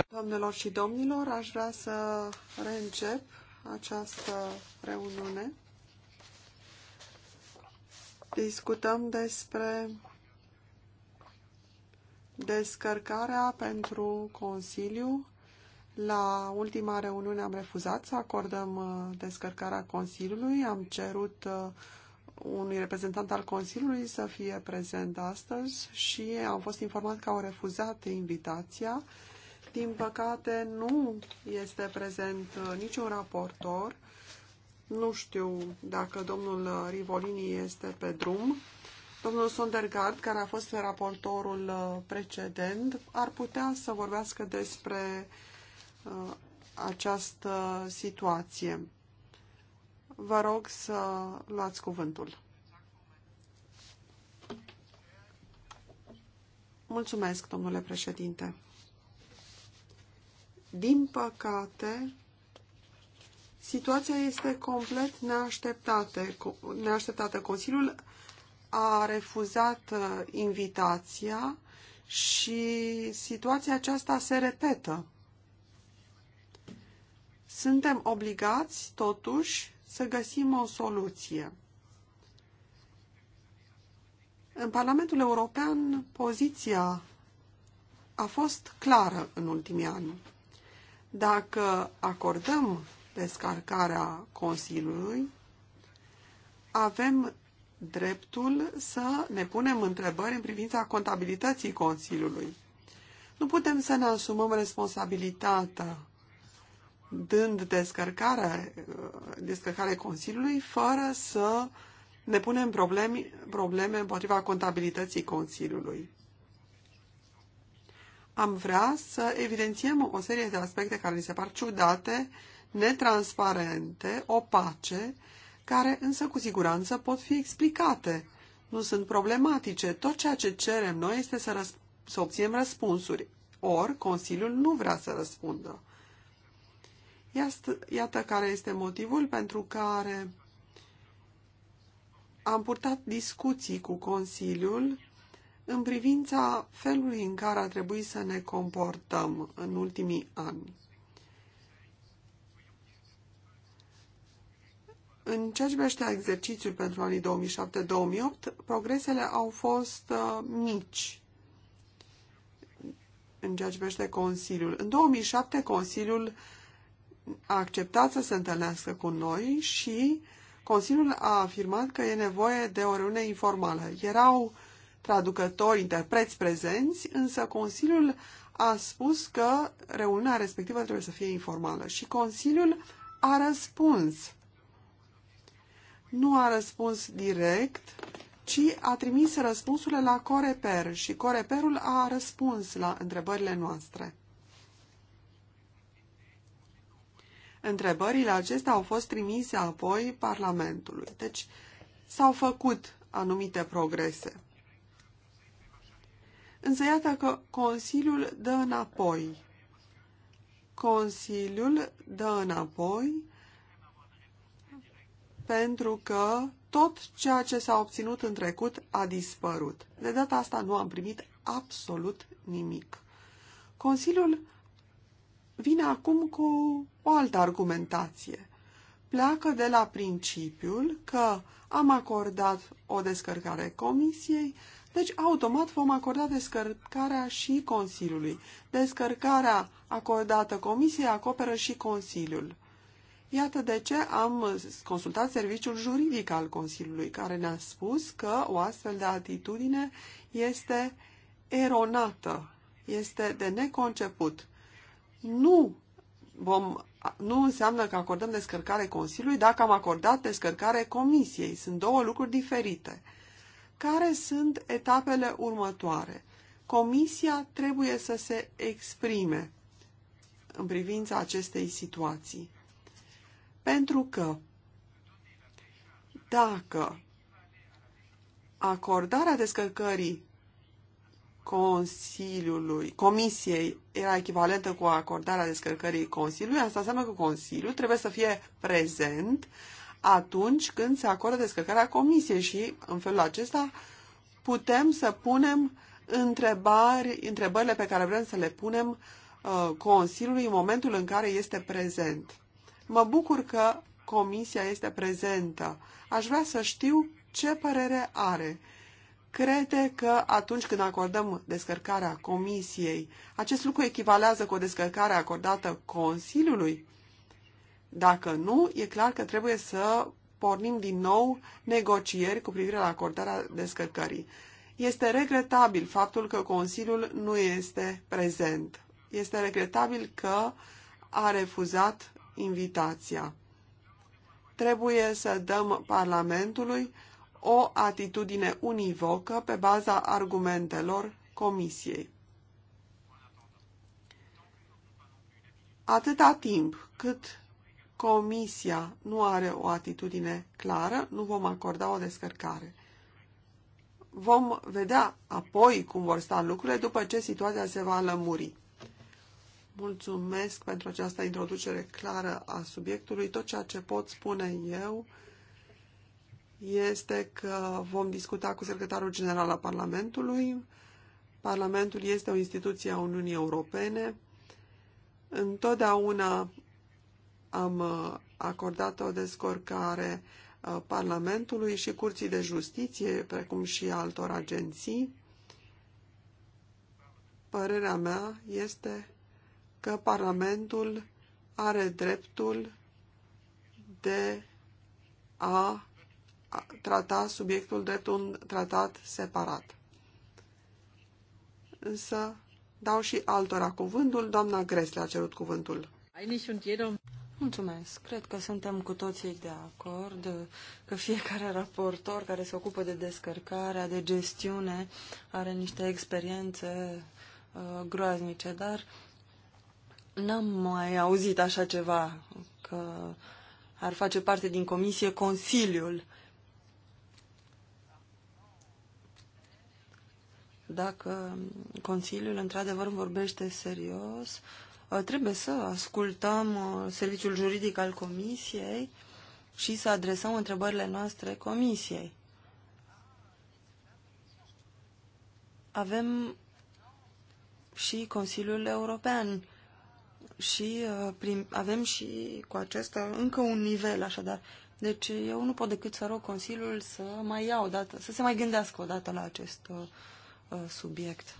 Doamnelor și domnilor, aș vrea să reîncep această reuniune. Discutăm despre descărcarea pentru Consiliu. La ultima reuniune am refuzat să acordăm uh, descărcarea Consiliului. Am cerut uh, unui reprezentant al Consiliului să fie prezent astăzi și am fost informat că au refuzat invitația. Din păcate, nu este prezent uh, niciun raportor. Nu știu dacă domnul Rivolini este pe drum. Domnul Sondergaard, care a fost raportorul uh, precedent, ar putea să vorbească despre uh, această situație vă rog să luați cuvântul. Mulțumesc, domnule președinte. Din păcate, situația este complet neașteptată. neașteptată. Consiliul a refuzat uh, invitația și situația aceasta se repetă. Suntem obligați, totuși, să găsim o soluție. În Parlamentul European, poziția a fost clară în ultimii ani. Dacă acordăm descarcarea Consiliului, avem dreptul să ne punem întrebări în privința contabilității Consiliului. Nu putem să ne asumăm responsabilitatea dând descărcare, descărcare Consiliului fără să ne punem probleme, probleme împotriva contabilității Consiliului. Am vrea să evidențiem o serie de aspecte care ni se par ciudate, netransparente, opace, care însă cu siguranță pot fi explicate. Nu sunt problematice. Tot ceea ce cerem noi este să, răsp- să obținem răspunsuri. Ori Consiliul nu vrea să răspundă. Iată care este motivul pentru care am purtat discuții cu Consiliul în privința felului în care a trebuit să ne comportăm în ultimii ani. În ceea ce privește exercițiul pentru anii 2007-2008, progresele au fost uh, mici în ceea ce privește Consiliul. În 2007, Consiliul a acceptat să se întâlnească cu noi și Consiliul a afirmat că e nevoie de o reuniune informală. Erau traducători, interpreți prezenți, însă Consiliul a spus că reuniunea respectivă trebuie să fie informală și Consiliul a răspuns. Nu a răspuns direct, ci a trimis răspunsurile la Coreper și Coreperul a răspuns la întrebările noastre. Întrebările acestea au fost trimise apoi Parlamentului. Deci s-au făcut anumite progrese. Însă iată că Consiliul dă înapoi. Consiliul dă înapoi pentru că tot ceea ce s-a obținut în trecut a dispărut. De data asta nu am primit absolut nimic. Consiliul vine acum cu o altă argumentație. Pleacă de la principiul că am acordat o descărcare comisiei, deci automat vom acorda descărcarea și Consiliului. Descărcarea acordată comisiei acoperă și Consiliul. Iată de ce am consultat serviciul juridic al Consiliului, care ne-a spus că o astfel de atitudine este eronată, este de neconceput nu vom nu înseamnă că acordăm descărcare Consiliului dacă am acordat descărcare Comisiei. Sunt două lucruri diferite. Care sunt etapele următoare? Comisia trebuie să se exprime în privința acestei situații. Pentru că dacă acordarea descărcării Consiliului, Comisiei era echivalentă cu acordarea descărcării Consiliului, asta înseamnă că Consiliul trebuie să fie prezent atunci când se acordă descărcarea Comisiei și în felul acesta putem să punem întrebări, întrebările pe care vrem să le punem uh, Consiliului în momentul în care este prezent. Mă bucur că Comisia este prezentă. Aș vrea să știu ce părere are crede că atunci când acordăm descărcarea Comisiei, acest lucru echivalează cu o descărcare acordată Consiliului? Dacă nu, e clar că trebuie să pornim din nou negocieri cu privire la acordarea descărcării. Este regretabil faptul că Consiliul nu este prezent. Este regretabil că a refuzat invitația. Trebuie să dăm Parlamentului o atitudine univocă pe baza argumentelor Comisiei. Atâta timp cât Comisia nu are o atitudine clară, nu vom acorda o descărcare. Vom vedea apoi cum vor sta lucrurile după ce situația se va lămuri. Mulțumesc pentru această introducere clară a subiectului. Tot ceea ce pot spune eu este că vom discuta cu secretarul general al Parlamentului. Parlamentul este o instituție a Uniunii Europene. Întotdeauna am uh, acordat o descorcare uh, Parlamentului și Curții de Justiție, precum și altor agenții. Părerea mea este că Parlamentul are dreptul de a trata subiectul drept un tratat separat. Însă dau și altora cuvântul. Doamna Gresle a cerut cuvântul. Mulțumesc. Cred că suntem cu toții de acord că fiecare raportor care se ocupă de descărcarea, de gestiune, are niște experiențe uh, groaznice, dar n-am mai auzit așa ceva, că ar face parte din comisie Consiliul. Dacă Consiliul într-adevăr vorbește serios, uh, trebuie să ascultăm uh, serviciul juridic al Comisiei și să adresăm întrebările noastre Comisiei. Avem și Consiliul European și uh, prim, avem și cu acesta încă un nivel, așadar. Deci eu nu pot decât să rog Consiliul să mai ia o dată, să se mai gândească o dată la acest Uh, subiect.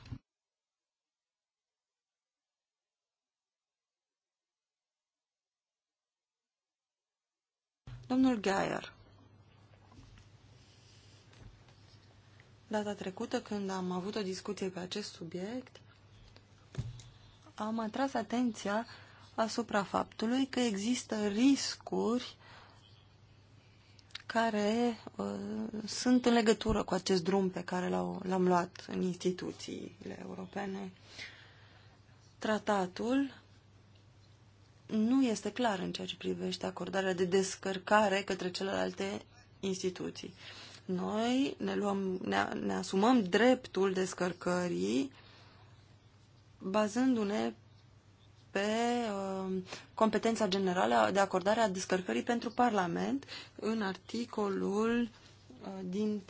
Domnul Gaier, data trecută când am avut o discuție pe acest subiect, am atras atenția asupra faptului că există riscuri care uh, sunt în legătură cu acest drum pe care l-am luat în instituțiile europene. Tratatul nu este clar în ceea ce privește acordarea de descărcare către celelalte instituții. Noi ne, luăm, ne, ne asumăm dreptul descărcării bazându-ne pe um, competența generală de acordare a descărcării pentru Parlament în articolul uh, din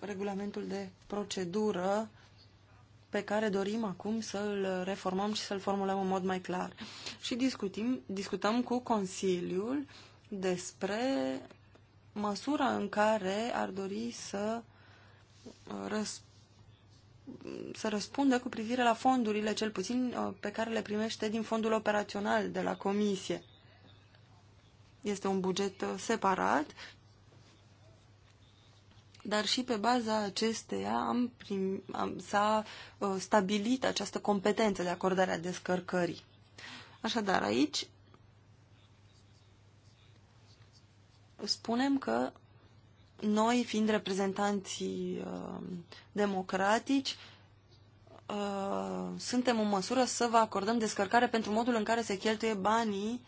regulamentul de procedură pe care dorim acum să-l reformăm și să-l formulăm în mod mai clar. Și discutim, discutăm cu Consiliul despre măsura în care ar dori să uh, răspundă să răspundă cu privire la fondurile, cel puțin uh, pe care le primește din fondul operațional de la comisie. Este un buget uh, separat, dar și pe baza acesteia am prim, am, s-a uh, stabilit această competență de acordare a descărcării. Așadar, aici spunem că noi, fiind reprezentanții uh, democratici, uh, suntem în măsură să vă acordăm descărcare pentru modul în care se cheltuie banii,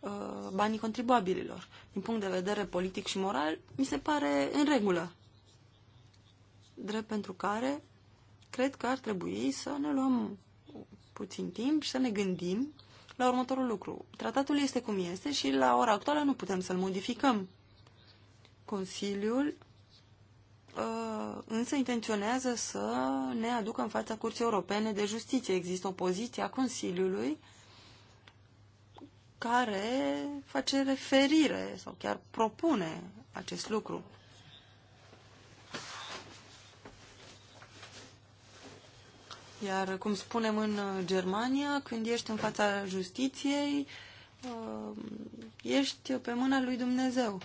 uh, banii contribuabililor. Din punct de vedere politic și moral, mi se pare în regulă. Drept pentru care cred că ar trebui să ne luăm puțin timp și să ne gândim la următorul lucru. Tratatul este cum este și la ora actuală nu putem să-l modificăm. Consiliul uh, însă intenționează să ne aducă în fața Curții Europene de Justiție. Există o poziție a Consiliului care face referire sau chiar propune acest lucru. Iar, cum spunem în uh, Germania, când ești în fața justiției, uh, ești pe mâna lui Dumnezeu.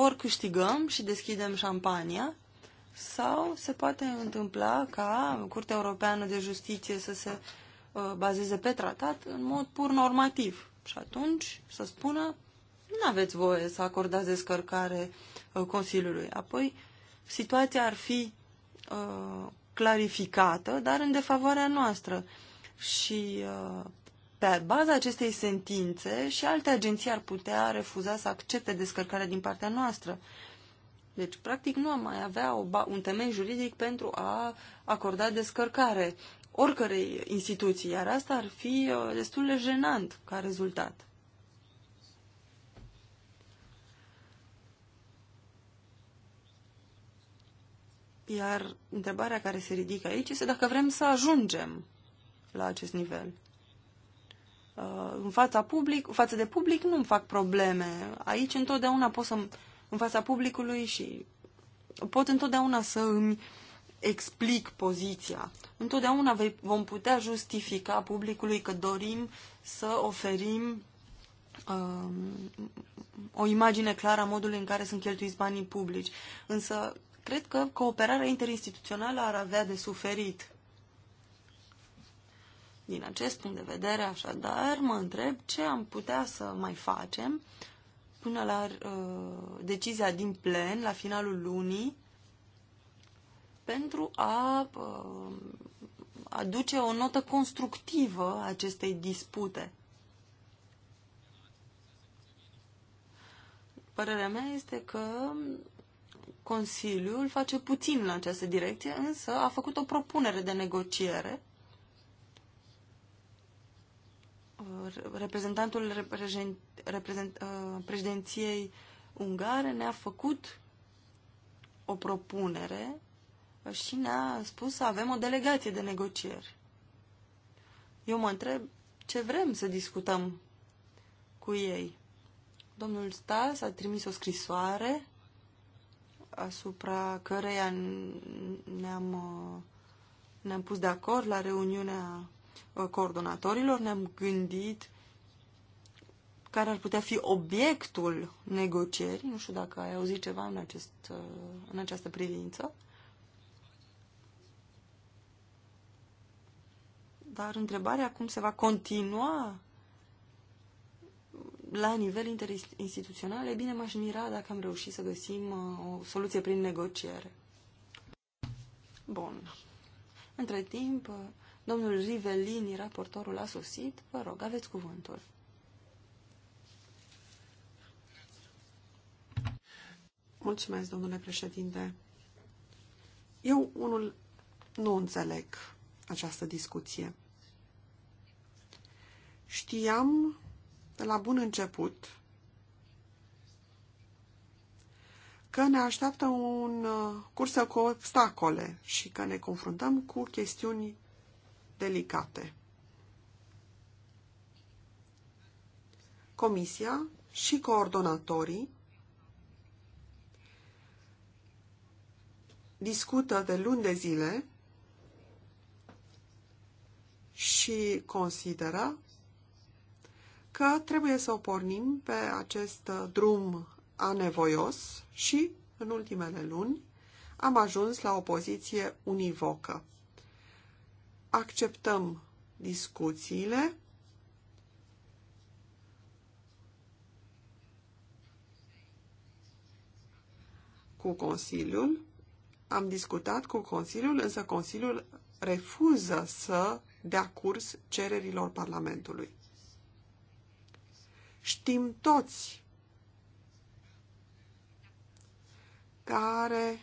Ori câștigăm și deschidem șampania, sau se poate întâmpla ca Curtea Europeană de Justiție să se uh, bazeze pe tratat în mod pur normativ. Și atunci să spună, nu aveți voie să acordați descărcare uh, Consiliului. Apoi, situația ar fi uh, clarificată, dar în defavoarea noastră. Și uh, pe baza acestei sentințe și alte agenții ar putea refuza să accepte descărcarea din partea noastră. Deci, practic, nu am mai avea o un temei juridic pentru a acorda descărcare oricărei instituții, iar asta ar fi uh, destul de jenant ca rezultat. Iar întrebarea care se ridică aici este dacă vrem să ajungem la acest nivel. Uh, în fața public, față de public nu-mi fac probleme. Aici întotdeauna pot să în fața publicului și pot întotdeauna să îmi explic poziția. Întotdeauna vom putea justifica publicului că dorim să oferim um, o imagine clară a modului în care sunt cheltuiți banii publici. Însă, cred că cooperarea interinstituțională ar avea de suferit din acest punct de vedere, așadar, mă întreb ce am putea să mai facem până la uh, decizia din plen, la finalul lunii, pentru a uh, aduce o notă constructivă acestei dispute. Părerea mea este că Consiliul face puțin în această direcție, însă a făcut o propunere de negociere reprezentantul reprezent, uh, președinției ungare ne-a făcut o propunere și ne-a spus să avem o delegație de negocieri. Eu mă întreb ce vrem să discutăm cu ei. Domnul Stas a trimis o scrisoare asupra căreia ne-am, uh, ne-am pus de acord la reuniunea Uh, coordonatorilor ne-am gândit care ar putea fi obiectul negocierii. Nu știu dacă ai auzit ceva în, acest, uh, în această privință. Dar întrebarea cum se va continua la nivel interinstituțional, e bine, m-aș mira dacă am reușit să găsim uh, o soluție prin negociere. Bun. Între timp, Domnul Rivelini, raportorul, a sosit. Vă rog, aveți cuvântul. Mulțumesc, domnule președinte. Eu, unul, nu înțeleg această discuție. Știam de la bun început că ne așteaptă un uh, curs cu obstacole și că ne confruntăm cu chestiuni delicate. Comisia și coordonatorii discută de luni de zile și consideră că trebuie să o pornim pe acest drum anevoios și, în ultimele luni, am ajuns la o poziție univocă acceptăm discuțiile cu Consiliul. Am discutat cu Consiliul, însă Consiliul refuză să dea curs cererilor Parlamentului. Știm toți care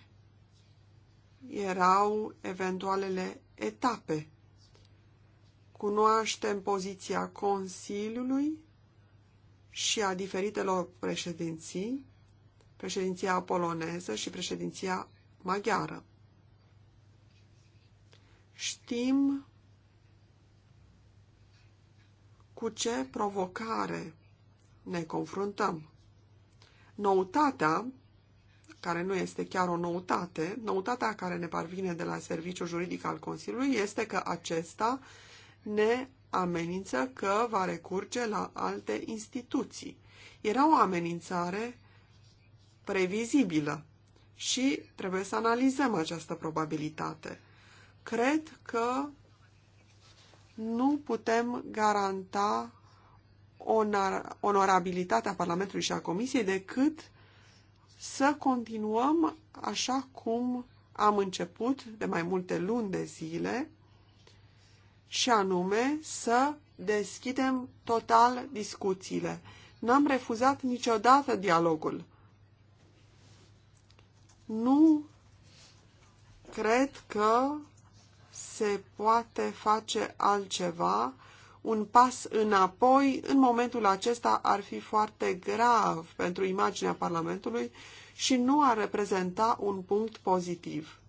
erau eventualele etape Cunoaștem poziția Consiliului și a diferitelor președinții, președinția poloneză și președinția maghiară. Știm cu ce provocare ne confruntăm. Noutatea, care nu este chiar o noutate, noutatea care ne parvine de la Serviciul Juridic al Consiliului este că acesta ne amenință că va recurge la alte instituții. Era o amenințare previzibilă și trebuie să analizăm această probabilitate. Cred că nu putem garanta onor onorabilitatea Parlamentului și a Comisiei decât să continuăm așa cum am început de mai multe luni de zile, și anume să deschidem total discuțiile. N-am refuzat niciodată dialogul. Nu cred că se poate face altceva. Un pas înapoi în momentul acesta ar fi foarte grav pentru imaginea Parlamentului și nu ar reprezenta un punct pozitiv.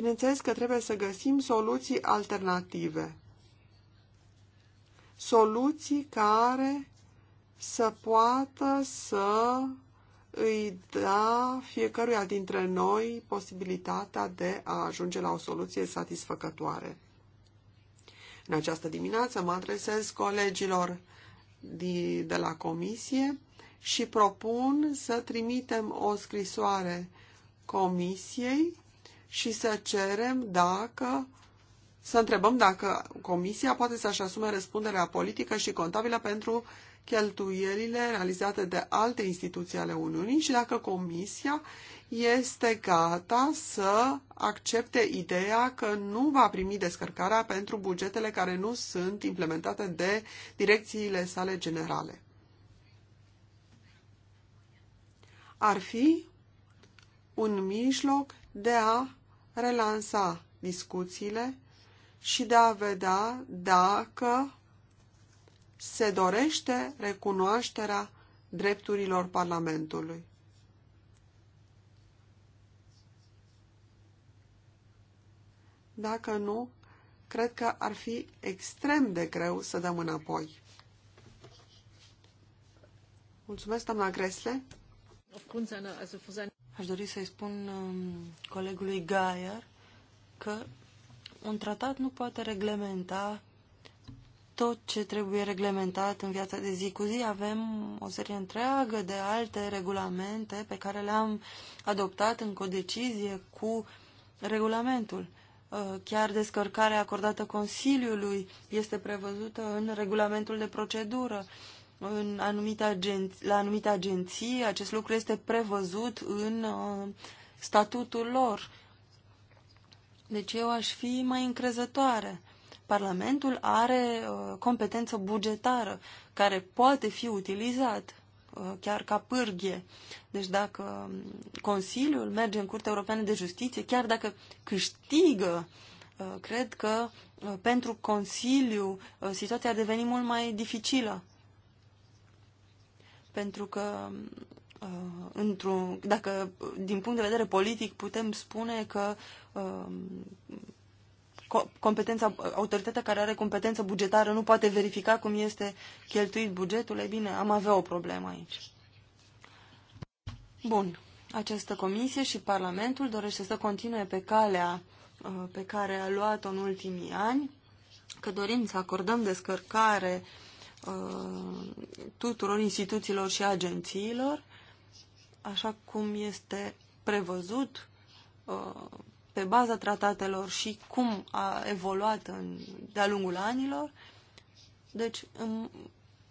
Bineînțeles că trebuie să găsim soluții alternative. Soluții care să poată să îi da fiecăruia dintre noi posibilitatea de a ajunge la o soluție satisfăcătoare. În această dimineață mă adresez colegilor de la comisie și propun să trimitem o scrisoare comisiei și să cerem dacă să întrebăm dacă Comisia poate să-și asume răspunderea politică și contabilă pentru cheltuielile realizate de alte instituții ale Uniunii și dacă Comisia este gata să accepte ideea că nu va primi descărcarea pentru bugetele care nu sunt implementate de direcțiile sale generale. Ar fi un mijloc de a relansa discuțiile și de a vedea dacă se dorește recunoașterea drepturilor Parlamentului. Dacă nu, cred că ar fi extrem de greu să dăm înapoi. Mulțumesc, doamna Gresle. Aș dori să-i spun um, colegului Gaier că un tratat nu poate reglementa tot ce trebuie reglementat în viața de zi cu zi. Avem o serie întreagă de alte regulamente pe care le-am adoptat în codecizie cu regulamentul. Uh, chiar descărcarea acordată Consiliului este prevăzută în regulamentul de procedură în anumite agenții, la anumite agenții. Acest lucru este prevăzut în uh, statutul lor. Deci eu aș fi mai încrezătoare. Parlamentul are uh, competență bugetară care poate fi utilizat uh, chiar ca pârghie. Deci dacă um, Consiliul merge în Curtea Europeană de Justiție, chiar dacă câștigă, uh, cred că uh, pentru Consiliu uh, situația ar deveni mult mai dificilă pentru că uh, într-un, dacă din punct de vedere politic putem spune că uh, competența, autoritatea care are competență bugetară nu poate verifica cum este cheltuit bugetul, e bine, am avea o problemă aici. Bun. Această comisie și Parlamentul dorește să continue pe calea uh, pe care a luat-o în ultimii ani, că dorim să acordăm descărcare uh, Uh, tuturor instituțiilor și agențiilor, așa cum este prevăzut uh, pe baza tratatelor și cum a evoluat de-a lungul anilor. Deci um,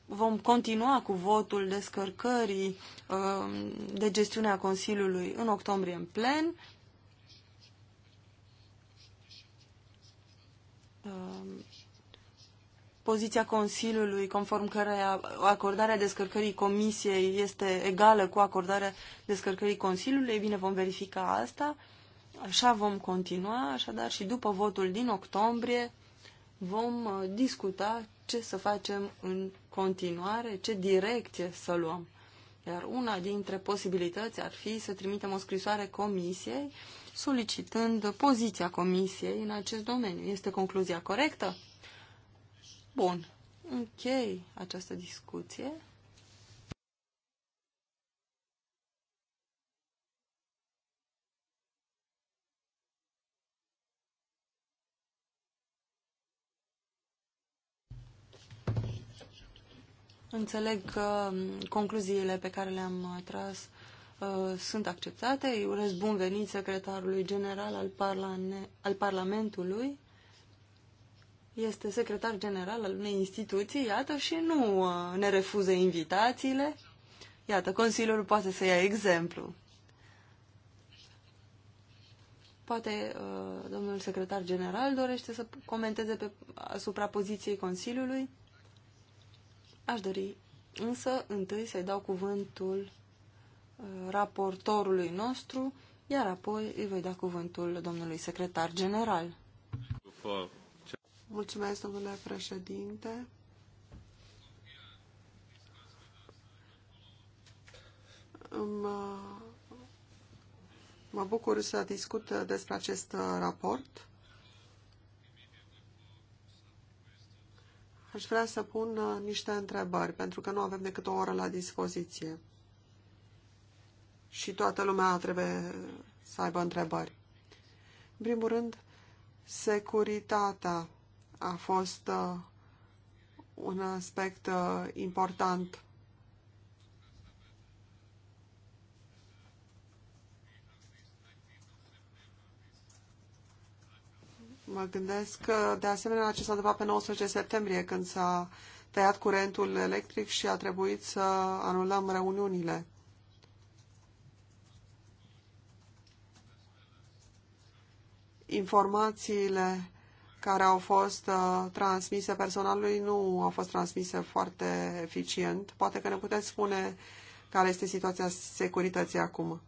vom continua cu votul descărcării um, de gestiunea Consiliului în octombrie în plen. Um, poziția Consiliului, conform căreia acordarea descărcării Comisiei este egală cu acordarea descărcării Consiliului, Ei bine, vom verifica asta. Așa vom continua, așadar și după votul din octombrie vom uh, discuta ce să facem în continuare, ce direcție să luăm. Iar una dintre posibilități ar fi să trimitem o scrisoare comisiei solicitând poziția comisiei în acest domeniu. Este concluzia corectă? Bun. Ok, această discuție. Înțeleg că concluziile pe care le-am tras uh, sunt acceptate. Îi urez bun venit secretarului general al, parla al Parlamentului este secretar general al unei instituții, iată, și nu uh, ne refuză invitațiile. Iată, Consiliul poate să ia exemplu. Poate uh, domnul secretar general dorește să comenteze pe, asupra poziției Consiliului. Aș dori însă întâi să-i dau cuvântul uh, raportorului nostru, iar apoi îi voi da cuvântul domnului secretar general. Mulțumesc, domnule președinte. Mă, uh, mă bucur să discut despre acest uh, raport. Aș vrea să pun uh, niște întrebări, pentru că nu avem decât o oră la dispoziție. Și toată lumea trebuie să aibă întrebări. În primul rând, securitatea a fost uh, un aspect uh, important. Mă gândesc că, de asemenea, la ce s-a întâmplat pe 19 septembrie, când s-a tăiat curentul electric și a trebuit să anulăm reuniunile. Informațiile care au fost uh, transmise personalului nu au fost transmise foarte eficient. Poate că ne puteți spune care este situația securității acum.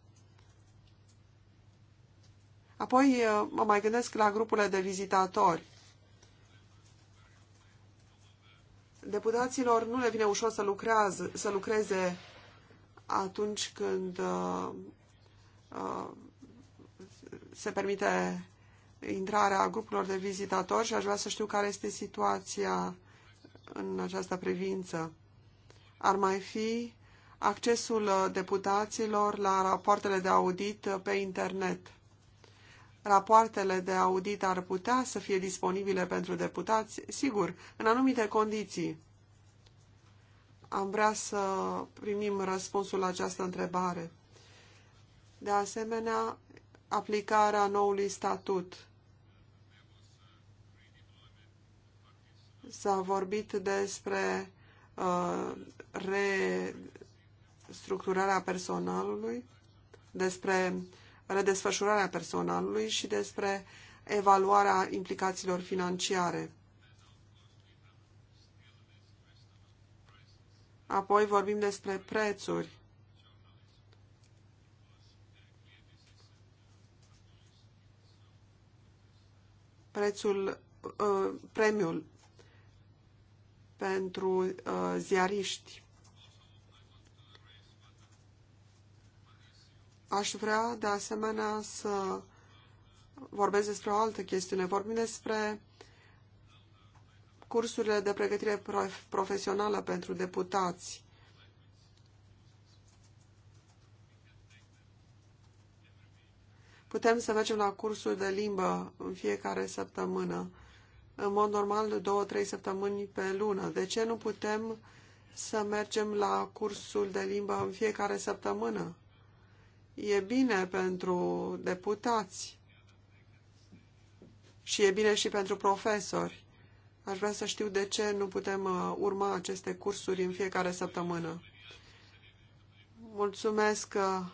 Apoi uh, mă mai gândesc la grupurile de vizitatori. Deputaților nu le vine ușor să, lucrează, să lucreze atunci când uh, uh, se permite intrarea grupurilor de vizitatori și aș vrea să știu care este situația în această privință. Ar mai fi accesul uh, deputaților la rapoartele de audit uh, pe internet. Rapoartele de audit ar putea să fie disponibile pentru deputați, sigur, în anumite condiții. Am vrea să primim răspunsul la această întrebare. De asemenea, aplicarea noului statut. S-a vorbit despre uh, restructurarea personalului, despre redesfășurarea personalului și despre evaluarea implicațiilor financiare. Apoi vorbim despre prețuri. Prețul, uh, premiul pentru uh, ziariști. Aș vrea, de asemenea, să vorbesc despre o altă chestiune. Vorbim despre cursurile de pregătire profesională pentru deputați. Putem să mergem la cursuri de limbă în fiecare săptămână în mod normal două-trei săptămâni pe lună. De ce nu putem să mergem la cursul de limbă în fiecare săptămână? E bine pentru deputați și e bine și pentru profesori. Aș vrea să știu de ce nu putem uh, urma aceste cursuri în fiecare săptămână. Mulțumesc uh,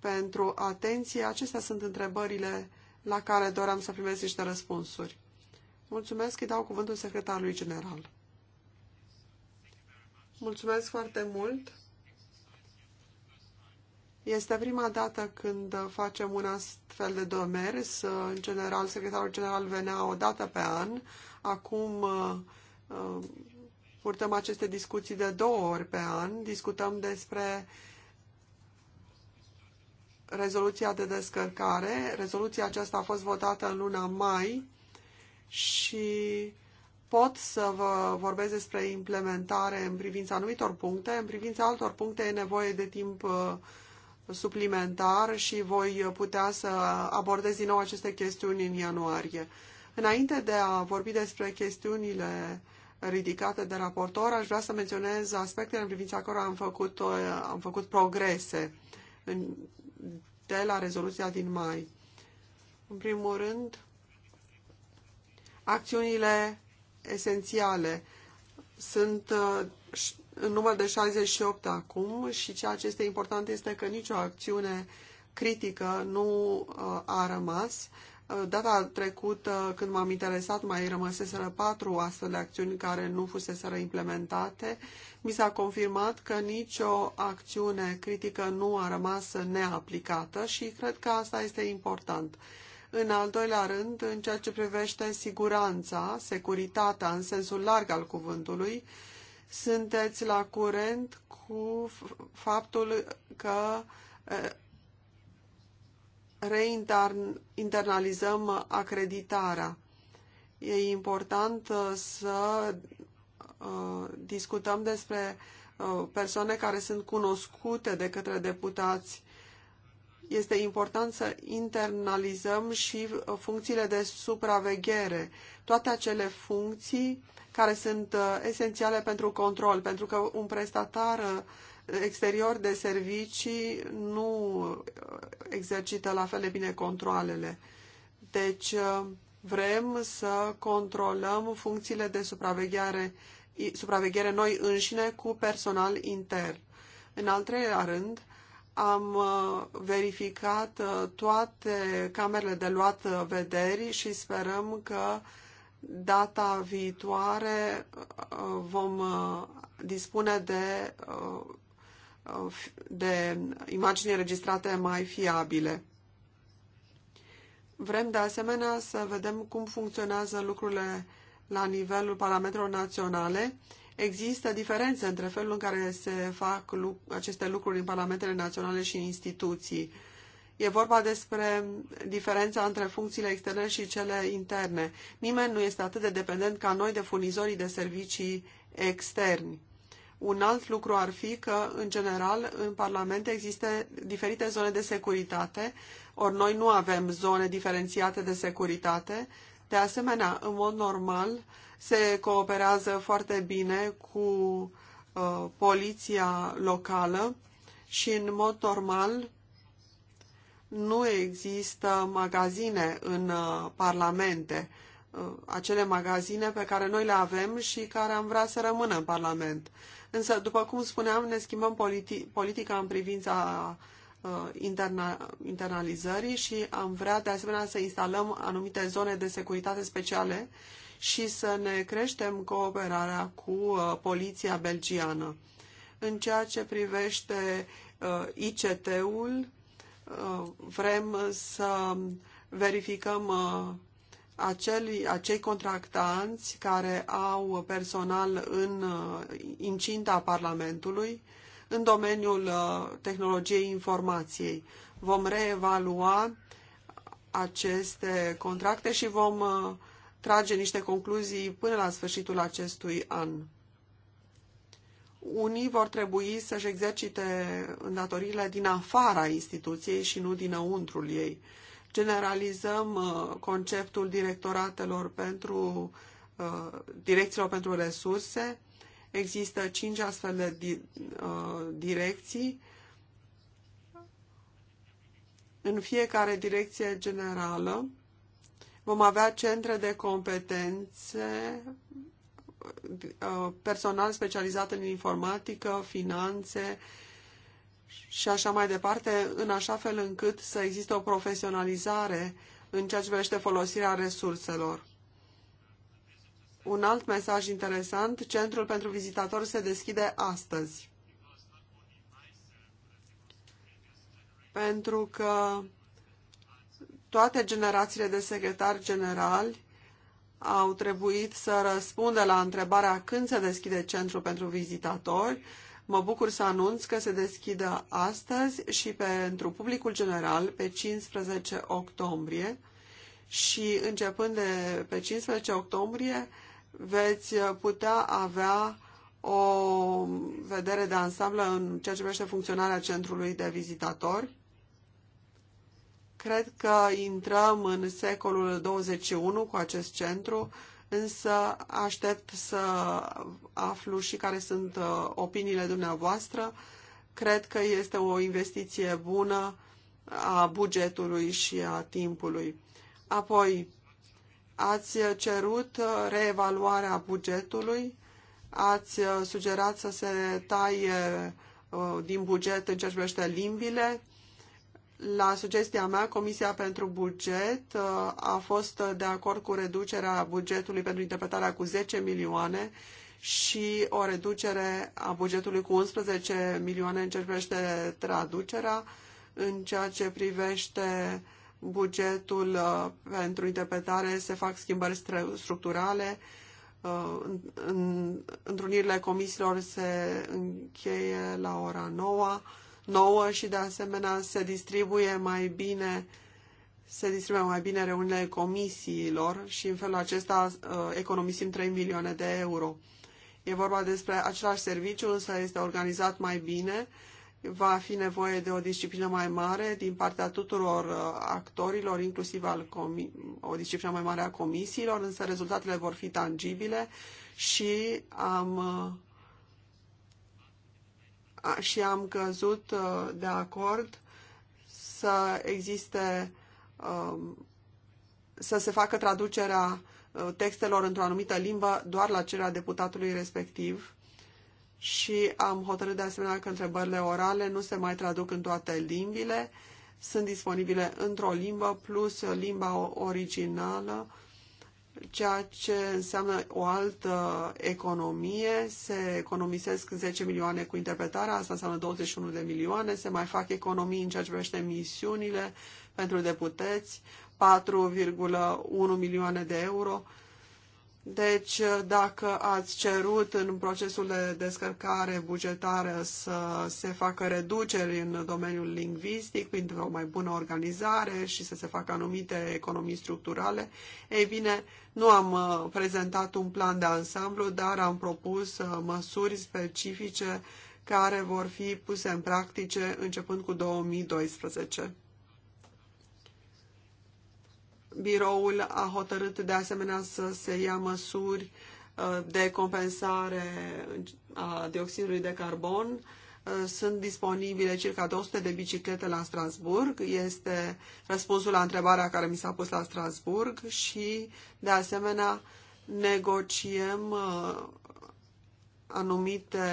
pentru atenție. Acestea sunt întrebările la care doream să primesc niște răspunsuri. Mulțumesc, îi dau cuvântul secretarului general. Mulțumesc foarte mult. Este prima dată când facem un astfel de domers. În general, secretarul general venea o dată pe an. Acum uh, uh, purtăm aceste discuții de două ori pe an. Discutăm despre rezoluția de descărcare. Rezoluția aceasta a fost votată în luna mai și pot să vă vorbesc despre implementare în privința anumitor puncte. În privința altor puncte e nevoie de timp uh, suplimentar și voi putea să abordez din nou aceste chestiuni în ianuarie. Înainte de a vorbi despre chestiunile ridicate de raportor, aș vrea să menționez aspectele în privința cărora am făcut, uh, am făcut progrese în, de la rezoluția din mai. În primul rând, Acțiunile esențiale sunt uh, în număr de 68 acum și ceea ce este important este că nicio acțiune critică nu uh, a rămas. Uh, data trecută, când m-am interesat, mai rămăseseră patru astfel de acțiuni care nu fuseseră implementate. Mi s-a confirmat că nicio acțiune critică nu a rămas neaplicată și cred că asta este important. În al doilea rând, în ceea ce privește siguranța, securitatea în sensul larg al cuvântului, sunteți la curent cu faptul că reinternalizăm acreditarea. E important să discutăm despre persoane care sunt cunoscute de către deputați este important să internalizăm și uh, funcțiile de supraveghere, toate acele funcții care sunt uh, esențiale pentru control, pentru că un prestatar uh, exterior de servicii nu exercită la fel de bine controlele. Deci vrem să controlăm funcțiile de supraveghere, supraveghere noi înșine cu personal intern. În al treilea rând, am uh, verificat uh, toate camerele de luat uh, vederi și sperăm că data viitoare vom dispune de, de imagini registrate mai fiabile. Vrem de asemenea să vedem cum funcționează lucrurile la nivelul parametrilor naționale Există diferențe între felul în care se fac aceste lucruri în parlamentele naționale și instituții. E vorba despre diferența între funcțiile externe și cele interne. Nimeni nu este atât de dependent ca noi de furnizorii de servicii externi. Un alt lucru ar fi că, în general, în Parlamente există diferite zone de securitate, ori noi nu avem zone diferențiate de securitate, de asemenea, în mod normal, se cooperează foarte bine cu uh, poliția locală și, în mod normal, nu există magazine în uh, parlamente, uh, acele magazine pe care noi le avem și care am vrea să rămână în parlament. Însă, după cum spuneam, ne schimbăm politi- politica în privința Uh, interna, internalizării și am vrea de asemenea să instalăm anumite zone de securitate speciale și să ne creștem cooperarea cu uh, poliția belgiană. În ceea ce privește uh, ICT-ul, vrem să verificăm aceli, acei contractanți care au personal în incinta Parlamentului în domeniul uh, tehnologiei informației. Vom reevalua aceste contracte și vom uh, trage niște concluzii până la sfârșitul acestui an. Unii vor trebui să-și exercite îndatoririle din afara instituției și nu dinăuntrul ei. Generalizăm uh, conceptul directoratelor pentru direcțiilor pentru resurse, Există cinci astfel de uh, direcții. În fiecare direcție generală vom avea centre de competențe, uh, personal specializat în informatică, finanțe, și așa mai departe, în așa fel încât să existe o profesionalizare în ceea ce privește folosirea resurselor. Un alt mesaj interesant, Centrul pentru Vizitatori se deschide astăzi. Pentru că toate generațiile de secretari generali au trebuit să răspundă la întrebarea când se deschide centrul pentru vizitatori. Mă bucur să anunț că se deschide astăzi și pentru publicul general pe 15 octombrie și începând de pe 15 octombrie veți putea avea o vedere de ansamblu în ceea ce privește funcționarea centrului de vizitatori. Cred că intrăm în secolul 21 cu acest centru, însă aștept să aflu și care sunt uh, opiniile dumneavoastră. Cred că este o investiție bună a bugetului și a timpului. Apoi, ați cerut reevaluarea bugetului, ați sugerat să se taie uh, din buget în ce privește limbile. La sugestia mea, Comisia pentru Buget uh, a fost de acord cu reducerea bugetului pentru interpretarea cu 10 milioane și o reducere a bugetului cu 11 milioane în ce privește traducerea, în ceea ce privește uh, bugetul uh, pentru interpretare se fac schimbări structurale, uh, întrunirile comisiilor se încheie la ora 9, 9 și de asemenea se distribuie mai bine se distribuie mai bine reunile comisiilor și în felul acesta uh, economisim 3 milioane de euro. E vorba despre același serviciu, însă este organizat mai bine va fi nevoie de o disciplină mai mare din partea tuturor uh, actorilor, inclusiv al o disciplină mai mare a comisiilor, însă rezultatele vor fi tangibile și am, uh, și am căzut uh, de acord să existe um, să se facă traducerea textelor într-o anumită limbă doar la cererea deputatului respectiv și am hotărât de asemenea că întrebările orale nu se mai traduc în toate limbile, sunt disponibile într-o limbă plus limba originală, ceea ce înseamnă o altă economie. Se economisesc 10 milioane cu interpretarea, asta înseamnă 21 de milioane, se mai fac economii în ceea ce privește misiunile pentru deputeți, 4,1 milioane de euro deci, dacă ați cerut în procesul de descărcare bugetară să se facă reduceri în domeniul lingvistic, pentru o mai bună organizare și să se facă anumite economii structurale, ei bine, nu am uh, prezentat un plan de ansamblu, dar am propus uh, măsuri specifice care vor fi puse în practice începând cu 2012. Biroul a hotărât de asemenea să se ia măsuri uh, de compensare a uh, dioxidului de carbon. Uh, sunt disponibile circa 200 de biciclete la Strasburg. Este răspunsul la întrebarea care mi s-a pus la Strasburg și, de asemenea, negociem anumite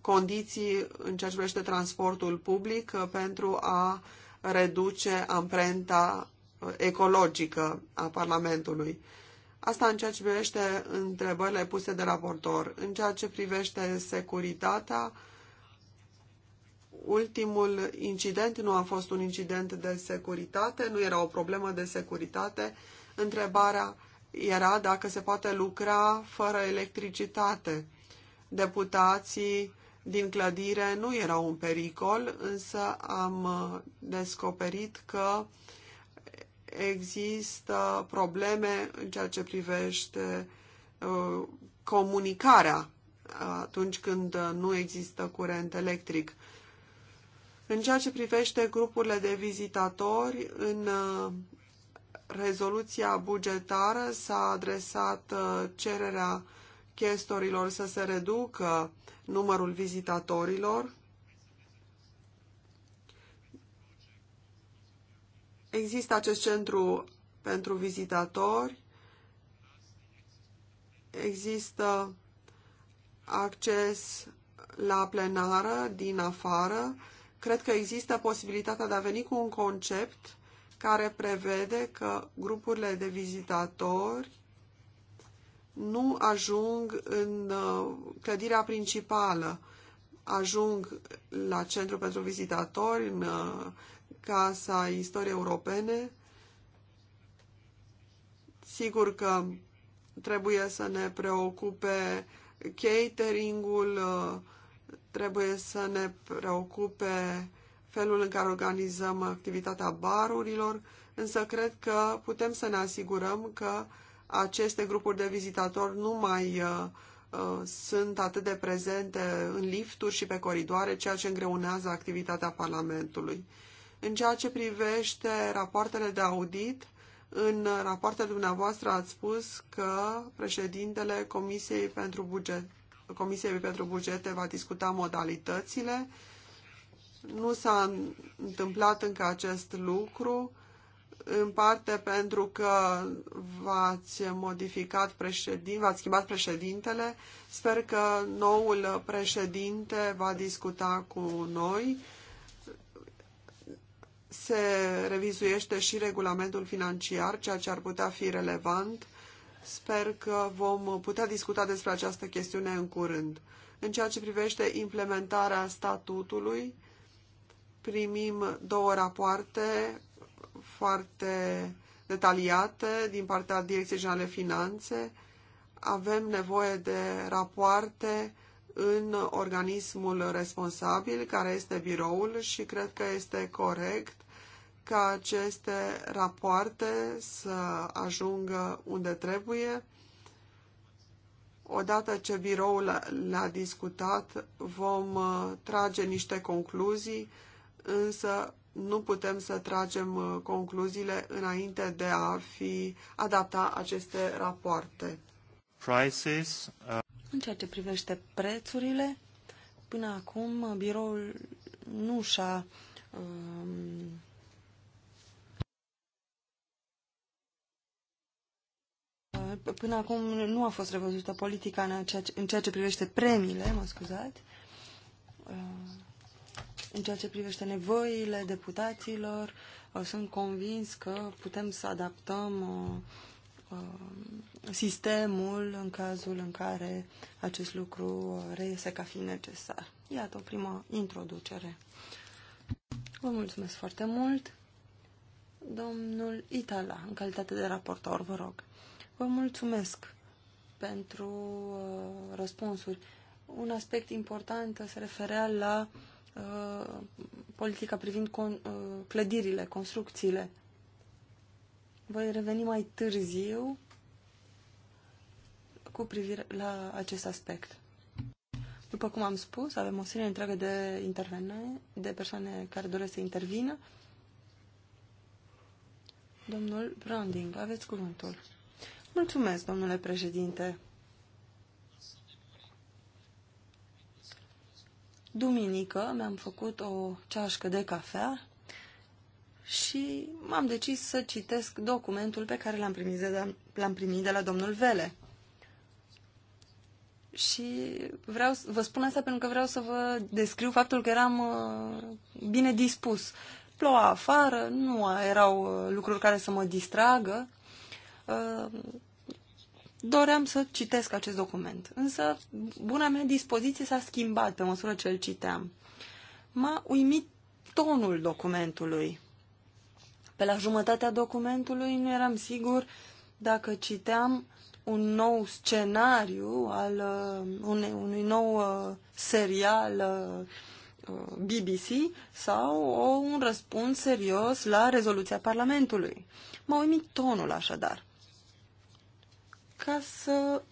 condiții în ceea ce privește transportul public pentru a reduce amprenta ecologică a Parlamentului. Asta în ceea ce privește întrebările puse de raportor. În ceea ce privește securitatea, ultimul incident nu a fost un incident de securitate, nu era o problemă de securitate. Întrebarea era dacă se poate lucra fără electricitate. Deputații din clădire nu erau un pericol, însă am uh, descoperit că uh, există probleme în ceea ce privește uh, comunicarea uh, atunci când uh, nu există curent electric. În ceea ce privește grupurile de vizitatori, în rezoluția bugetară s-a adresat cererea chestorilor să se reducă numărul vizitatorilor Există acest centru pentru vizitatori, există acces la plenară din afară. Cred că există posibilitatea de a veni cu un concept care prevede că grupurile de vizitatori nu ajung în uh, clădirea principală, ajung la centru pentru vizitatori, în uh, Casa Istoriei Europene. Sigur că trebuie să ne preocupe cateringul, trebuie să ne preocupe felul în care organizăm activitatea barurilor, însă cred că putem să ne asigurăm că aceste grupuri de vizitatori nu mai uh, uh, sunt atât de prezente în lifturi și pe coridoare, ceea ce îngreunează activitatea Parlamentului. În ceea ce privește rapoartele de audit, în rapoartele dumneavoastră ați spus că președintele Comisiei pentru, buget, Comisiei pentru Bugete va discuta modalitățile. Nu s-a întâmplat încă acest lucru, în parte pentru că v-ați modificat președin, v-ați schimbat președintele. Sper că noul președinte va discuta cu noi se revizuiește și regulamentul financiar, ceea ce ar putea fi relevant. Sper că vom putea discuta despre această chestiune în curând. În ceea ce privește implementarea statutului, primim două rapoarte foarte detaliate din partea Direcției Generale Finanțe. Avem nevoie de rapoarte în organismul responsabil, care este biroul, și cred că este corect ca aceste rapoarte să ajungă unde trebuie. Odată ce biroul le-a discutat, vom uh, trage niște concluzii, însă nu putem să tragem uh, concluziile înainte de a fi adapta aceste rapoarte. Prices, uh... În ceea ce privește prețurile, până acum biroul nu și-a uh, Până acum nu a fost revăzută politica în ceea ce, în ceea ce privește premiile, mă scuzați, uh, în ceea ce privește nevoile deputaților. Uh, sunt convins că putem să adaptăm uh, sistemul în cazul în care acest lucru reiese ca fi necesar. Iată o primă introducere. Vă mulțumesc foarte mult. Domnul Itala, în calitate de raportor, vă rog. Vă mulțumesc pentru uh, răspunsuri. Un aspect important se referea la uh, politica privind con, uh, clădirile, construcțiile. Voi reveni mai târziu cu privire la acest aspect. După cum am spus, avem o serie întreagă de intervene, de persoane care doresc să intervină. Domnul Branding, aveți cuvântul. Mulțumesc, domnule președinte. Duminică mi-am făcut o ceașcă de cafea și m-am decis să citesc documentul pe care l-am primit, de la, primit de la domnul Vele. Și vreau, vă spun asta pentru că vreau să vă descriu faptul că eram uh, bine dispus. Ploua afară, nu erau uh, lucruri care să mă distragă Ehm, doream să citesc acest document, însă buna mea dispoziție s-a schimbat pe măsură ce îl citeam. M-a uimit tonul documentului. Pe la jumătatea documentului nu eram sigur dacă citeam un nou scenariu al uh, unei, unui nou uh, serial uh, uh BBC sau un răspuns serios la rezoluția Parlamentului. M-a uimit tonul așadar ca să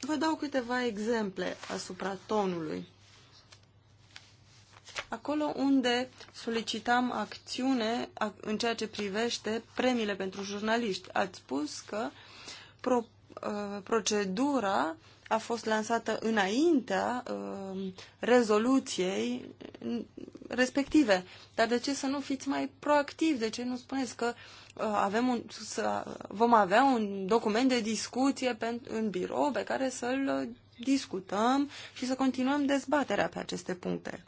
vă dau câteva exemple asupra tonului. Acolo unde solicitam acțiune în ceea ce privește premiile pentru jurnaliști, ați spus că pro, uh, procedura a fost lansată înaintea uh, rezoluției mm, respective. Dar de ce să nu fiți mai proactivi? De ce nu spuneți că uh, Uh, avem un, să, vom avea un document de discuție pe, în birou pe care să-l uh, discutăm și să continuăm dezbaterea pe aceste puncte.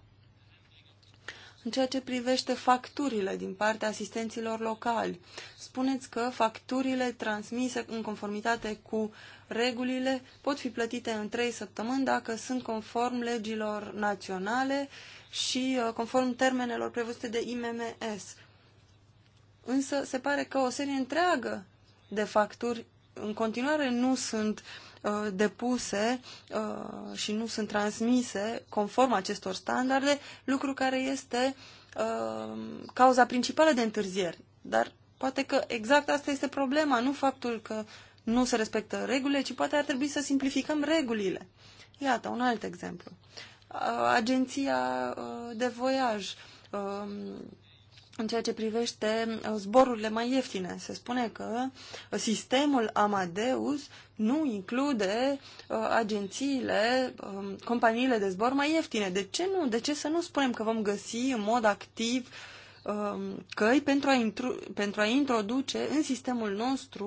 În ceea ce privește facturile din partea asistenților locali, spuneți că facturile transmise în conformitate cu regulile pot fi plătite în trei săptămâni dacă sunt conform legilor naționale și uh, conform termenelor prevăzute de IMMS însă se pare că o serie întreagă de facturi în continuare nu sunt uh, depuse uh, și nu sunt transmise conform acestor standarde, lucru care este uh, cauza principală de întârzieri. Dar poate că exact asta este problema, nu faptul că nu se respectă regulile, ci poate ar trebui să simplificăm regulile. Iată, un alt exemplu. Agenția uh, de voiaj, um, în ceea ce privește uh, zborurile mai ieftine. Se spune că uh, sistemul Amadeus nu include uh, agențiile, um, companiile de zbor mai ieftine. De ce nu? De ce să nu spunem că vom găsi în mod activ um, căi pentru a, pentru a introduce în sistemul nostru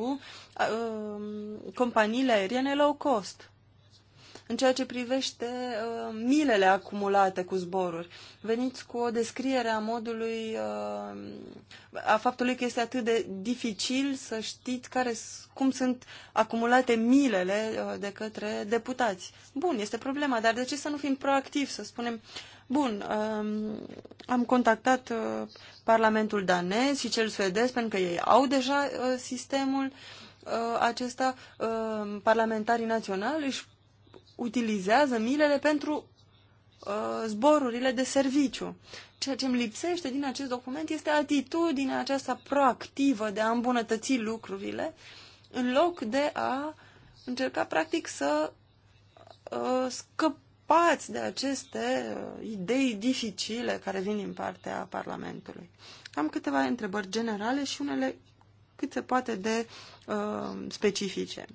um, companiile aeriene low cost? în ceea ce privește uh, milele acumulate cu zboruri. Veniți cu o descriere a modului, uh, a faptului că este atât de dificil să știți care, cum sunt acumulate milele uh, de către deputați. Bun, este problema, dar de ce să nu fim proactivi, să spunem, Bun, um, am contactat uh, Parlamentul danez și cel suedez pentru că ei au deja uh, sistemul uh, acesta. Uh, parlamentarii naționali își utilizează milele pentru uh, zborurile de serviciu. Ceea ce îmi lipsește din acest document este atitudinea aceasta proactivă de a îmbunătăți lucrurile în loc de a încerca practic să uh, scăpați de aceste uh, idei dificile care vin din partea Parlamentului. Am câteva întrebări generale și unele cât se poate de uh, specifice.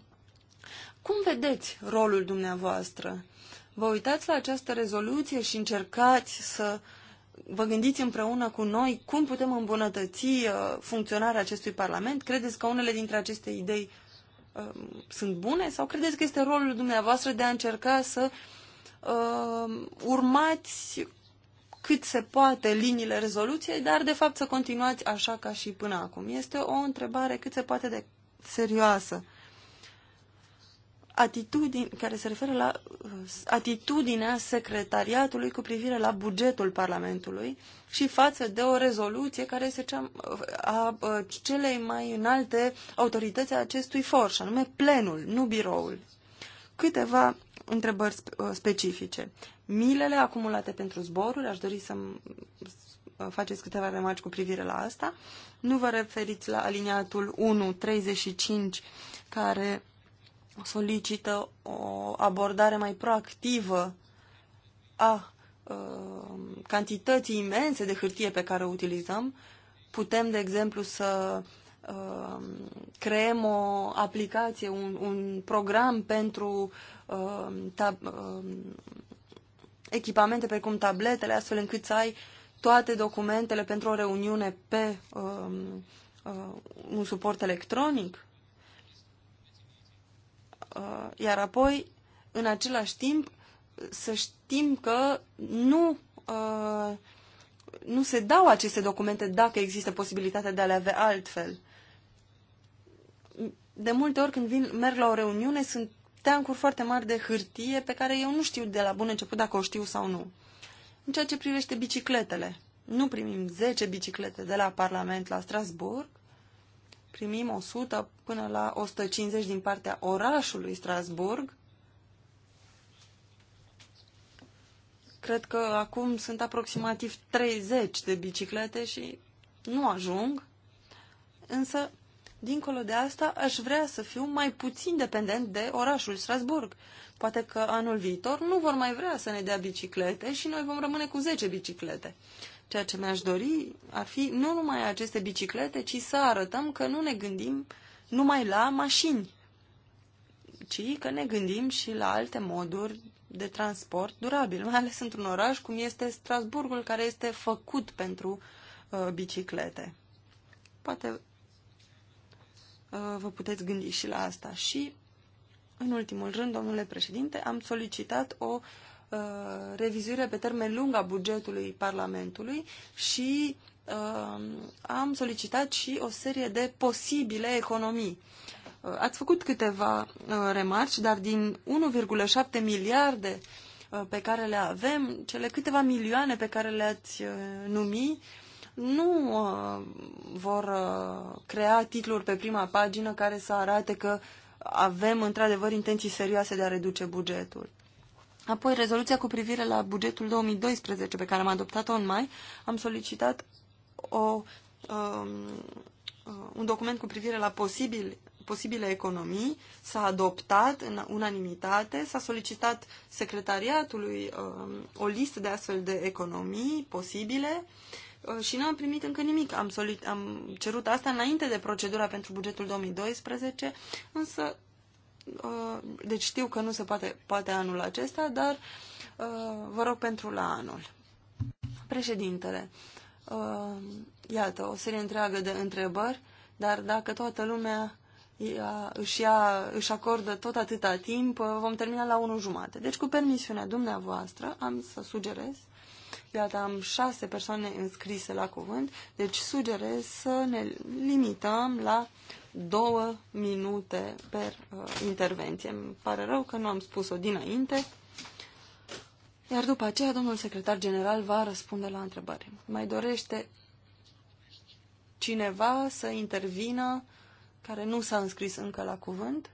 Cum vedeți rolul dumneavoastră? Vă uitați la această rezoluție și încercați să vă gândiți împreună cu noi cum putem îmbunătăți uh, funcționarea acestui Parlament? Credeți că unele dintre aceste idei uh, sunt bune sau credeți că este rolul dumneavoastră de a încerca să uh, urmați cât se poate liniile rezoluției, dar de fapt să continuați așa ca și până acum. Este o întrebare cât se poate de serioasă atitudini, care se referă la uh, atitudinea secretariatului cu privire la bugetul Parlamentului și față de o rezoluție care este cea uh, a uh, celei mai înalte autorități a acestui for, și anume plenul, nu biroul. Câteva întrebări specifice. Milele acumulate pentru zboruri, aș dori să faceți câteva remarci cu privire la asta. Nu vă referiți la aliniatul 1.35 care solicită o abordare mai proactivă a uh, cantității imense de hârtie pe care o utilizăm. Putem, de exemplu, să uh, creăm o aplicație, un, un program pentru uh, uh, echipamente precum tabletele, astfel încât să ai toate documentele pentru o reuniune pe uh, uh, un suport electronic? Uh, iar apoi, în același timp, să știm că nu, uh, nu se dau aceste documente dacă există posibilitatea de a le avea altfel. De multe ori când vin, merg la o reuniune, sunt teancuri foarte mari de hârtie pe care eu nu știu de la bun început dacă o știu sau nu. În ceea ce privește bicicletele, nu primim 10 biciclete de la Parlament la Strasburg, primim 100 până la 150 din partea orașului Strasburg. Cred că acum sunt aproximativ 30 de biciclete și nu ajung. Însă, dincolo de asta, aș vrea să fiu mai puțin dependent de orașul Strasburg. Poate că anul viitor nu vor mai vrea să ne dea biciclete și noi vom rămâne cu 10 biciclete. Ceea ce mi-aș dori ar fi nu numai aceste biciclete, ci să arătăm că nu ne gândim numai la mașini, ci că ne gândim și la alte moduri de transport durabil, mai ales într-un oraș cum este Strasburgul, care este făcut pentru uh, biciclete. Poate uh, vă puteți gândi și la asta. Și, în ultimul rând, domnule președinte, am solicitat o uh, Uh, revizuire pe termen lung a bugetului Parlamentului și uh, am solicitat și o serie de posibile economii. Uh, ați făcut câteva uh, remarci, dar din 1,7 miliarde uh, pe care le avem, cele câteva milioane pe care le-ați uh, numi, nu uh, vor uh, crea titluri pe prima pagină care să arate că avem într-adevăr intenții serioase de a reduce bugetul. Apoi, rezoluția cu privire la bugetul 2012 pe care am adoptat-o în mai, am solicitat o, um, un document cu privire la posibil, posibile economii, s-a adoptat în unanimitate, s-a solicitat secretariatului um, o listă de astfel de economii posibile uh, și n-am primit încă nimic. Am, solic- am cerut asta înainte de procedura pentru bugetul 2012, însă Uh, deci știu că nu se poate, poate anul acesta, dar uh, vă rog pentru la anul. Președintele, uh, iată, o serie întreagă de întrebări, dar dacă toată lumea ia, își, ia, își acordă tot atâta timp, vom termina la 1 jumate. Deci, cu permisiunea dumneavoastră, am să sugerez, iată, am șase persoane înscrise la cuvânt, deci sugerez să ne limităm la două minute per uh, intervenție. Îmi pare rău că nu am spus-o dinainte. Iar după aceea, domnul secretar general va răspunde la întrebări. Mai dorește cineva să intervină care nu s-a înscris încă la cuvânt?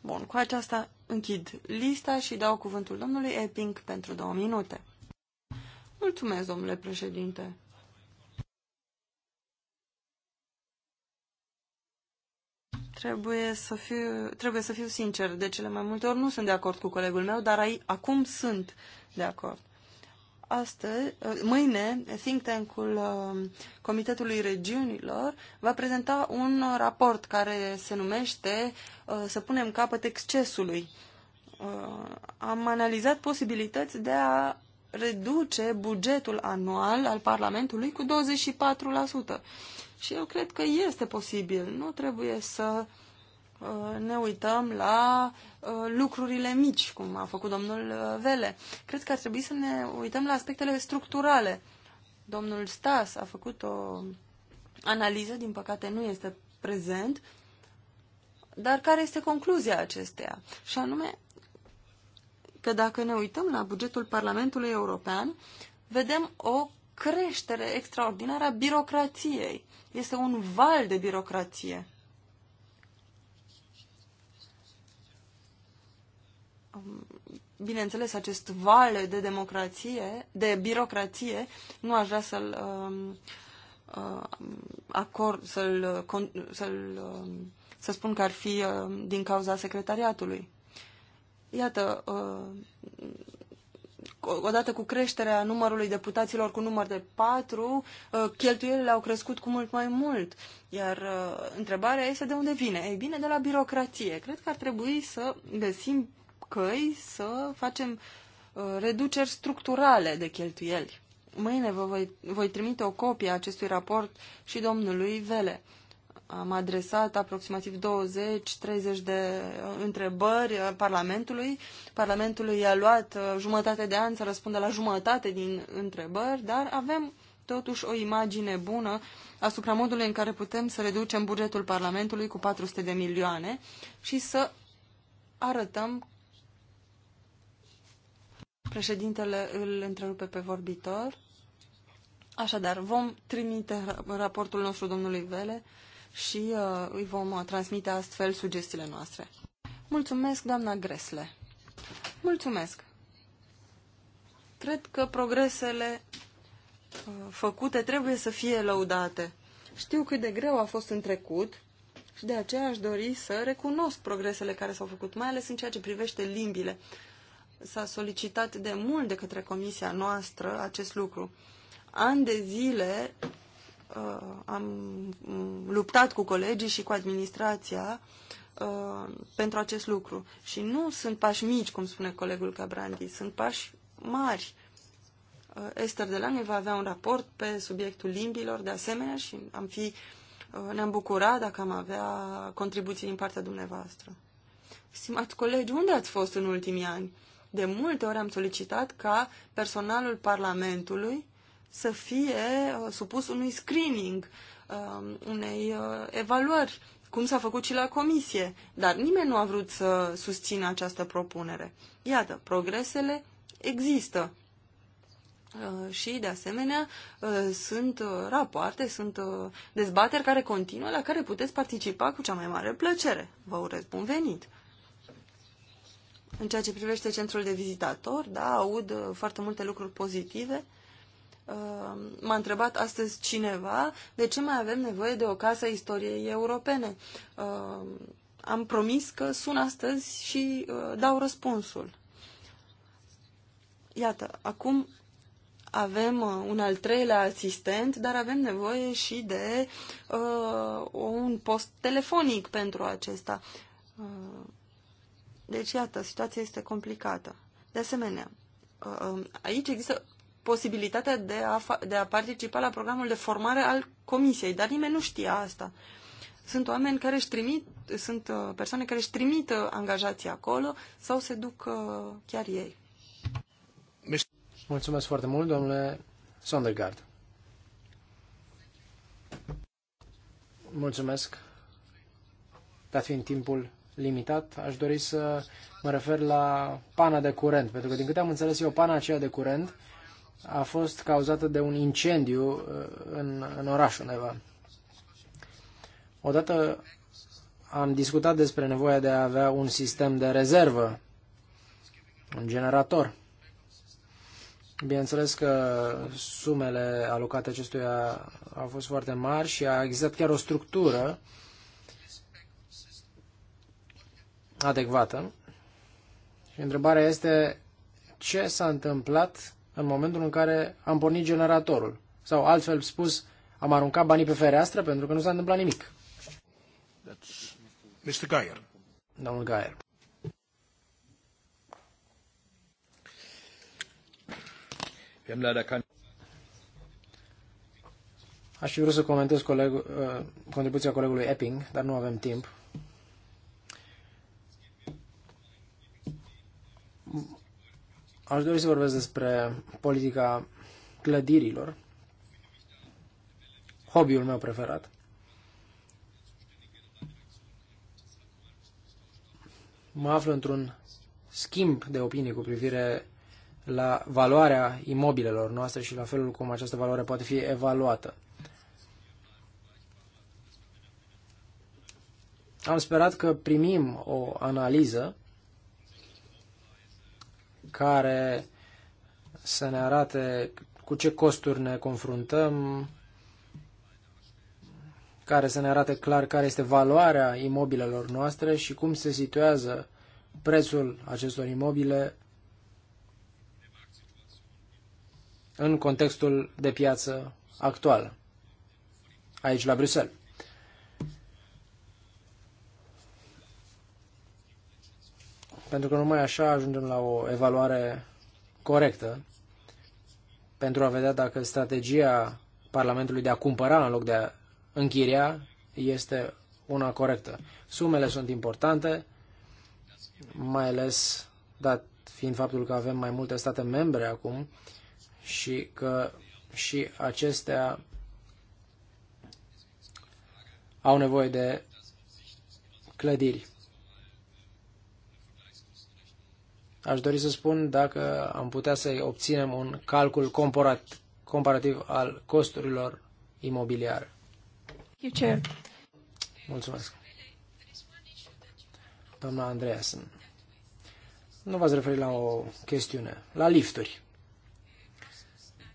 Bun, cu aceasta închid lista și dau cuvântul domnului Epping pentru două minute. Mulțumesc, domnule președinte. Trebuie să, fiu, trebuie să fiu sincer, de cele mai multe ori nu sunt de acord cu colegul meu, dar ai, acum sunt de acord. Astăzi, uh, mâine, think tank-ul uh, Comitetului Regiunilor va prezenta un raport care se numește uh, Să punem capăt excesului. Am analizat posibilități de a reduce bugetul anual al Parlamentului cu 24%. Și eu cred că este posibil. Nu trebuie să uh, ne uităm la uh, lucrurile mici, cum a făcut domnul uh, Vele. Cred că ar trebui să ne uităm la aspectele structurale. Domnul Stas a făcut o analiză, din păcate nu este prezent, dar care este concluzia acesteia? Și anume că dacă ne uităm la bugetul Parlamentului European, vedem o creștere extraordinară a birocrației. Este un val de birocrație. Bineînțeles, acest val de democrație, de birocrație, nu aș vrea să-l um, uh, acord, să-l, să um, să spun că ar fi uh, din cauza secretariatului. Iată, uh, odată cu creșterea numărului deputaților cu număr de patru, uh, cheltuielile au crescut cu mult mai mult. Iar uh, întrebarea este de unde vine? Ei bine, de la birocrație. Cred că ar trebui să găsim căi să facem uh, reduceri structurale de cheltuieli. Mâine vă voi, voi trimite o copie a acestui raport și domnului Vele. Am adresat aproximativ 20-30 de uh, întrebări uh, Parlamentului. Parlamentul i-a luat uh, jumătate de an să răspundă la jumătate din întrebări, dar avem totuși o imagine bună asupra modului în care putem să reducem bugetul Parlamentului cu 400 de milioane și să arătăm Președintele îl întrerupe pe vorbitor. Așadar, vom trimite raportul nostru domnului Vele și uh, îi vom uh, transmite astfel sugestiile noastre. Mulțumesc, doamna Gresle. Mulțumesc. Cred că progresele uh, făcute trebuie să fie lăudate. Știu cât de greu a fost în trecut și de aceea aș dori să recunosc progresele care s-au făcut, mai ales în ceea ce privește limbile. S-a solicitat de mult de către comisia noastră acest lucru. An de zile Uh, am luptat cu colegii și cu administrația uh, pentru acest lucru. Și nu sunt pași mici, cum spune colegul Cabrandi, sunt pași mari. Uh, Esther de Lange va avea un raport pe subiectul limbilor, de asemenea, și am fi, ne-am bucurat dacă am avea contribuții din partea dumneavoastră. Stimați colegi, unde ați fost în ultimii ani? De multe ori am solicitat ca personalul Parlamentului să fie uh, supus unui screening, um, unei uh, evaluări, cum s-a făcut și la comisie. Dar nimeni nu a vrut să susțină această propunere. Iată, progresele există. Uh, și, de asemenea, sunt rapoarte, sunt dezbateri care continuă, la care puteți participa cu cea mai mare plăcere. Vă urez bun venit! În ceea ce privește centrul de vizitator, da, aud foarte multe lucruri pozitive Uh, m-a întrebat astăzi cineva de ce mai avem nevoie de o casă a istoriei europene. Uh, am promis că sun astăzi și uh, dau răspunsul. Iată, acum avem un al treilea asistent, dar avem nevoie și de uh, un post telefonic pentru acesta. Uh, deci, iată, situația este complicată. De asemenea, aici există posibilitatea de a, de a participa la programul de formare al comisiei, dar nimeni nu știa asta. Sunt oameni care își trimit, sunt uh, persoane care își trimit uh, angajații acolo sau se duc uh, chiar ei. Mulțumesc foarte mult, domnule Sondergaard. Mulțumesc. Dat fiind timpul limitat, aș dori să mă refer la pana de curent, pentru că din câte am înțeles eu, pana aceea de curent a fost cauzată de un incendiu uh, în, în oraș undeva. Odată am discutat despre nevoia de a avea un sistem de rezervă, un generator. Bineînțeles că sumele alocate acestuia au fost foarte mari și a existat chiar o structură adecvată. Și întrebarea este ce s-a întâmplat în momentul în care am pornit generatorul. Sau altfel spus, am aruncat banii pe fereastră pentru că nu s-a întâmplat nimic. Mr. Geyer. Domnul Geyer. Aș fi vrut să comentez coleg, uh, contribuția colegului Epping, dar nu avem timp. Aș dori să vorbesc despre politica clădirilor, hobby-ul meu preferat. Mă aflu într-un schimb de opinie cu privire la valoarea imobilelor noastre și la felul cum această valoare poate fi evaluată. Am sperat că primim o analiză care să ne arate cu ce costuri ne confruntăm, care să ne arate clar care este valoarea imobilelor noastre și cum se situează prețul acestor imobile în contextul de piață actual, aici la Bruxelles. pentru că numai așa ajungem la o evaluare corectă pentru a vedea dacă strategia Parlamentului de a cumpăra în loc de a închiria este una corectă. Sumele sunt importante, mai ales dat fiind faptul că avem mai multe state membre acum și că și acestea au nevoie de clădiri. Aș dori să spun dacă am putea să obținem un calcul comparat, comparativ al costurilor imobiliare. Mulțumesc. Doamna Andreasen, nu v-ați referit la o chestiune, la lifturi.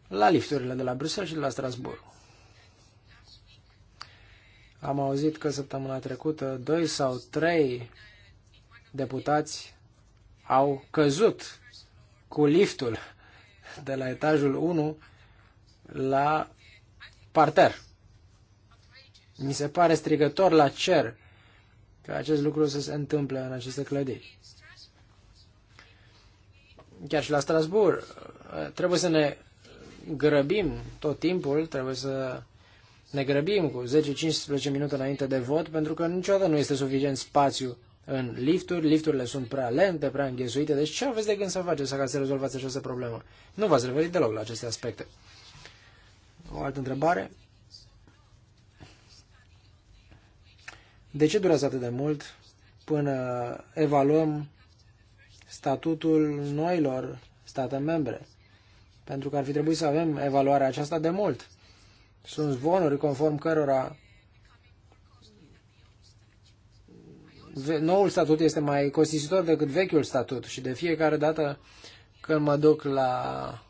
La lifturile de la Bruxelles și de la Strasbourg. Am auzit că săptămâna trecută doi sau trei deputați au căzut cu liftul de la etajul 1 la parter. Mi se pare strigător la cer că acest lucru să se întâmple în aceste clădiri. Chiar și la Strasbourg trebuie să ne grăbim tot timpul, trebuie să ne grăbim cu 10-15 minute înainte de vot, pentru că niciodată nu este suficient spațiu în lifturi, lifturile sunt prea lente, prea înghesuite, deci ce aveți de gând să faceți ca să rezolvați această problemă? Nu v-ați referit deloc la aceste aspecte. O altă întrebare? De ce durează atât de mult până evaluăm statutul noilor state membre? Pentru că ar fi trebuit să avem evaluarea aceasta de mult. Sunt zvonuri conform cărora noul statut este mai costisitor decât vechiul statut și de fiecare dată când mă duc la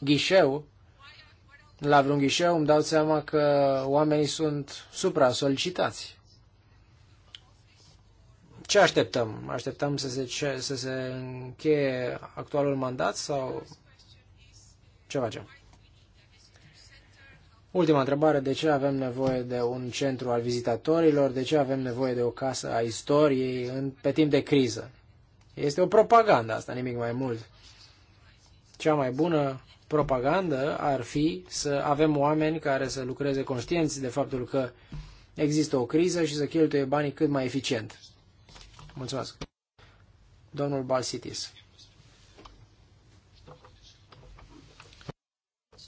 ghișeu, la vreun ghișeu îmi dau seama că oamenii sunt supra-solicitați. Ce așteptăm? Așteptăm să se, să se încheie actualul mandat sau ce facem? Ultima întrebare, de ce avem nevoie de un centru al vizitatorilor, de ce avem nevoie de o casă a istoriei în, pe timp de criză? Este o propagandă asta, nimic mai mult. Cea mai bună propagandă ar fi să avem oameni care să lucreze conștienți de faptul că există o criză și să cheltuie banii cât mai eficient. Mulțumesc. Domnul Balsitis.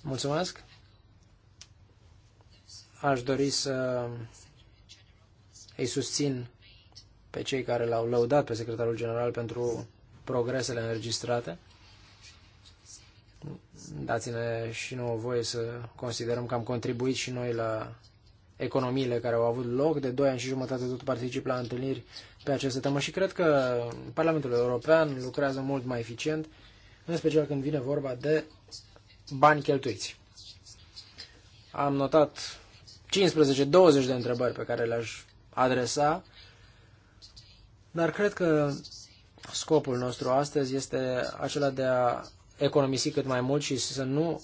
Mulțumesc. Aș dori să îi susțin pe cei care l-au lăudat pe secretarul general pentru progresele înregistrate. Dați-ne și nouă voie să considerăm că am contribuit și noi la economiile care au avut loc. De 2 ani și jumătate tot particip la întâlniri pe această temă și cred că Parlamentul European lucrează mult mai eficient, în special când vine vorba de bani cheltuiți. Am notat 15-20 de întrebări pe care le-aș adresa, dar cred că scopul nostru astăzi este acela de a economisi cât mai mult și să nu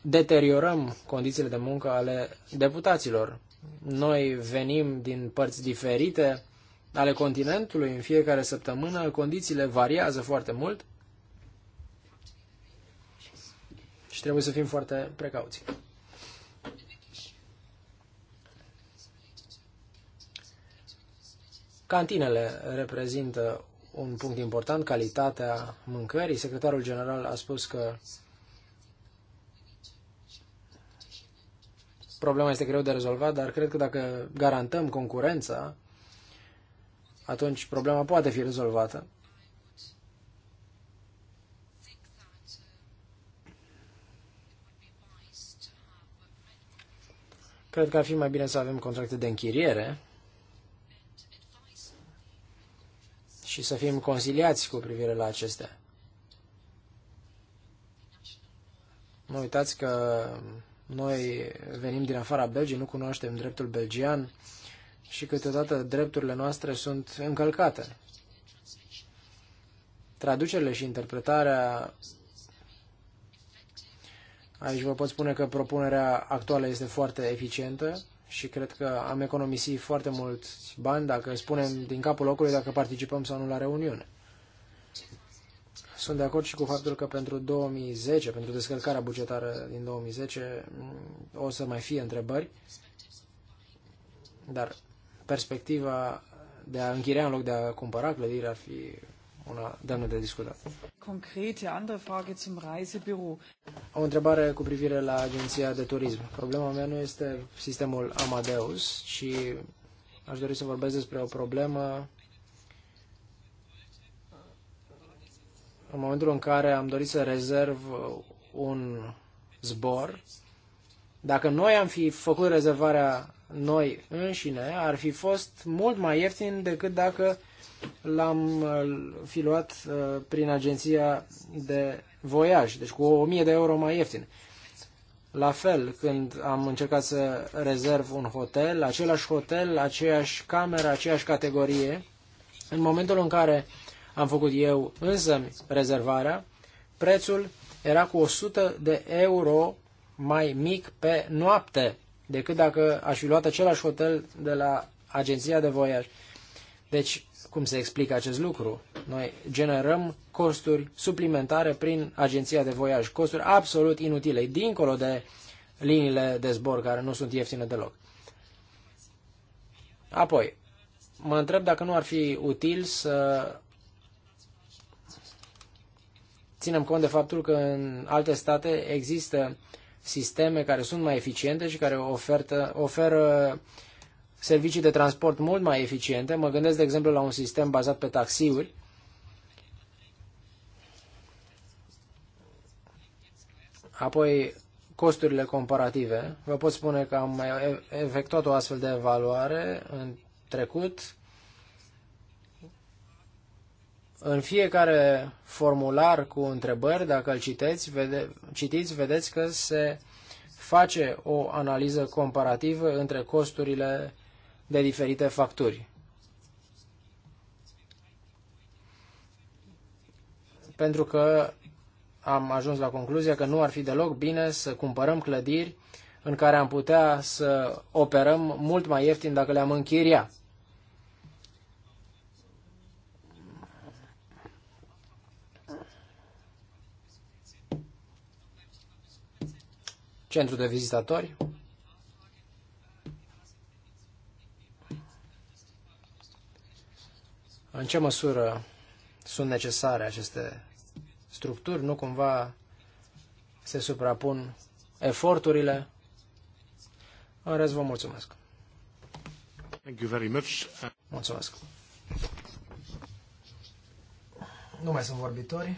deteriorăm condițiile de muncă ale deputaților. Noi venim din părți diferite ale continentului în fiecare săptămână, condițiile variază foarte mult și trebuie să fim foarte precauți. Cantinele reprezintă un punct important, calitatea mâncării. Secretarul general a spus că problema este greu de rezolvat, dar cred că dacă garantăm concurența, atunci problema poate fi rezolvată. Cred că ar fi mai bine să avem contracte de închiriere și să fim conciliați cu privire la acestea. Nu uitați că noi venim din afara Belgii, nu cunoaștem dreptul belgian și câteodată drepturile noastre sunt încălcate. Traducerile și interpretarea Aici vă pot spune că propunerea actuală este foarte eficientă și cred că am economisit foarte mult bani dacă spunem din capul locului dacă participăm sau nu la reuniune. Sunt de acord și cu faptul că pentru 2010, pentru descărcarea bugetară din 2010, o să mai fie întrebări, dar perspectiva de a închiria în loc de a cumpăra clădiri ar fi una demnă de discutat. Concrete, andere Frage zum Reisebüro. O întrebare cu privire la agenția de turism. Problema mea nu este sistemul Amadeus, ci aș dori să vorbesc despre o problemă în momentul în care am dorit să rezerv un zbor, dacă noi am fi făcut rezervarea noi înșine, ar fi fost mult mai ieftin decât dacă l-am uh, fi luat uh, prin agenția de voiaj, deci cu 1000 de euro mai ieftin. La fel, când am încercat să rezerv un hotel, același hotel, aceeași cameră, aceeași categorie, în momentul în care am făcut eu însă rezervarea, prețul era cu 100 de euro mai mic pe noapte decât dacă aș fi luat același hotel de la agenția de voiaj. Deci cum se explică acest lucru? Noi generăm costuri suplimentare prin agenția de voiaj, costuri absolut inutile, dincolo de liniile de zbor care nu sunt ieftine deloc. Apoi, mă întreb dacă nu ar fi util să ținem cont de faptul că în alte state există sisteme care sunt mai eficiente și care ofertă, oferă servicii de transport mult mai eficiente. Mă gândesc, de exemplu, la un sistem bazat pe taxiuri. Apoi, costurile comparative. Vă pot spune că am mai efectuat o astfel de evaluare în trecut. În fiecare formular cu întrebări, dacă îl citeți, vede, citiți, vedeți că se face o analiză comparativă între costurile de diferite facturi. Pentru că am ajuns la concluzia că nu ar fi deloc bine să cumpărăm clădiri în care am putea să operăm mult mai ieftin dacă le-am închiria. Centru de vizitatori. În ce măsură sunt necesare aceste structuri? Nu cumva se suprapun eforturile? În rest, vă mulțumesc. Thank you very much. Mulțumesc. Nu mai sunt vorbitori.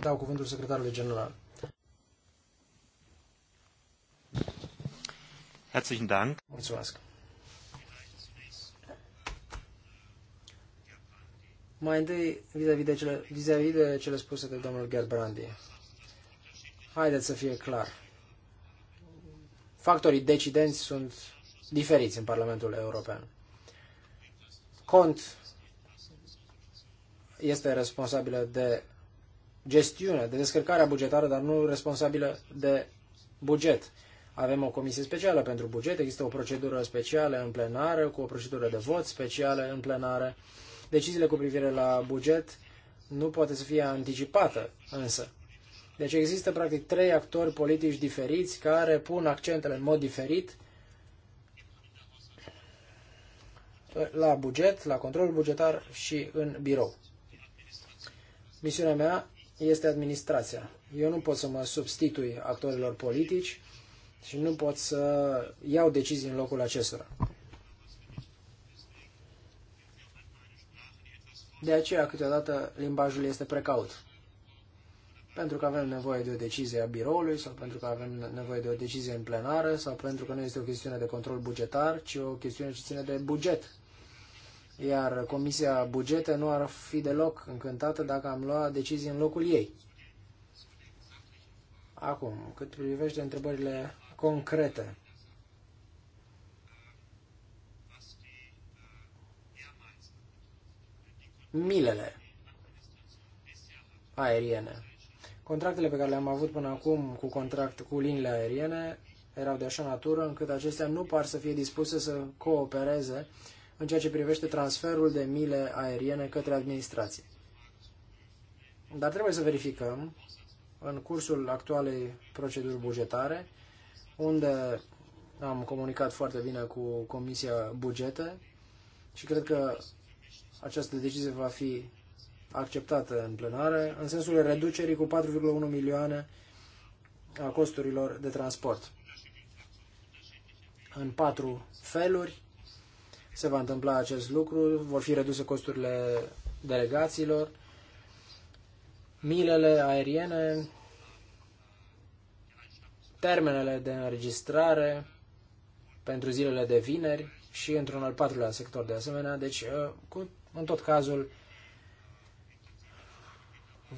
Dau cuvântul secretarului general. Herzlichen Dank. Mulțumesc. Mai întâi, vis-a-vis -vis de, cele, vis, vis de cele spuse de domnul Gerbrandi. Haideți să fie clar. Factorii decidenți sunt diferiți în Parlamentul European. Cont este responsabilă de gestiune, de descărcarea bugetară, dar nu responsabilă de buget. Avem o comisie specială pentru buget, există o procedură specială în plenară, cu o procedură de vot specială în plenară deciziile cu privire la buget nu poate să fie anticipată însă. Deci există practic trei actori politici diferiți care pun accentele în mod diferit la buget, la controlul bugetar și în birou. Misiunea mea este administrația. Eu nu pot să mă substitui actorilor politici și nu pot să iau decizii în locul acestora. De aceea, câteodată, limbajul este precaut. Pentru că avem nevoie de o decizie a biroului sau pentru că avem nevoie de o decizie în plenară sau pentru că nu este o chestiune de control bugetar, ci o chestiune ce ține de buget. Iar Comisia Bugete nu ar fi deloc încântată dacă am luat decizii în locul ei. Acum, cât privește întrebările concrete milele aeriene. Contractele pe care le-am avut până acum cu contract cu liniile aeriene erau de așa natură încât acestea nu par să fie dispuse să coopereze în ceea ce privește transferul de mile aeriene către administrație. Dar trebuie să verificăm în cursul actualei proceduri bugetare, unde am comunicat foarte bine cu Comisia Bugete și cred că această decizie va fi acceptată în plenare, în sensul reducerii cu 4,1 milioane a costurilor de transport. În patru feluri se va întâmpla acest lucru, vor fi reduse costurile delegațiilor, milele aeriene, termenele de înregistrare pentru zilele de vineri și într-un al patrulea sector de asemenea, deci uh, cu în tot cazul,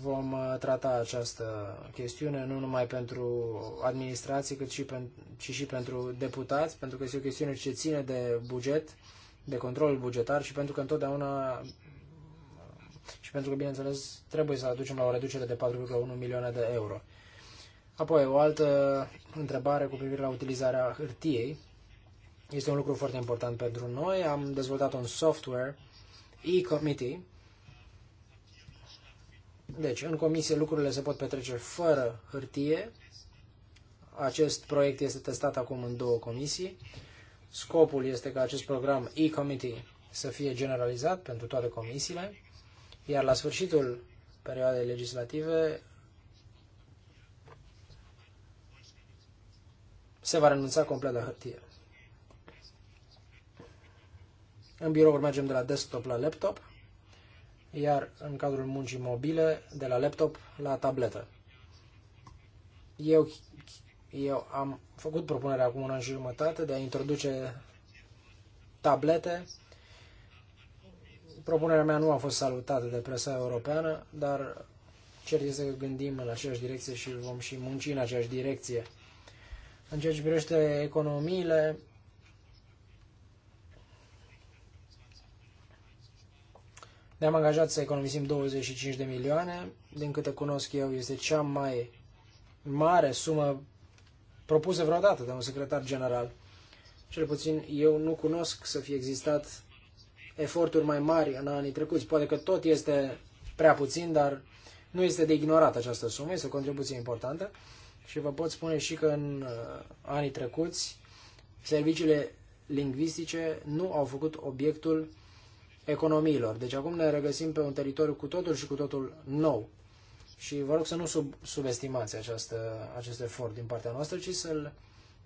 vom uh, trata această chestiune nu numai pentru administrații, cât și, pen, ci și pentru deputați, pentru că este o chestiune ce ține de buget, de controlul bugetar și pentru că întotdeauna și pentru că, bineînțeles, trebuie să aducem la o reducere de 4,1 milioane de euro. Apoi, o altă întrebare cu privire la utilizarea hârtiei. Este un lucru foarte important pentru noi. Am dezvoltat un software uh, e-committee. Deci, în comisie lucrurile se pot petrece fără hârtie. Acest proiect este testat acum în două comisii. Scopul este ca acest program e-committee să fie generalizat pentru toate comisiile, iar la sfârșitul perioadei legislative se va renunța complet la hârtie. În birou mergem de la desktop la laptop, iar în cadrul muncii mobile, de la laptop la tabletă. Eu, eu am făcut propunerea acum un an jumătate de a introduce tablete. Propunerea mea nu a fost salutată de presa europeană, dar cer este că gândim în aceeași direcție și vom și munci în aceeași direcție. În ceea ce privește economiile, Ne-am angajat să economisim 25 de milioane. Din câte cunosc eu, este cea mai mare sumă propusă vreodată de un secretar general. Cel puțin eu nu cunosc să fie existat eforturi mai mari în anii trecuți. Poate că tot este prea puțin, dar nu este de ignorat această sumă, este o contribuție importantă și vă pot spune și că în uh, anii trecuți serviciile lingvistice nu au făcut obiectul economiilor. Deci acum ne regăsim pe un teritoriu cu totul și cu totul nou. Și vă rog să nu sub, subestimați această, acest efort din partea noastră, ci să-l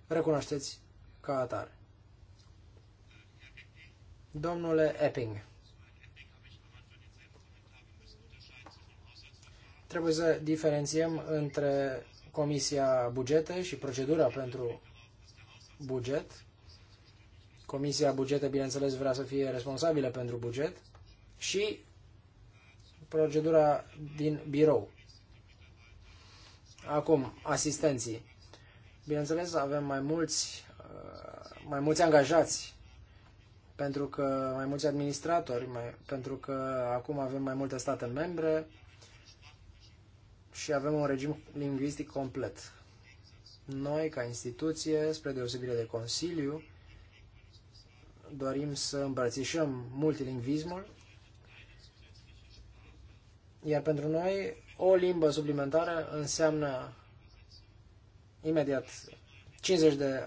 recunoașteți ca atare. Domnule Epping, trebuie să diferențiem între Comisia Bugete și procedura pentru buget Comisia Bugete, bineînțeles, vrea să fie responsabilă pentru buget și procedura din birou. Acum, asistenții. Bineînțeles, avem mai mulți, uh, mai mulți angajați, pentru că mai mulți administratori, mai, pentru că acum avem mai multe state membre și avem un regim lingvistic complet. Noi, ca instituție, spre deosebire de Consiliu, dorim să îmbrățișăm multilingvismul, iar pentru noi o limbă suplimentară înseamnă imediat 50 de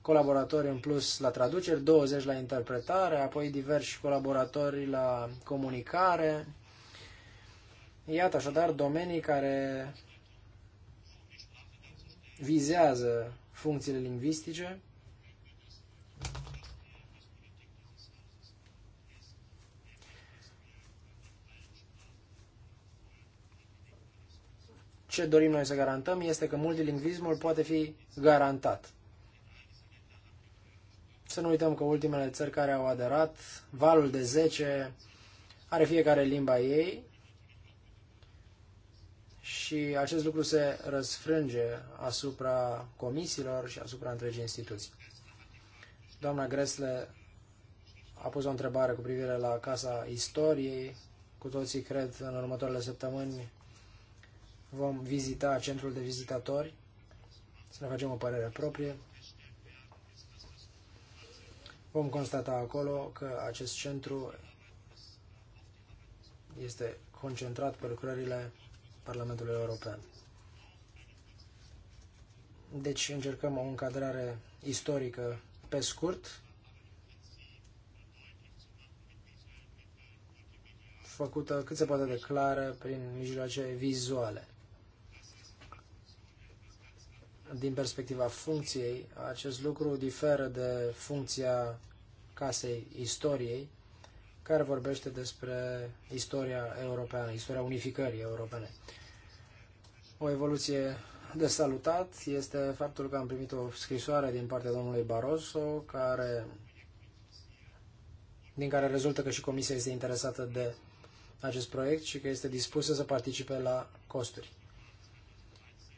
colaboratori în plus la traduceri, 20 la interpretare, apoi diversi colaboratori la comunicare. Iată așadar domenii care vizează funcțiile lingvistice. Ce dorim noi să garantăm este că multilingvismul poate fi garantat. Să nu uităm că ultimele țări care au aderat, valul de 10 are fiecare limba ei și acest lucru se răsfrânge asupra comisiilor și asupra întregii instituții. Doamna Gresle a pus o întrebare cu privire la Casa Istoriei. Cu toții cred în următoarele săptămâni vom vizita centrul de vizitatori, să ne facem o părere proprie. Vom constata acolo că acest centru este concentrat pe lucrările Parlamentului European. Deci încercăm o încadrare istorică pe scurt, făcută cât se poate de clară prin mijloace vizuale din perspectiva funcției, acest lucru diferă de funcția casei istoriei, care vorbește despre istoria europeană, istoria unificării europene. O evoluție de salutat este faptul că am primit o scrisoare din partea domnului Barroso, care, din care rezultă că și Comisia este interesată de acest proiect și că este dispusă să participe la costuri.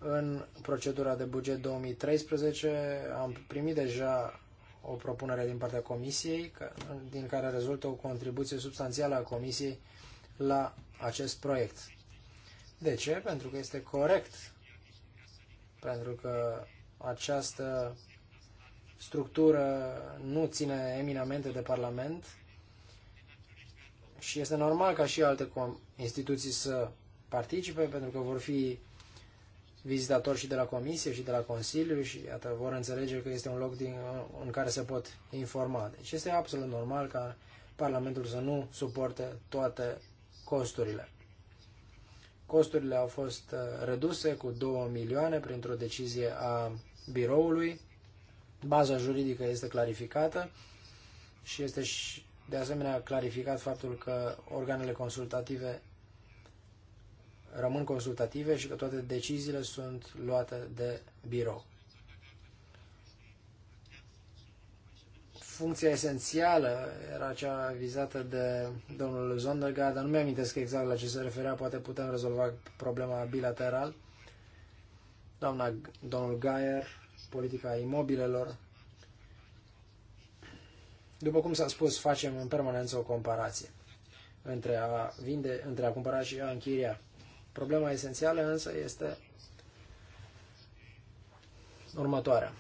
În procedura de buget 2013 am primit deja o propunere din partea Comisiei, din care rezultă o contribuție substanțială a Comisiei la acest proiect. De ce? Pentru că este corect. Pentru că această structură nu ține eminamente de Parlament și este normal ca și alte instituții să participe, pentru că vor fi vizitatori și de la Comisie și de la Consiliu și iată, vor înțelege că este un loc din, în care se pot informa. Deci este absolut normal ca Parlamentul să nu suporte toate costurile. Costurile au fost uh, reduse cu 2 milioane printr-o decizie a biroului. Baza juridică este clarificată și este și de asemenea clarificat faptul că organele consultative rămân consultative și că toate deciziile sunt luate de birou. Funcția esențială era cea vizată de domnul Zondergaard, dar nu mi-amintesc exact la ce se referea, poate putem rezolva problema bilateral. Doamna, domnul Gaier, politica imobilelor. După cum s-a spus, facem în permanență o comparație între a, vinde, între a cumpăra și a închiria Problema esențială însă este următoarea.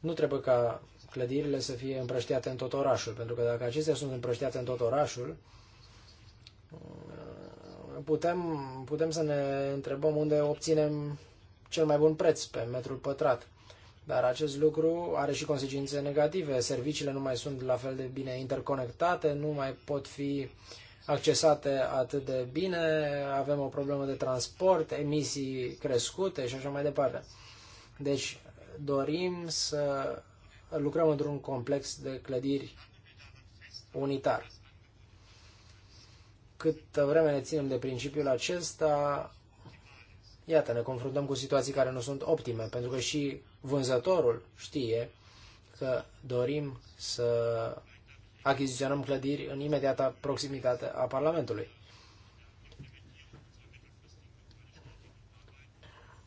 Nu trebuie ca clădirile să fie împrăștiate în tot orașul, pentru că dacă acestea sunt împrăștiate în tot orașul, uh, putem, putem să ne întrebăm unde obținem cel mai bun preț pe metrul pătrat. Dar acest lucru are și consecințe negative. Serviciile nu mai sunt la fel de bine interconectate, nu mai pot fi uh, accesate atât de bine, avem o problemă de transport, emisii crescute și așa mai departe. Deci dorim să lucrăm într-un complex de clădiri unitar. Cât vreme ne ținem de principiul acesta, iată, ne confruntăm cu situații care nu sunt optime, pentru că și vânzătorul știe că dorim să achiziționăm clădiri în imediata proximitate a Parlamentului.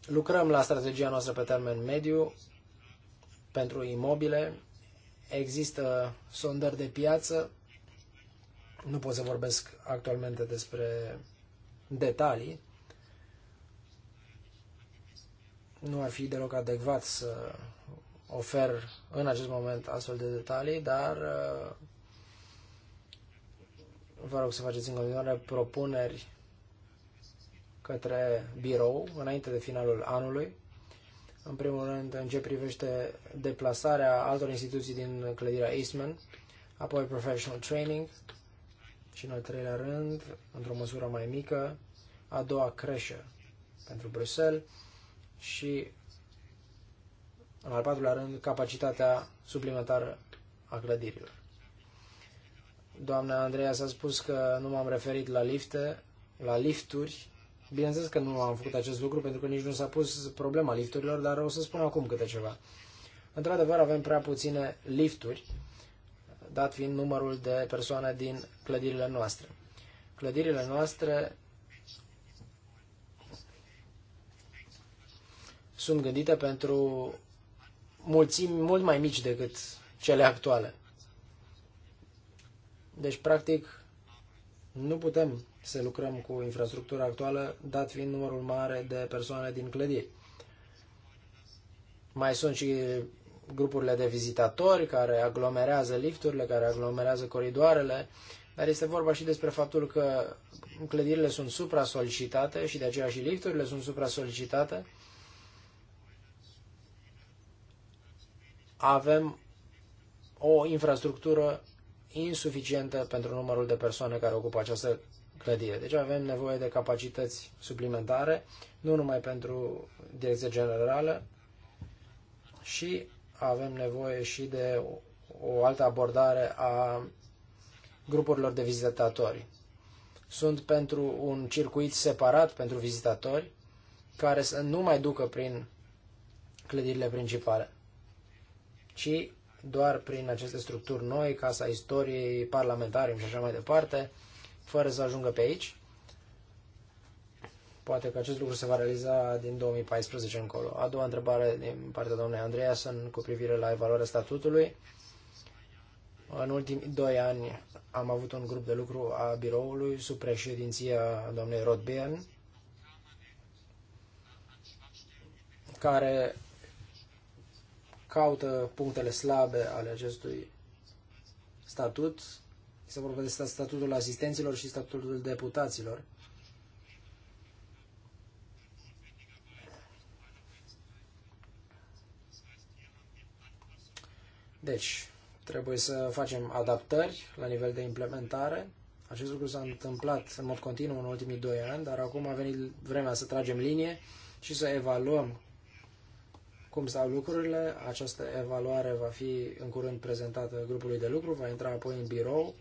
Lucrăm la strategia noastră pe termen mediu pentru imobile. Există sondări de piață. Nu pot să vorbesc actualmente despre detalii. Nu ar fi deloc adecvat să ofer în acest moment astfel de detalii, dar Vă rog să faceți în continuare propuneri către birou înainte de finalul anului. În primul rând, în ce privește deplasarea altor instituții din clădirea Eastman, apoi professional training și, în al treilea rând, într-o măsură mai mică, a doua creșă pentru Bruxelles și, în al patrulea rând, capacitatea suplimentară a clădirilor. Doamna Andreea s-a spus că nu m-am referit la lifte, la lifturi. Bineînțeles că nu am făcut acest lucru pentru că nici nu s-a pus problema lifturilor, dar o să spun acum câte ceva. Într-adevăr, avem prea puține lifturi, dat fiind numărul de persoane din clădirile noastre. Clădirile noastre sunt gândite pentru mulțimi mult mai mici decât cele actuale. Deci, practic, nu putem să lucrăm cu infrastructura actuală, dat fiind numărul mare de persoane din clădiri. Mai sunt și grupurile de vizitatori care aglomerează lifturile, care aglomerează coridoarele, dar este vorba și despre faptul că clădirile sunt supra-solicitate și de aceea și lifturile sunt supra-solicitate. Avem o infrastructură insuficiente pentru numărul de persoane care ocupă această clădire. Deci avem nevoie de capacități suplimentare, nu numai pentru direcție generală, și avem nevoie și de o altă abordare a grupurilor de vizitatori. Sunt pentru un circuit separat pentru vizitatori care să nu mai ducă prin clădirile principale, ci doar prin aceste structuri noi, Casa Istoriei, Parlamentarii și așa mai departe, fără să ajungă pe aici. Poate că acest lucru se va realiza din 2014 încolo. A doua întrebare din partea doamnei Andreasen cu privire la evaluarea statutului. În ultimii doi ani am avut un grup de lucru a biroului sub președinția doamnei Rodbien, care caută punctele slabe ale acestui statut. Se vorba de statutul asistenților și statutul deputaților. Deci, trebuie să facem adaptări la nivel de implementare. Acest lucru s-a întâmplat în mod continuu în ultimii doi ani, dar acum a venit vremea să tragem linie și să evaluăm cum stau lucrurile. Această evaluare va fi în curând prezentată grupului de lucru, va intra apoi în birou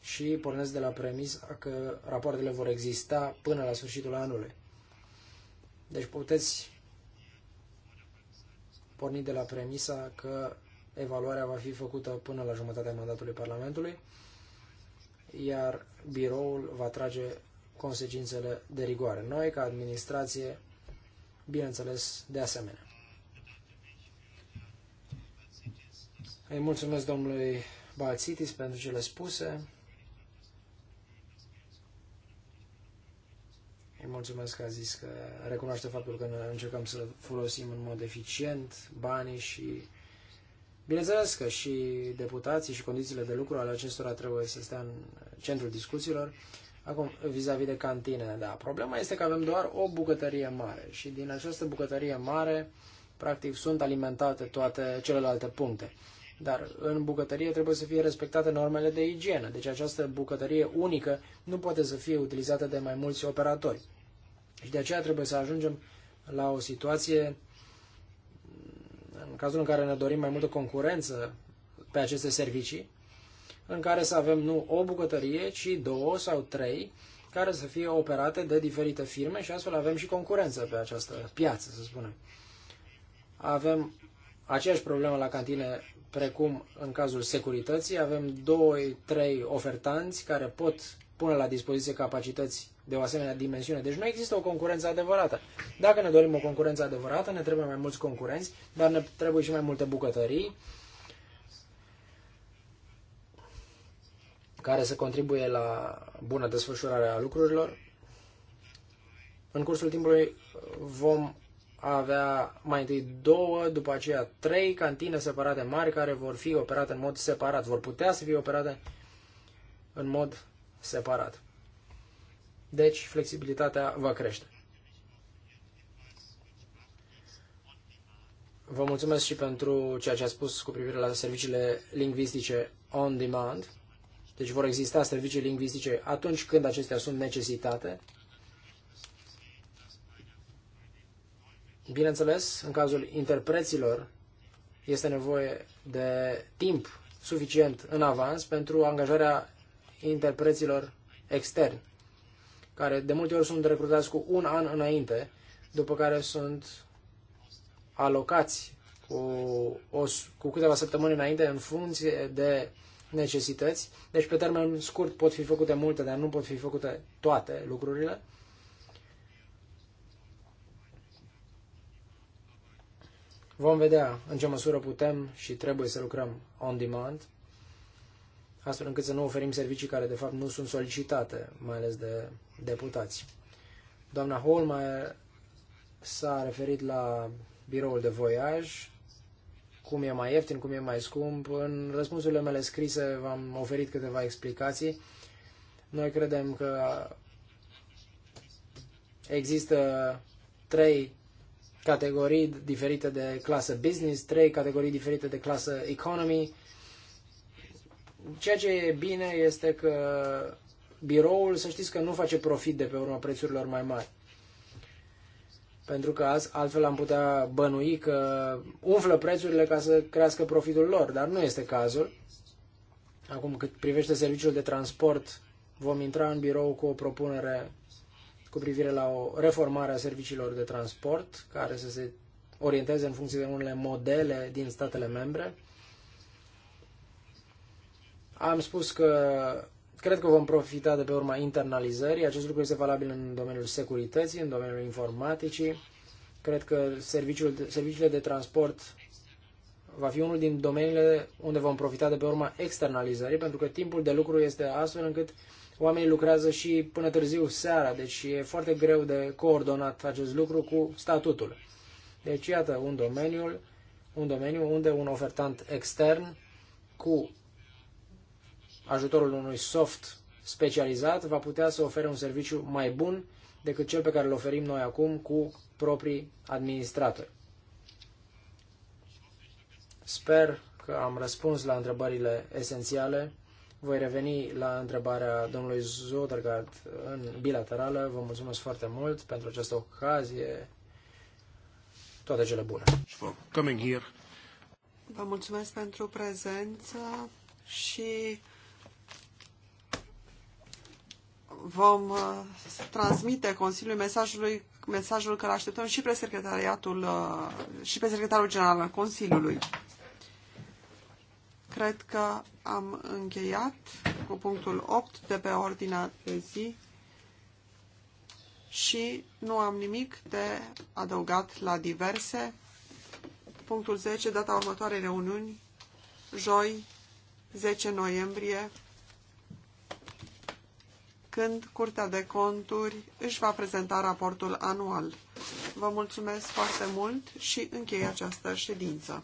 și pornesc de la premisa că rapoartele vor exista până la sfârșitul anului. Deci puteți porni de la premisa că evaluarea va fi făcută până la jumătatea mandatului Parlamentului, iar biroul va trage consecințele de rigoare. Noi, ca administrație, bineînțeles, de asemenea. Îi mulțumesc domnului Balțitis pentru cele spuse. Îi mulțumesc că a zis că recunoaște faptul că noi încercăm să folosim în mod eficient banii și bineînțeles că și deputații și condițiile de lucru ale acestora trebuie să stea în centrul discuțiilor. Acum, vis-a-vis -vis de cantine, da, problema este că avem doar o bucătărie mare și din această bucătărie mare, practic, sunt alimentate toate celelalte puncte. Dar în bucătărie trebuie să fie respectate normele de igienă, deci această bucătărie unică nu poate să fie utilizată de mai mulți operatori. Și de aceea trebuie să ajungem la o situație în cazul în care ne dorim mai multă concurență pe aceste servicii, în care să avem nu o bucătărie, ci două sau trei care să fie operate de diferite firme și astfel avem și concurență pe această piață, să spunem. Avem aceeași problemă la cantine precum în cazul securității, avem 2-3 ofertanți care pot pune la dispoziție capacități de o asemenea dimensiune. Deci nu există o concurență adevărată. Dacă ne dorim o concurență adevărată, ne trebuie mai mulți concurenți, dar ne trebuie și mai multe bucătării care să contribuie la bună desfășurare a lucrurilor. În cursul timpului vom a avea mai întâi două, după aceea trei cantine separate mari care vor fi operate în mod separat, vor putea să fie operate în mod separat. Deci flexibilitatea va crește. Vă mulțumesc și pentru ceea ce a spus cu privire la serviciile lingvistice on demand. Deci vor exista servicii lingvistice atunci când acestea sunt necesitate Bineînțeles, în cazul interpreților, este nevoie de timp suficient în avans pentru angajarea interpreților externi, care de multe ori sunt recrutați cu un an înainte, după care sunt alocați cu, o, cu câteva săptămâni înainte în funcție de necesități. Deci pe termen scurt pot fi făcute multe, dar nu pot fi făcute toate lucrurile. Vom vedea în ce măsură putem și trebuie să lucrăm on demand, astfel încât să nu oferim servicii care de fapt nu sunt solicitate, mai ales de deputați. Doamna Holmeier s-a referit la biroul de voiaj, cum e mai ieftin, cum e mai scump. În răspunsurile mele scrise v-am oferit câteva explicații. Noi credem că există trei categorii diferite de clasă business, trei categorii diferite de clasă economy. Ceea ce e bine este că biroul, să știți că nu face profit de pe urma prețurilor mai mari. Pentru că altfel am putea bănui că umflă prețurile ca să crească profitul lor, dar nu este cazul. Acum, cât privește serviciul de transport, vom intra în birou cu o propunere cu privire la o reformare a serviciilor de transport care să se orienteze în funcție de unele modele din statele membre. Am spus că cred că vom profita de pe urma internalizării. Acest lucru este valabil în domeniul securității, în domeniul informaticii. Cred că serviciul, serviciile de transport va fi unul din domeniile unde vom profita de pe urma externalizării, pentru că timpul de lucru este astfel încât Oamenii lucrează și până târziu seara, deci e foarte greu de coordonat acest lucru cu statutul. Deci iată un domeniu, un domeniu unde un ofertant extern cu ajutorul unui soft specializat va putea să ofere un serviciu mai bun decât cel pe care îl oferim noi acum cu proprii administratori. Sper că am răspuns la întrebările esențiale voi reveni la întrebarea domnului Zodergaard în bilaterală. Vă mulțumesc foarte mult pentru această ocazie. Toate cele bune. Coming here. Vă mulțumesc pentru prezență și vom uh, transmite Consiliului mesajului, mesajul că îl așteptăm și pe secretariatul uh, și pe secretarul general al Consiliului. Cred că am încheiat cu punctul 8 de pe ordinea de zi și nu am nimic de adăugat la diverse. Punctul 10, data următoarei reuniuni, joi, 10 noiembrie, când Curtea de Conturi își va prezenta raportul anual. Vă mulțumesc foarte mult și închei această ședință.